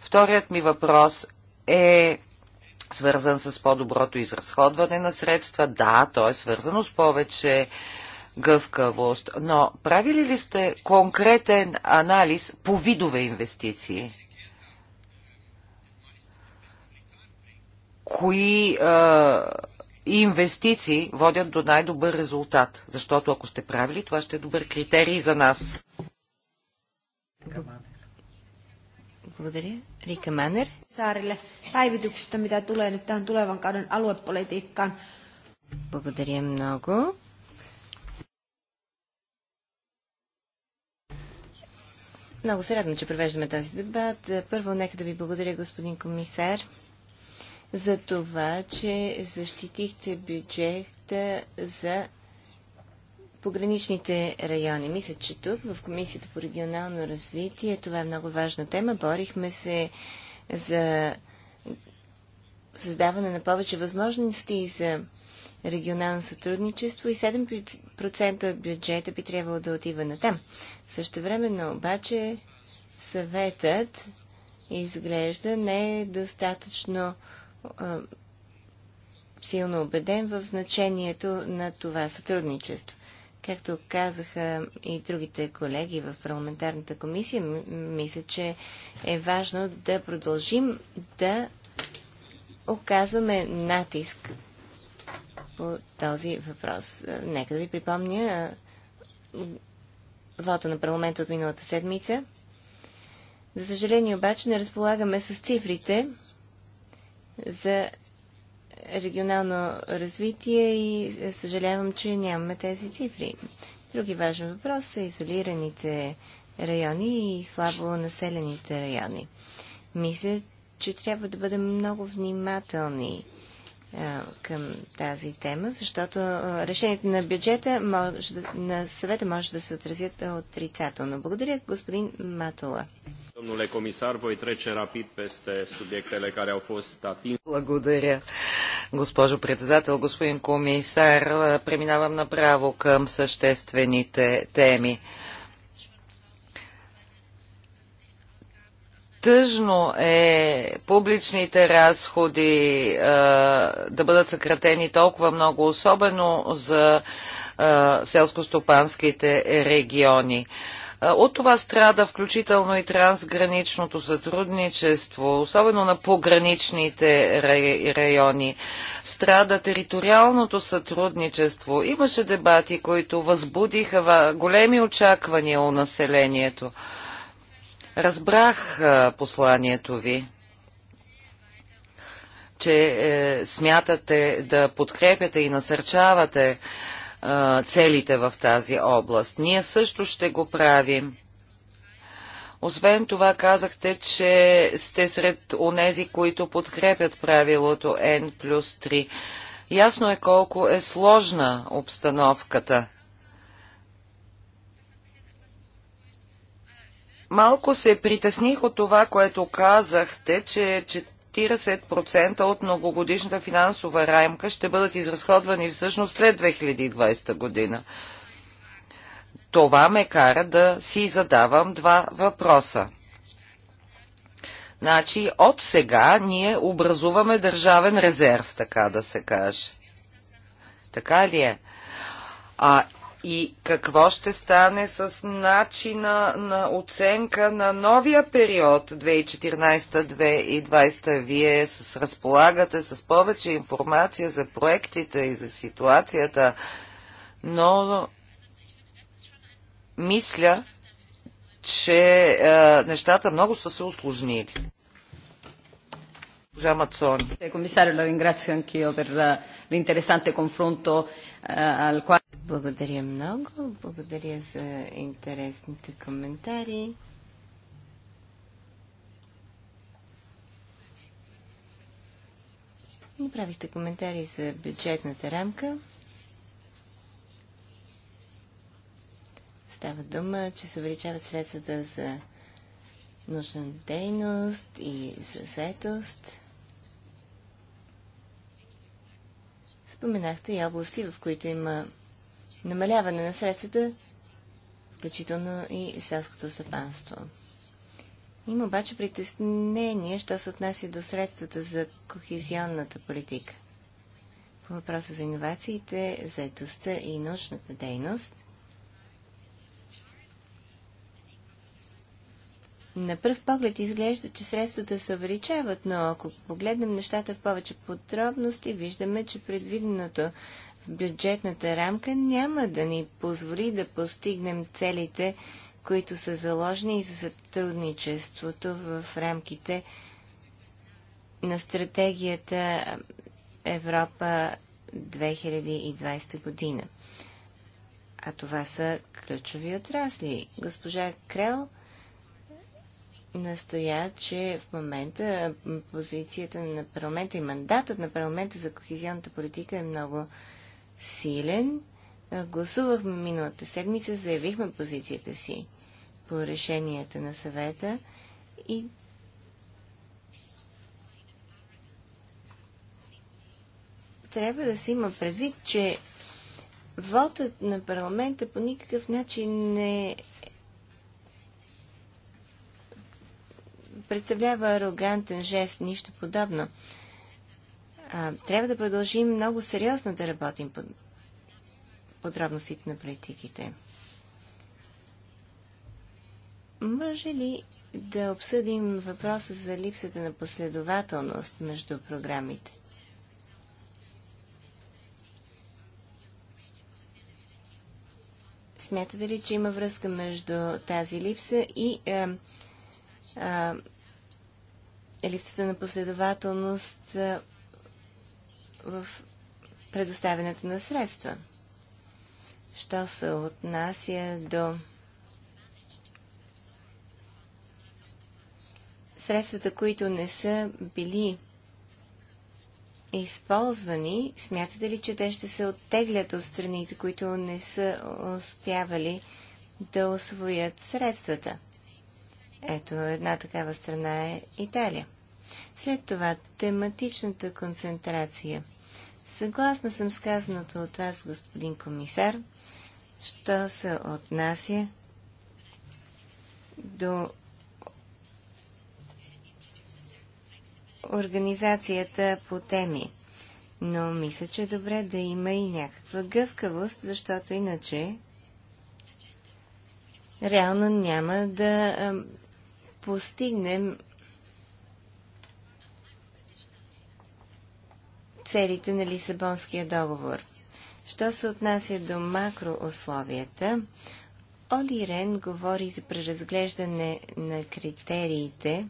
Вторият ми въпрос е свързан с по-доброто изразходване на средства. Да, то е свързано с повече гъвкавост. Но правили ли сте конкретен анализ по видове инвестиции? Кои а, инвестиции водят до най-добър резултат? Защото ако сте правили, това ще е добър критерий за нас. Добре. Благодаря. Рика Манер. Саарille päivityksistä, mitä tulee nyt tähän tulevan kauden aluepolitiikkaan. Благодаря много. Много се радвам, че провеждаме този дебат. Първо, нека да ви благодаря, господин комисар, за това, че защитихте бюджета за пограничните райони. Мисля, че тук в Комисията по регионално развитие това е много важна тема. Борихме се за създаване на повече възможности за регионално сътрудничество и 7% от бюджета би трябвало да отива на там. Също времено обаче съветът изглежда не е достатъчно силно убеден в значението на това сътрудничество. Както казаха и другите колеги в парламентарната комисия, мисля, че е важно да продължим да оказваме натиск по този въпрос. Е, нека да ви припомня е, вота на парламента от миналата седмица. За съжаление обаче не разполагаме с цифрите за регионално развитие и съжалявам, че нямаме тези цифри. Други важен въпрос са изолираните райони и слабо населените райони. Мисля, че трябва да бъдем много внимателни към тази тема, защото решението на бюджета може, на съвета може да се отразят отрицателно. Благодаря, господин Матола. Благодаря. Госпожо председател, господин комисар, преминавам направо към съществените теми. тъжно е публичните разходи да бъдат съкратени толкова много, особено за селско-стопанските региони. От това страда включително и трансграничното сътрудничество, особено на пограничните райони. Страда териториалното сътрудничество. Имаше дебати, които възбудиха големи очаквания у населението. Разбрах посланието ви че е, смятате да подкрепяте и насърчавате целите в тази област. Ние също ще го правим. Освен това казахте, че сте сред онези, които подкрепят правилото N плюс 3. Ясно е колко е сложна обстановката. Малко се притесних от това, което казахте, че, че 40% от многогодишната финансова рамка ще бъдат изразходвани всъщност след 2020 година. Това ме кара да си задавам два въпроса. Значи от сега ние образуваме държавен резерв, така да се каже. Така ли е? А и какво ще стане с начина на оценка на новия период 2014-2020? Вие с, разполагате с повече информация за проектите и за ситуацията, но мисля, че е, нещата много са се усложнили. Госпожа ла Комисарио, la ringrazio anch'io per l'interessante confronto благодаря много. Благодаря за интересните коментари. Направихте коментари за бюджетната рамка. Става дума, че се увеличават средствата за нужна дейност и за заетост. Споменахте и области, в които има намаляване на средствата, включително и селското стопанство. Има обаче притеснение, що се отнася до средствата за кохезионната политика. По въпроса за иновациите, заедостта и научната дейност – На пръв поглед изглежда, че средствата се увеличават, но ако погледнем нещата в повече подробности, виждаме, че предвиденото в бюджетната рамка няма да ни позволи да постигнем целите, които са заложени и за сътрудничеството в рамките на стратегията Европа 2020 година. А това са ключови отрасли. Госпожа Крел – настоя, че в момента позицията на парламента и мандатът на парламента за кохезионната политика е много силен. Гласувахме миналата седмица, заявихме позицията си по решенията на съвета и трябва да се има предвид, че Вотът на парламента по никакъв начин не представлява арогантен жест, нищо подобно. А, трябва да продължим много сериозно да работим по подробностите на политиките. Може ли да обсъдим въпроса за липсата на последователност между програмите? Смятате ли, че има връзка между тази липса и а, е, а, е, липсата на последователност в предоставянето на средства. Що се отнася до средствата, които не са били използвани, смятате ли, че те ще се оттеглят от страните, които не са успявали да освоят средствата? Ето, една такава страна е Италия. След това тематичната концентрация. Съгласна съм с казаното от вас, господин комисар, що се отнася до организацията по теми. Но мисля, че е добре да има и някаква гъвкавост, защото иначе реално няма да постигнем целите на Лисабонския договор. Що се отнася до макроусловията, Оли Рен говори за преразглеждане на критериите,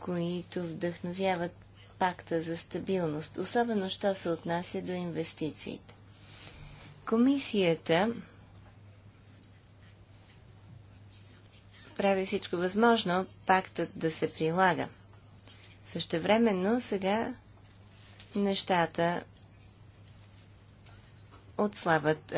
които вдъхновяват пакта за стабилност, особено що се отнася до инвестициите. Комисията прави всичко възможно пактът да се прилага. Същевременно сега нещата отслабват.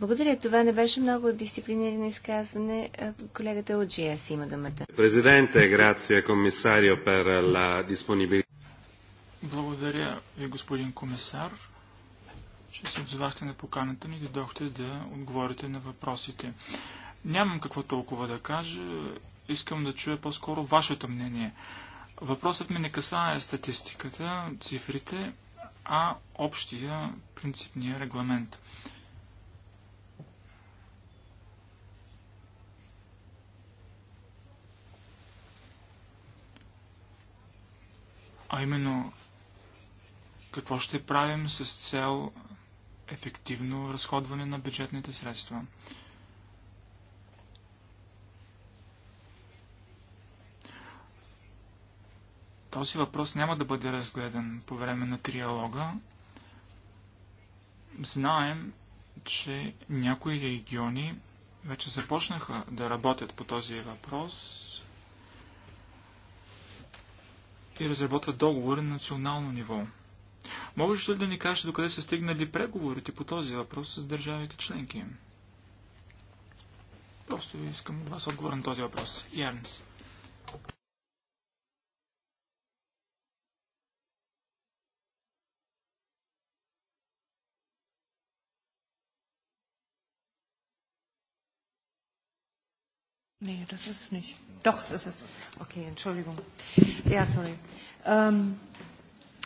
Благодаря. Това не беше много дисциплинирано изказване. Колегата Оджия аз има думата. Президенте, грация комисарио пер ла диспонибилитà. Благодаря ви, господин комисар, че се отзовахте на поканата ни и дойдохте да отговорите на въпросите. Нямам какво толкова да кажа. Искам да чуя по-скоро вашето мнение. Въпросът ми не касае статистиката, цифрите, а общия принципния регламент. А именно, какво ще правим с цел ефективно разходване на бюджетните средства? Този въпрос няма да бъде разгледан по време на триалога. Знаем, че някои региони вече започнаха да работят по този въпрос и разработват договори на национално ниво. Можеш ли да ни кажеш докъде са стигнали преговорите по този въпрос с държавите членки? Просто искам от вас отговор на този въпрос. Ярнс. Nee, das ist es nicht. Doch, es ist es. Okay, Entschuldigung. Ja, sorry. Ähm,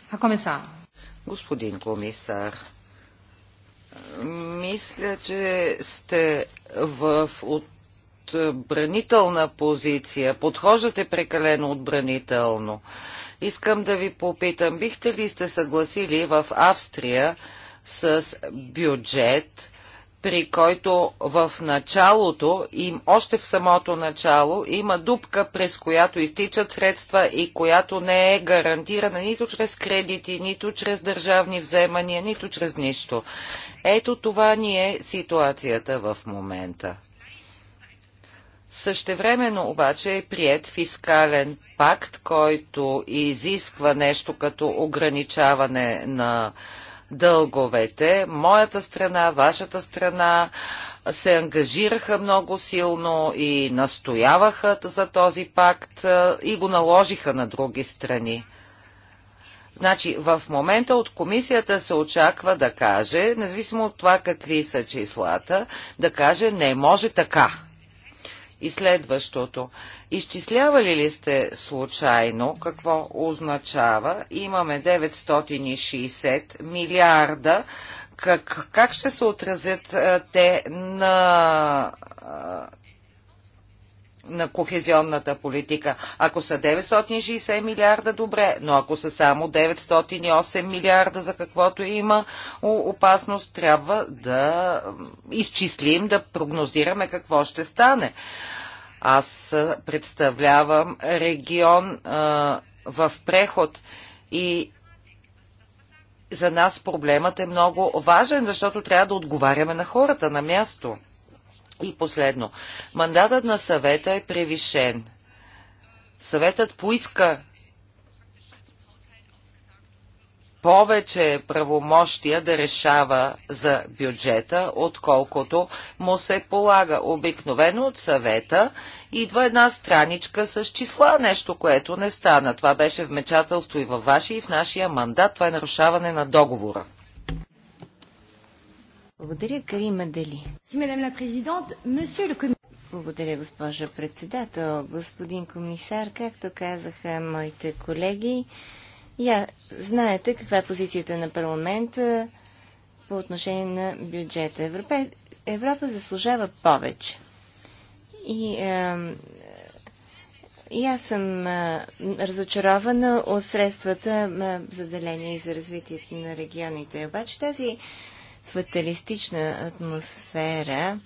Herr Kommissar. Господин комисар, мисля, че сте в отбранителна позиция. Подхождате прекалено отбранително. Искам да ви попитам, бихте ли сте съгласили в Австрия с бюджет, при който в началото, им, още в самото начало, има дупка, през която изтичат средства и която не е гарантирана нито чрез кредити, нито чрез държавни вземания, нито чрез нищо. Ето това ни е ситуацията в момента. Същевременно обаче е прият фискален пакт, който изисква нещо като ограничаване на дълговете. Моята страна, вашата страна се ангажираха много силно и настояваха за този пакт и го наложиха на други страни. Значи в момента от комисията се очаква да каже, независимо от това какви са числата, да каже не може така. И следващото. Изчислявали ли сте случайно какво означава? Имаме 960 милиарда. Как, как ще се отразят а, те на на кохезионната политика. Ако са 960 милиарда, добре, но ако са само 908 милиарда, за каквото има опасност, трябва да изчислим, да прогнозираме какво ще стане. Аз представлявам регион а, в преход и за нас проблемът е много важен, защото трябва да отговаряме на хората на място. И последно, мандатът на съвета е превишен. Съветът поиска повече правомощия да решава за бюджета, отколкото му се полага. Обикновено от съвета идва една страничка с числа, нещо, което не стана. Това беше вмечателство и във вашия и в нашия мандат. Това е нарушаване на договора. Благодаря, Карима Дали. Благодаря, госпожа председател. Господин комисар, както казаха моите колеги, я, знаете каква е позицията на парламента по отношение на бюджета. Европе, Европа заслужава повече. И, е, и аз съм е, разочарована от средствата, е, заделени за развитието на регионите. Обаче тази фаталистична атмосфера,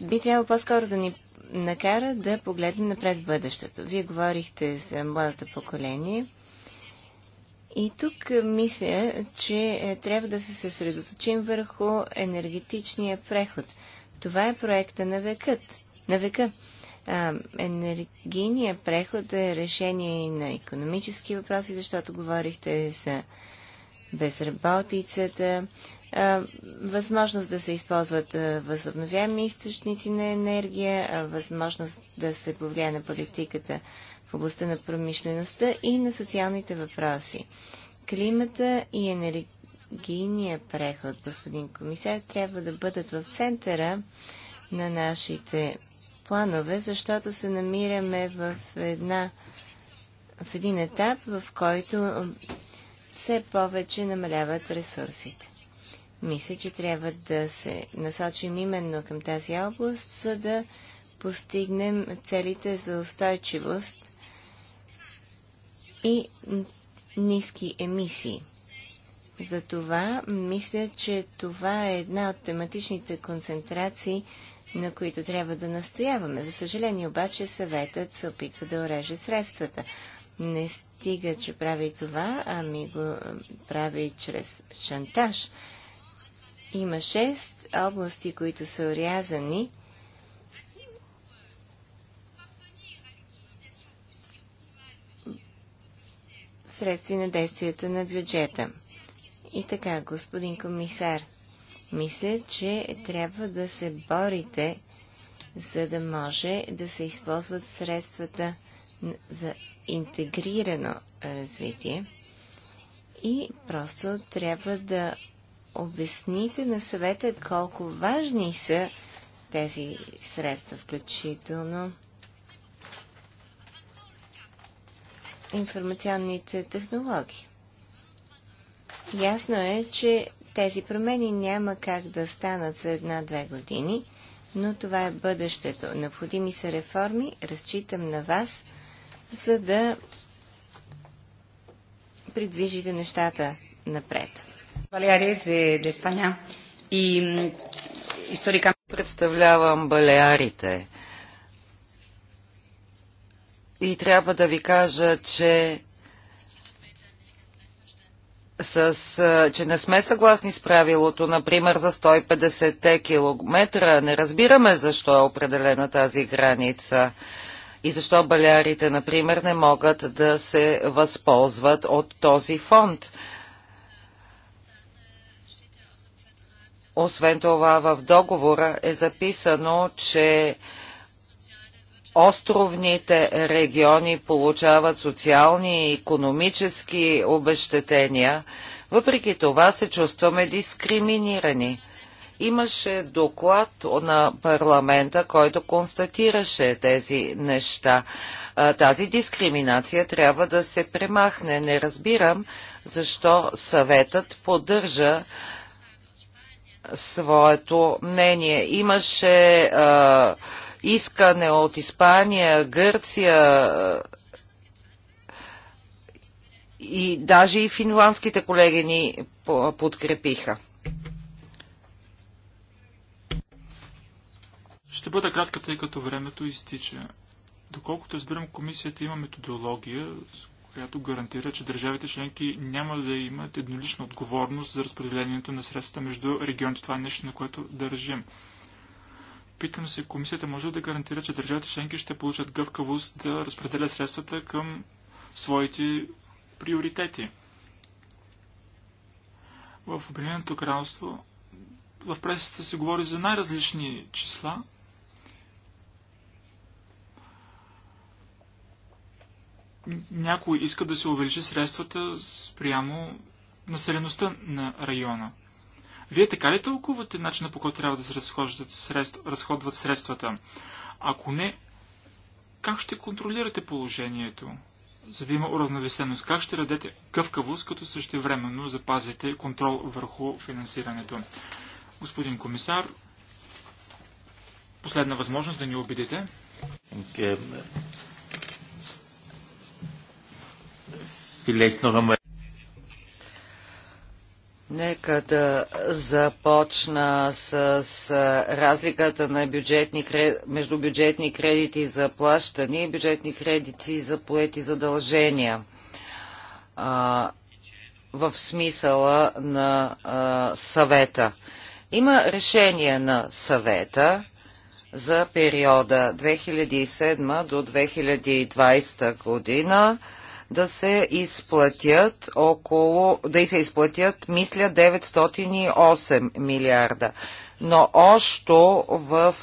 би трябвало по-скоро да ни накара да погледнем напред в бъдещето. Вие говорихте за младото поколение. И тук мисля, че е, трябва да се съсредоточим върху енергетичния преход. Това е проекта на векът. На века. енергийният преход е решение на економически въпроси, защото говорихте за безработицата, възможност да се използват възобновяеми източници на енергия, възможност да се повлияе на политиката в областта на промишлеността и на социалните въпроси. Климата и енергийния преход, господин комисар, трябва да бъдат в центъра на нашите планове, защото се намираме в една в един етап, в който все повече намаляват ресурсите. Мисля, че трябва да се насочим именно към тази област, за да постигнем целите за устойчивост и ниски емисии. Затова мисля, че това е една от тематичните концентрации, на които трябва да настояваме. За съжаление обаче съветът се опитва да ореже средствата. Не стига, че прави това, ами го прави чрез шантаж. Има шест области, които са урязани. средстви на действията на бюджета. И така, господин комисар, мисля, че трябва да се борите, за да може да се използват средствата за интегрирано развитие и просто трябва да обясните на съвета колко важни са тези средства, включително информационните технологии. Ясно е, че тези промени няма как да станат за една-две години, но това е бъдещето. Необходими са реформи. Разчитам на вас – за да придвижите нещата напред. Балеарес де, де Испания и историка... Представлявам Балеарите. И трябва да ви кажа, че с, че не сме съгласни с правилото, например за 150 километра. Не разбираме защо е определена тази граница и защо балярите, например, не могат да се възползват от този фонд. Освен това, в договора е записано, че островните региони получават социални и економически обещетения. Въпреки това се чувстваме дискриминирани. Имаше доклад на парламента, който констатираше тези неща. Тази дискриминация трябва да се премахне. Не разбирам защо съветът поддържа своето мнение. Имаше а, искане от Испания, Гърция, и даже и финландските колеги ни подкрепиха. Ще бъда кратка, тъй като времето изтича. Доколкото разбирам, комисията има методология, която гарантира, че държавите членки няма да имат еднолична отговорност за разпределението на средствата между регионите. Това е нещо, на което държим. Питам се, комисията може да гарантира, че държавите членки ще получат гъвкавост да разпределят средствата към своите приоритети. В Обединеното кралство в пресата се говори за най-различни числа – някой иска да се увеличи средствата спрямо населеността на района. Вие така ли тълкувате начина по който трябва да се разходват, средств, разходват средствата? Ако не, как ще контролирате положението, за да има уравновесеност? Как ще дадете гъвкавост, като същевременно запазите контрол върху финансирането? Господин комисар, последна възможност да ни убедите. Е. Нека да започна с, разликата на бюджетни, между бюджетни кредити за плащане и бюджетни кредити за поети задължения. в смисъла на съвета. Има решение на съвета за периода 2007 до 2020 година да се изплатят около, да се изплатят, мисля, 908 милиарда. Но още в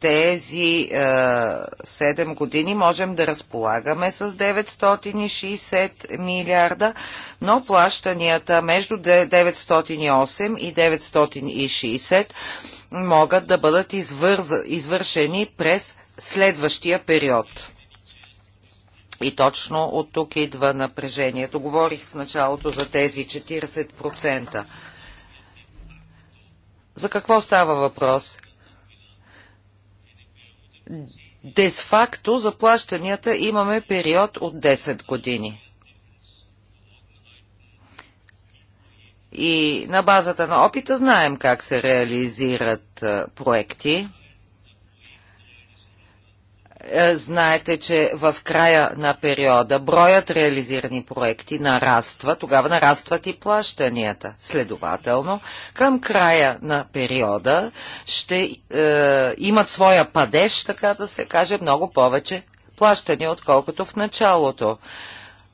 тези е, 7 години можем да разполагаме с 960 милиарда, но плащанията между 908 и 960 могат да бъдат извършени през следващия период. И точно от тук идва напрежението. Говорих в началото за тези 40%. За какво става въпрос? Десфакто за плащанията имаме период от 10 години. И на базата на опита знаем как се реализират проекти – е, знаете, че в края на периода броят реализирани проекти нараства, тогава нарастват и плащанията. Следователно, към края на периода ще е, имат своя падеж, така да се каже, много повече плащания, отколкото в началото.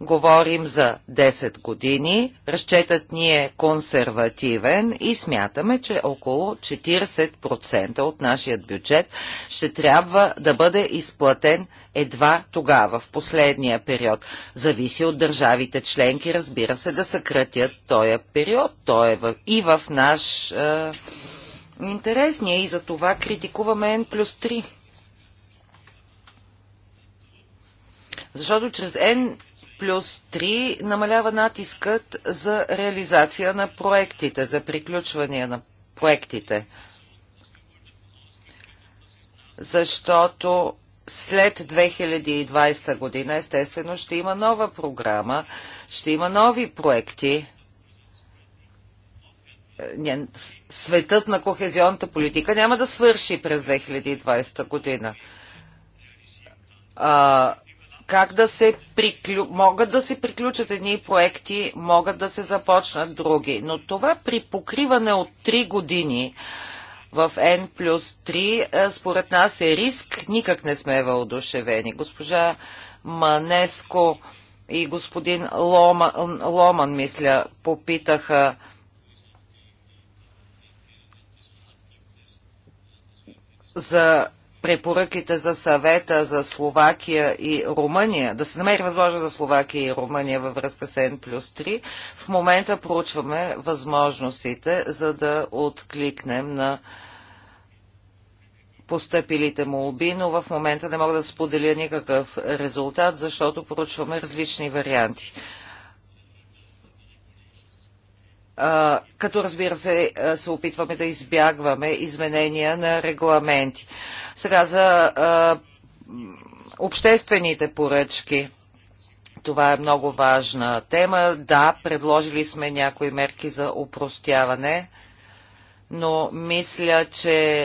Говорим за 10 години, разчетът ни е консервативен и смятаме, че около 40% от нашия бюджет ще трябва да бъде изплатен едва тогава, в последния период. Зависи от държавите членки, разбира се, да съкратят този период. Той е и в наш е, интерес. Ние и за това критикуваме N плюс 3. Защото чрез N плюс 3 намалява натискът за реализация на проектите, за приключване на проектите. Защото след 2020 година, естествено, ще има нова програма, ще има нови проекти. Светът на кохезионната политика няма да свърши през 2020 година. А, как да се приклю... могат да се приключат едни проекти, могат да се започнат други. Но това при покриване от 3 години в N плюс 3, е, според нас е риск. Никак не сме въодушевени. Госпожа Манеско и господин Лома, Ломан, мисля, попитаха за препоръките за съвета за Словакия и Румъния, да се намери възможност за Словакия и Румъния във връзка с N плюс 3, в момента проучваме възможностите, за да откликнем на постъпилите молби, но в момента не мога да споделя никакъв резултат, защото проучваме различни варианти като разбира се се опитваме да избягваме изменения на регламенти. Сега за а, обществените поръчки. Това е много важна тема. Да, предложили сме някои мерки за упростяване, но мисля, че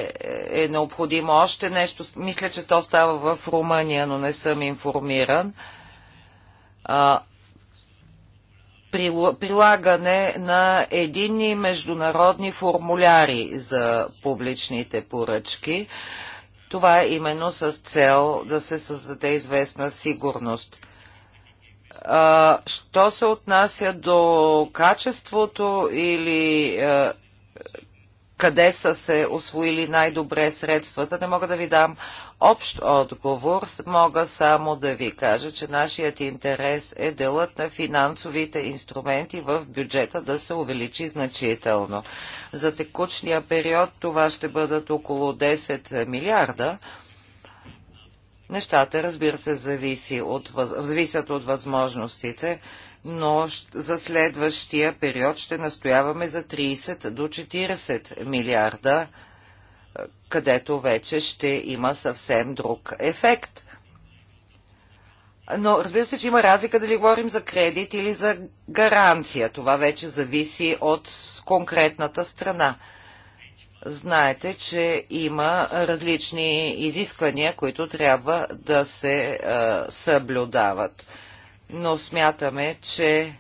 е необходимо още нещо. Мисля, че то става в Румъния, но не съм информиран. А, прилагане на единни международни формуляри за публичните поръчки. Това е именно с цел да се създаде известна сигурност. А, що се отнася до качеството или а, къде са се освоили най-добре средствата, не мога да ви дам общ отговор мога само да ви кажа, че нашият интерес е делът на финансовите инструменти в бюджета да се увеличи значително. За текучния период това ще бъдат около 10 милиарда. Нещата, разбира се, зависи от, зависят от възможностите, но за следващия период ще настояваме за 30 до 40 милиарда където вече ще има съвсем друг ефект. Но разбира се, че има разлика дали говорим за кредит или за гаранция. Това вече зависи от конкретната страна. Знаете, че има различни изисквания, които трябва да се е, съблюдават. Но смятаме, че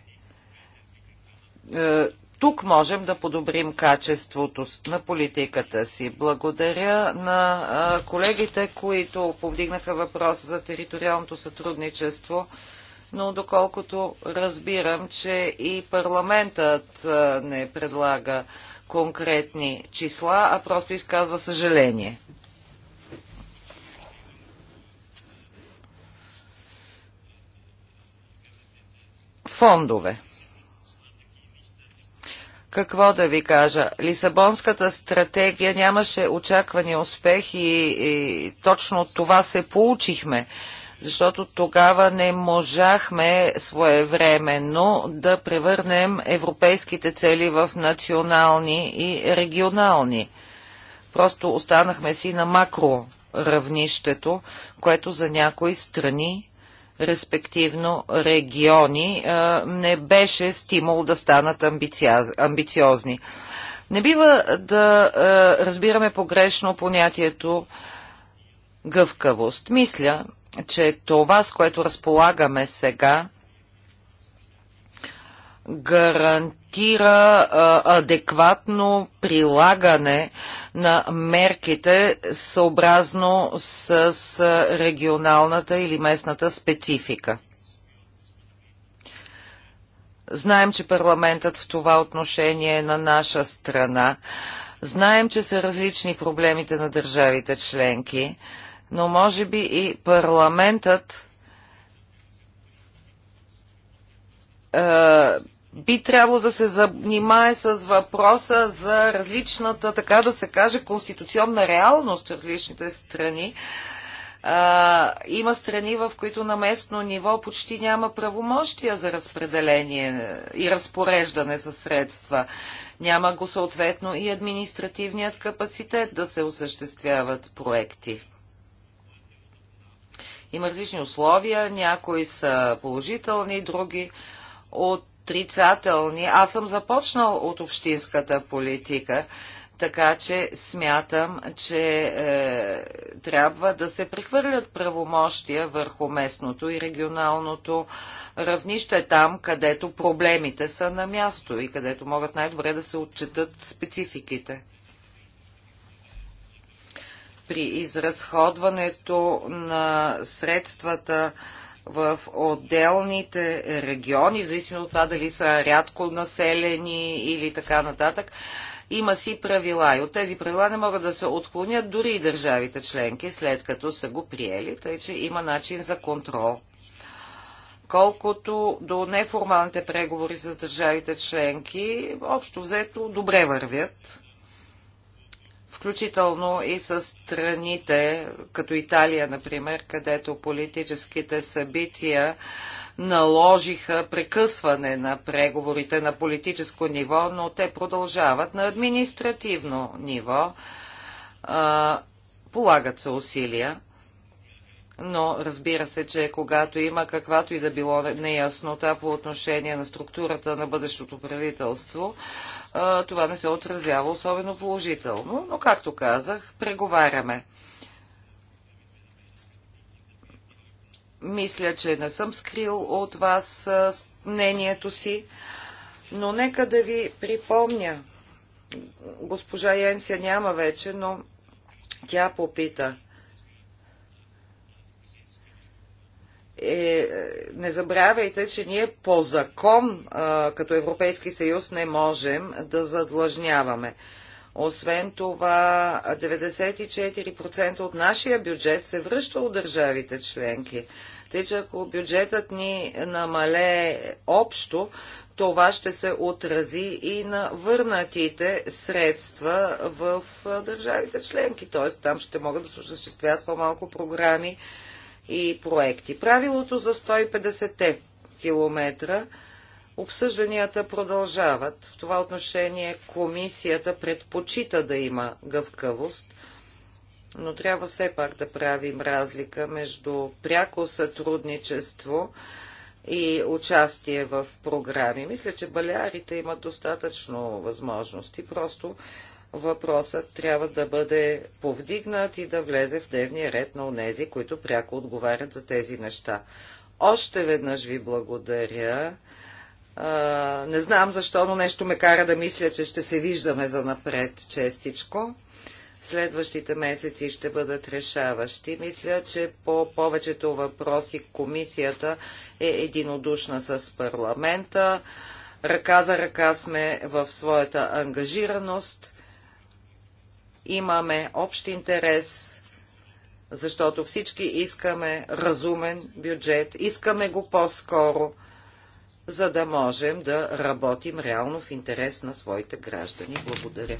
е, тук можем да подобрим качеството на политиката си. Благодаря на колегите, които повдигнаха въпрос за териториалното сътрудничество, но доколкото разбирам, че и парламентът не предлага конкретни числа, а просто изказва съжаление. Фондове. Какво да ви кажа? Лисабонската стратегия нямаше очаквани успех и, и точно това се получихме защото тогава не можахме своевременно да превърнем европейските цели в национални и регионални. Просто останахме си на макро равнището, което за някои страни респективно региони, не беше стимул да станат амбициозни. Не бива да разбираме погрешно понятието гъвкавост. Мисля, че това, с което разполагаме сега, гарантира адекватно прилагане на мерките съобразно с регионалната или местната специфика. Знаем, че парламентът в това отношение е на наша страна. Знаем, че са различни проблемите на държавите членки, но може би и парламентът би трябвало да се занимае с въпроса за различната, така да се каже, конституционна реалност в различните страни. А, има страни, в които на местно ниво почти няма правомощия за разпределение и разпореждане със средства. Няма го съответно и административният капацитет да се осъществяват проекти. Има различни условия, някои са положителни, други от отрицателни. Аз съм започнал от общинската политика, така че смятам, че е, трябва да се прехвърлят правомощия върху местното и регионалното равнище там, където проблемите са на място и където могат най-добре да се отчитат спецификите при изразходването на средствата в отделните региони, в зависимост от това дали са рядко населени или така нататък, има си правила. И от тези правила не могат да се отклонят дори и държавите членки, след като са го приели, тъй че има начин за контрол. Колкото до неформалните преговори с държавите членки, общо взето добре вървят включително и с страните, като Италия, например, където политическите събития наложиха прекъсване на преговорите на политическо ниво, но те продължават на административно ниво. Полагат се усилия но разбира се, че когато има каквато и да било неяснота по отношение на структурата на бъдещото правителство, това не се отразява особено положително, но както казах, преговаряме. Мисля, че не съм скрил от вас мнението си, но нека да ви припомня. Госпожа Енсия няма вече, но тя попита – е, не забравяйте, че ние по закон а, като Европейски съюз не можем да задлъжняваме. Освен това, 94% от нашия бюджет се връща от държавите членки. Тъй, че ако бюджетът ни намалее общо, това ще се отрази и на върнатите средства в държавите членки. Т.е. там ще могат да се осъществяват по-малко програми и проекти. Правилото за 150 километра обсъжданията продължават. В това отношение комисията предпочита да има гъвкавост, но трябва все пак да правим разлика между пряко сътрудничество и участие в програми. Мисля, че балярите имат достатъчно възможности. Просто въпросът трябва да бъде повдигнат и да влезе в дневния ред на онези, които пряко отговарят за тези неща. Още веднъж ви благодаря. не знам защо, но нещо ме кара да мисля, че ще се виждаме за напред честичко. Следващите месеци ще бъдат решаващи. Мисля, че по повечето въпроси комисията е единодушна с парламента ръка за ръка сме в своята ангажираност имаме общ интерес, защото всички искаме разумен бюджет, искаме го по-скоро, за да можем да работим реално в интерес на своите граждани. Благодаря.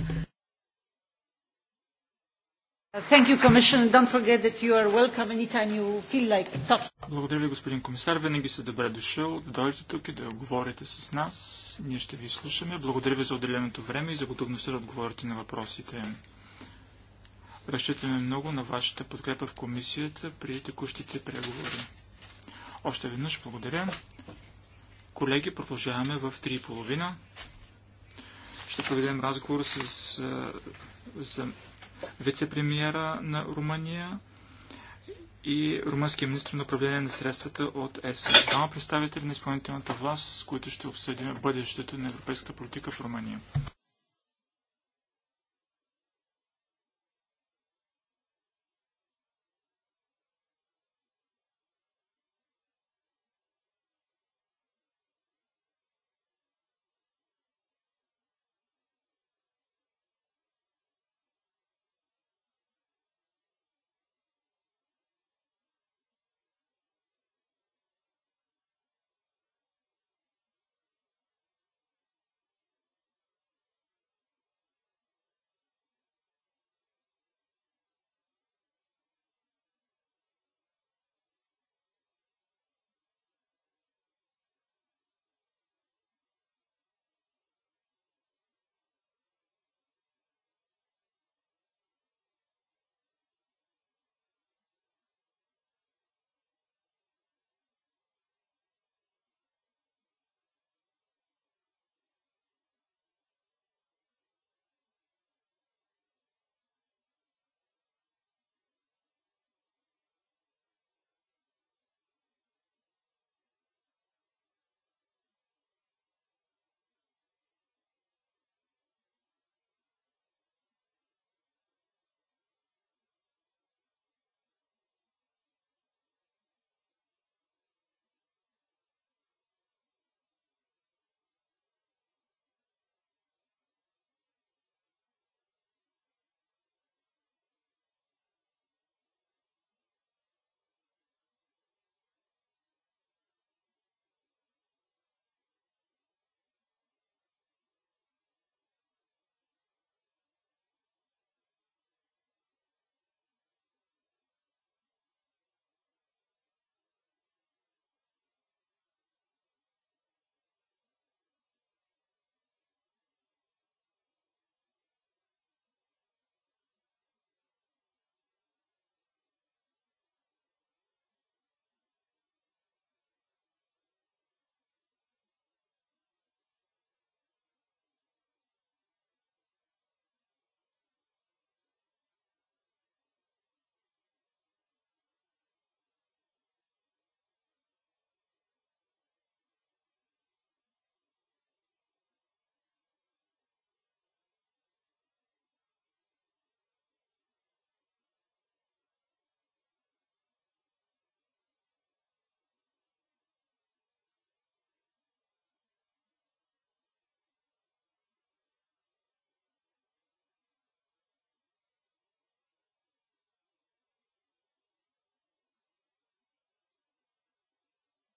Благодаря ви, господин комисар. Винаги сте добре дошъл. Дойдете тук и да говорите с нас. Ние ще ви слушаме. Благодаря ви за отделеното време и за готовността да отговорите на въпросите. Разчитаме много на вашата подкрепа в комисията при текущите преговори. Още веднъж благодаря. Колеги, продължаваме в 3.30. Ще проведем разговор с за вице-премьера на Румъния и румънския министр на управление на средствата от ЕС. Двама представители на изпълнителната власт, с които ще обсъдим бъдещето на европейската политика в Румъния.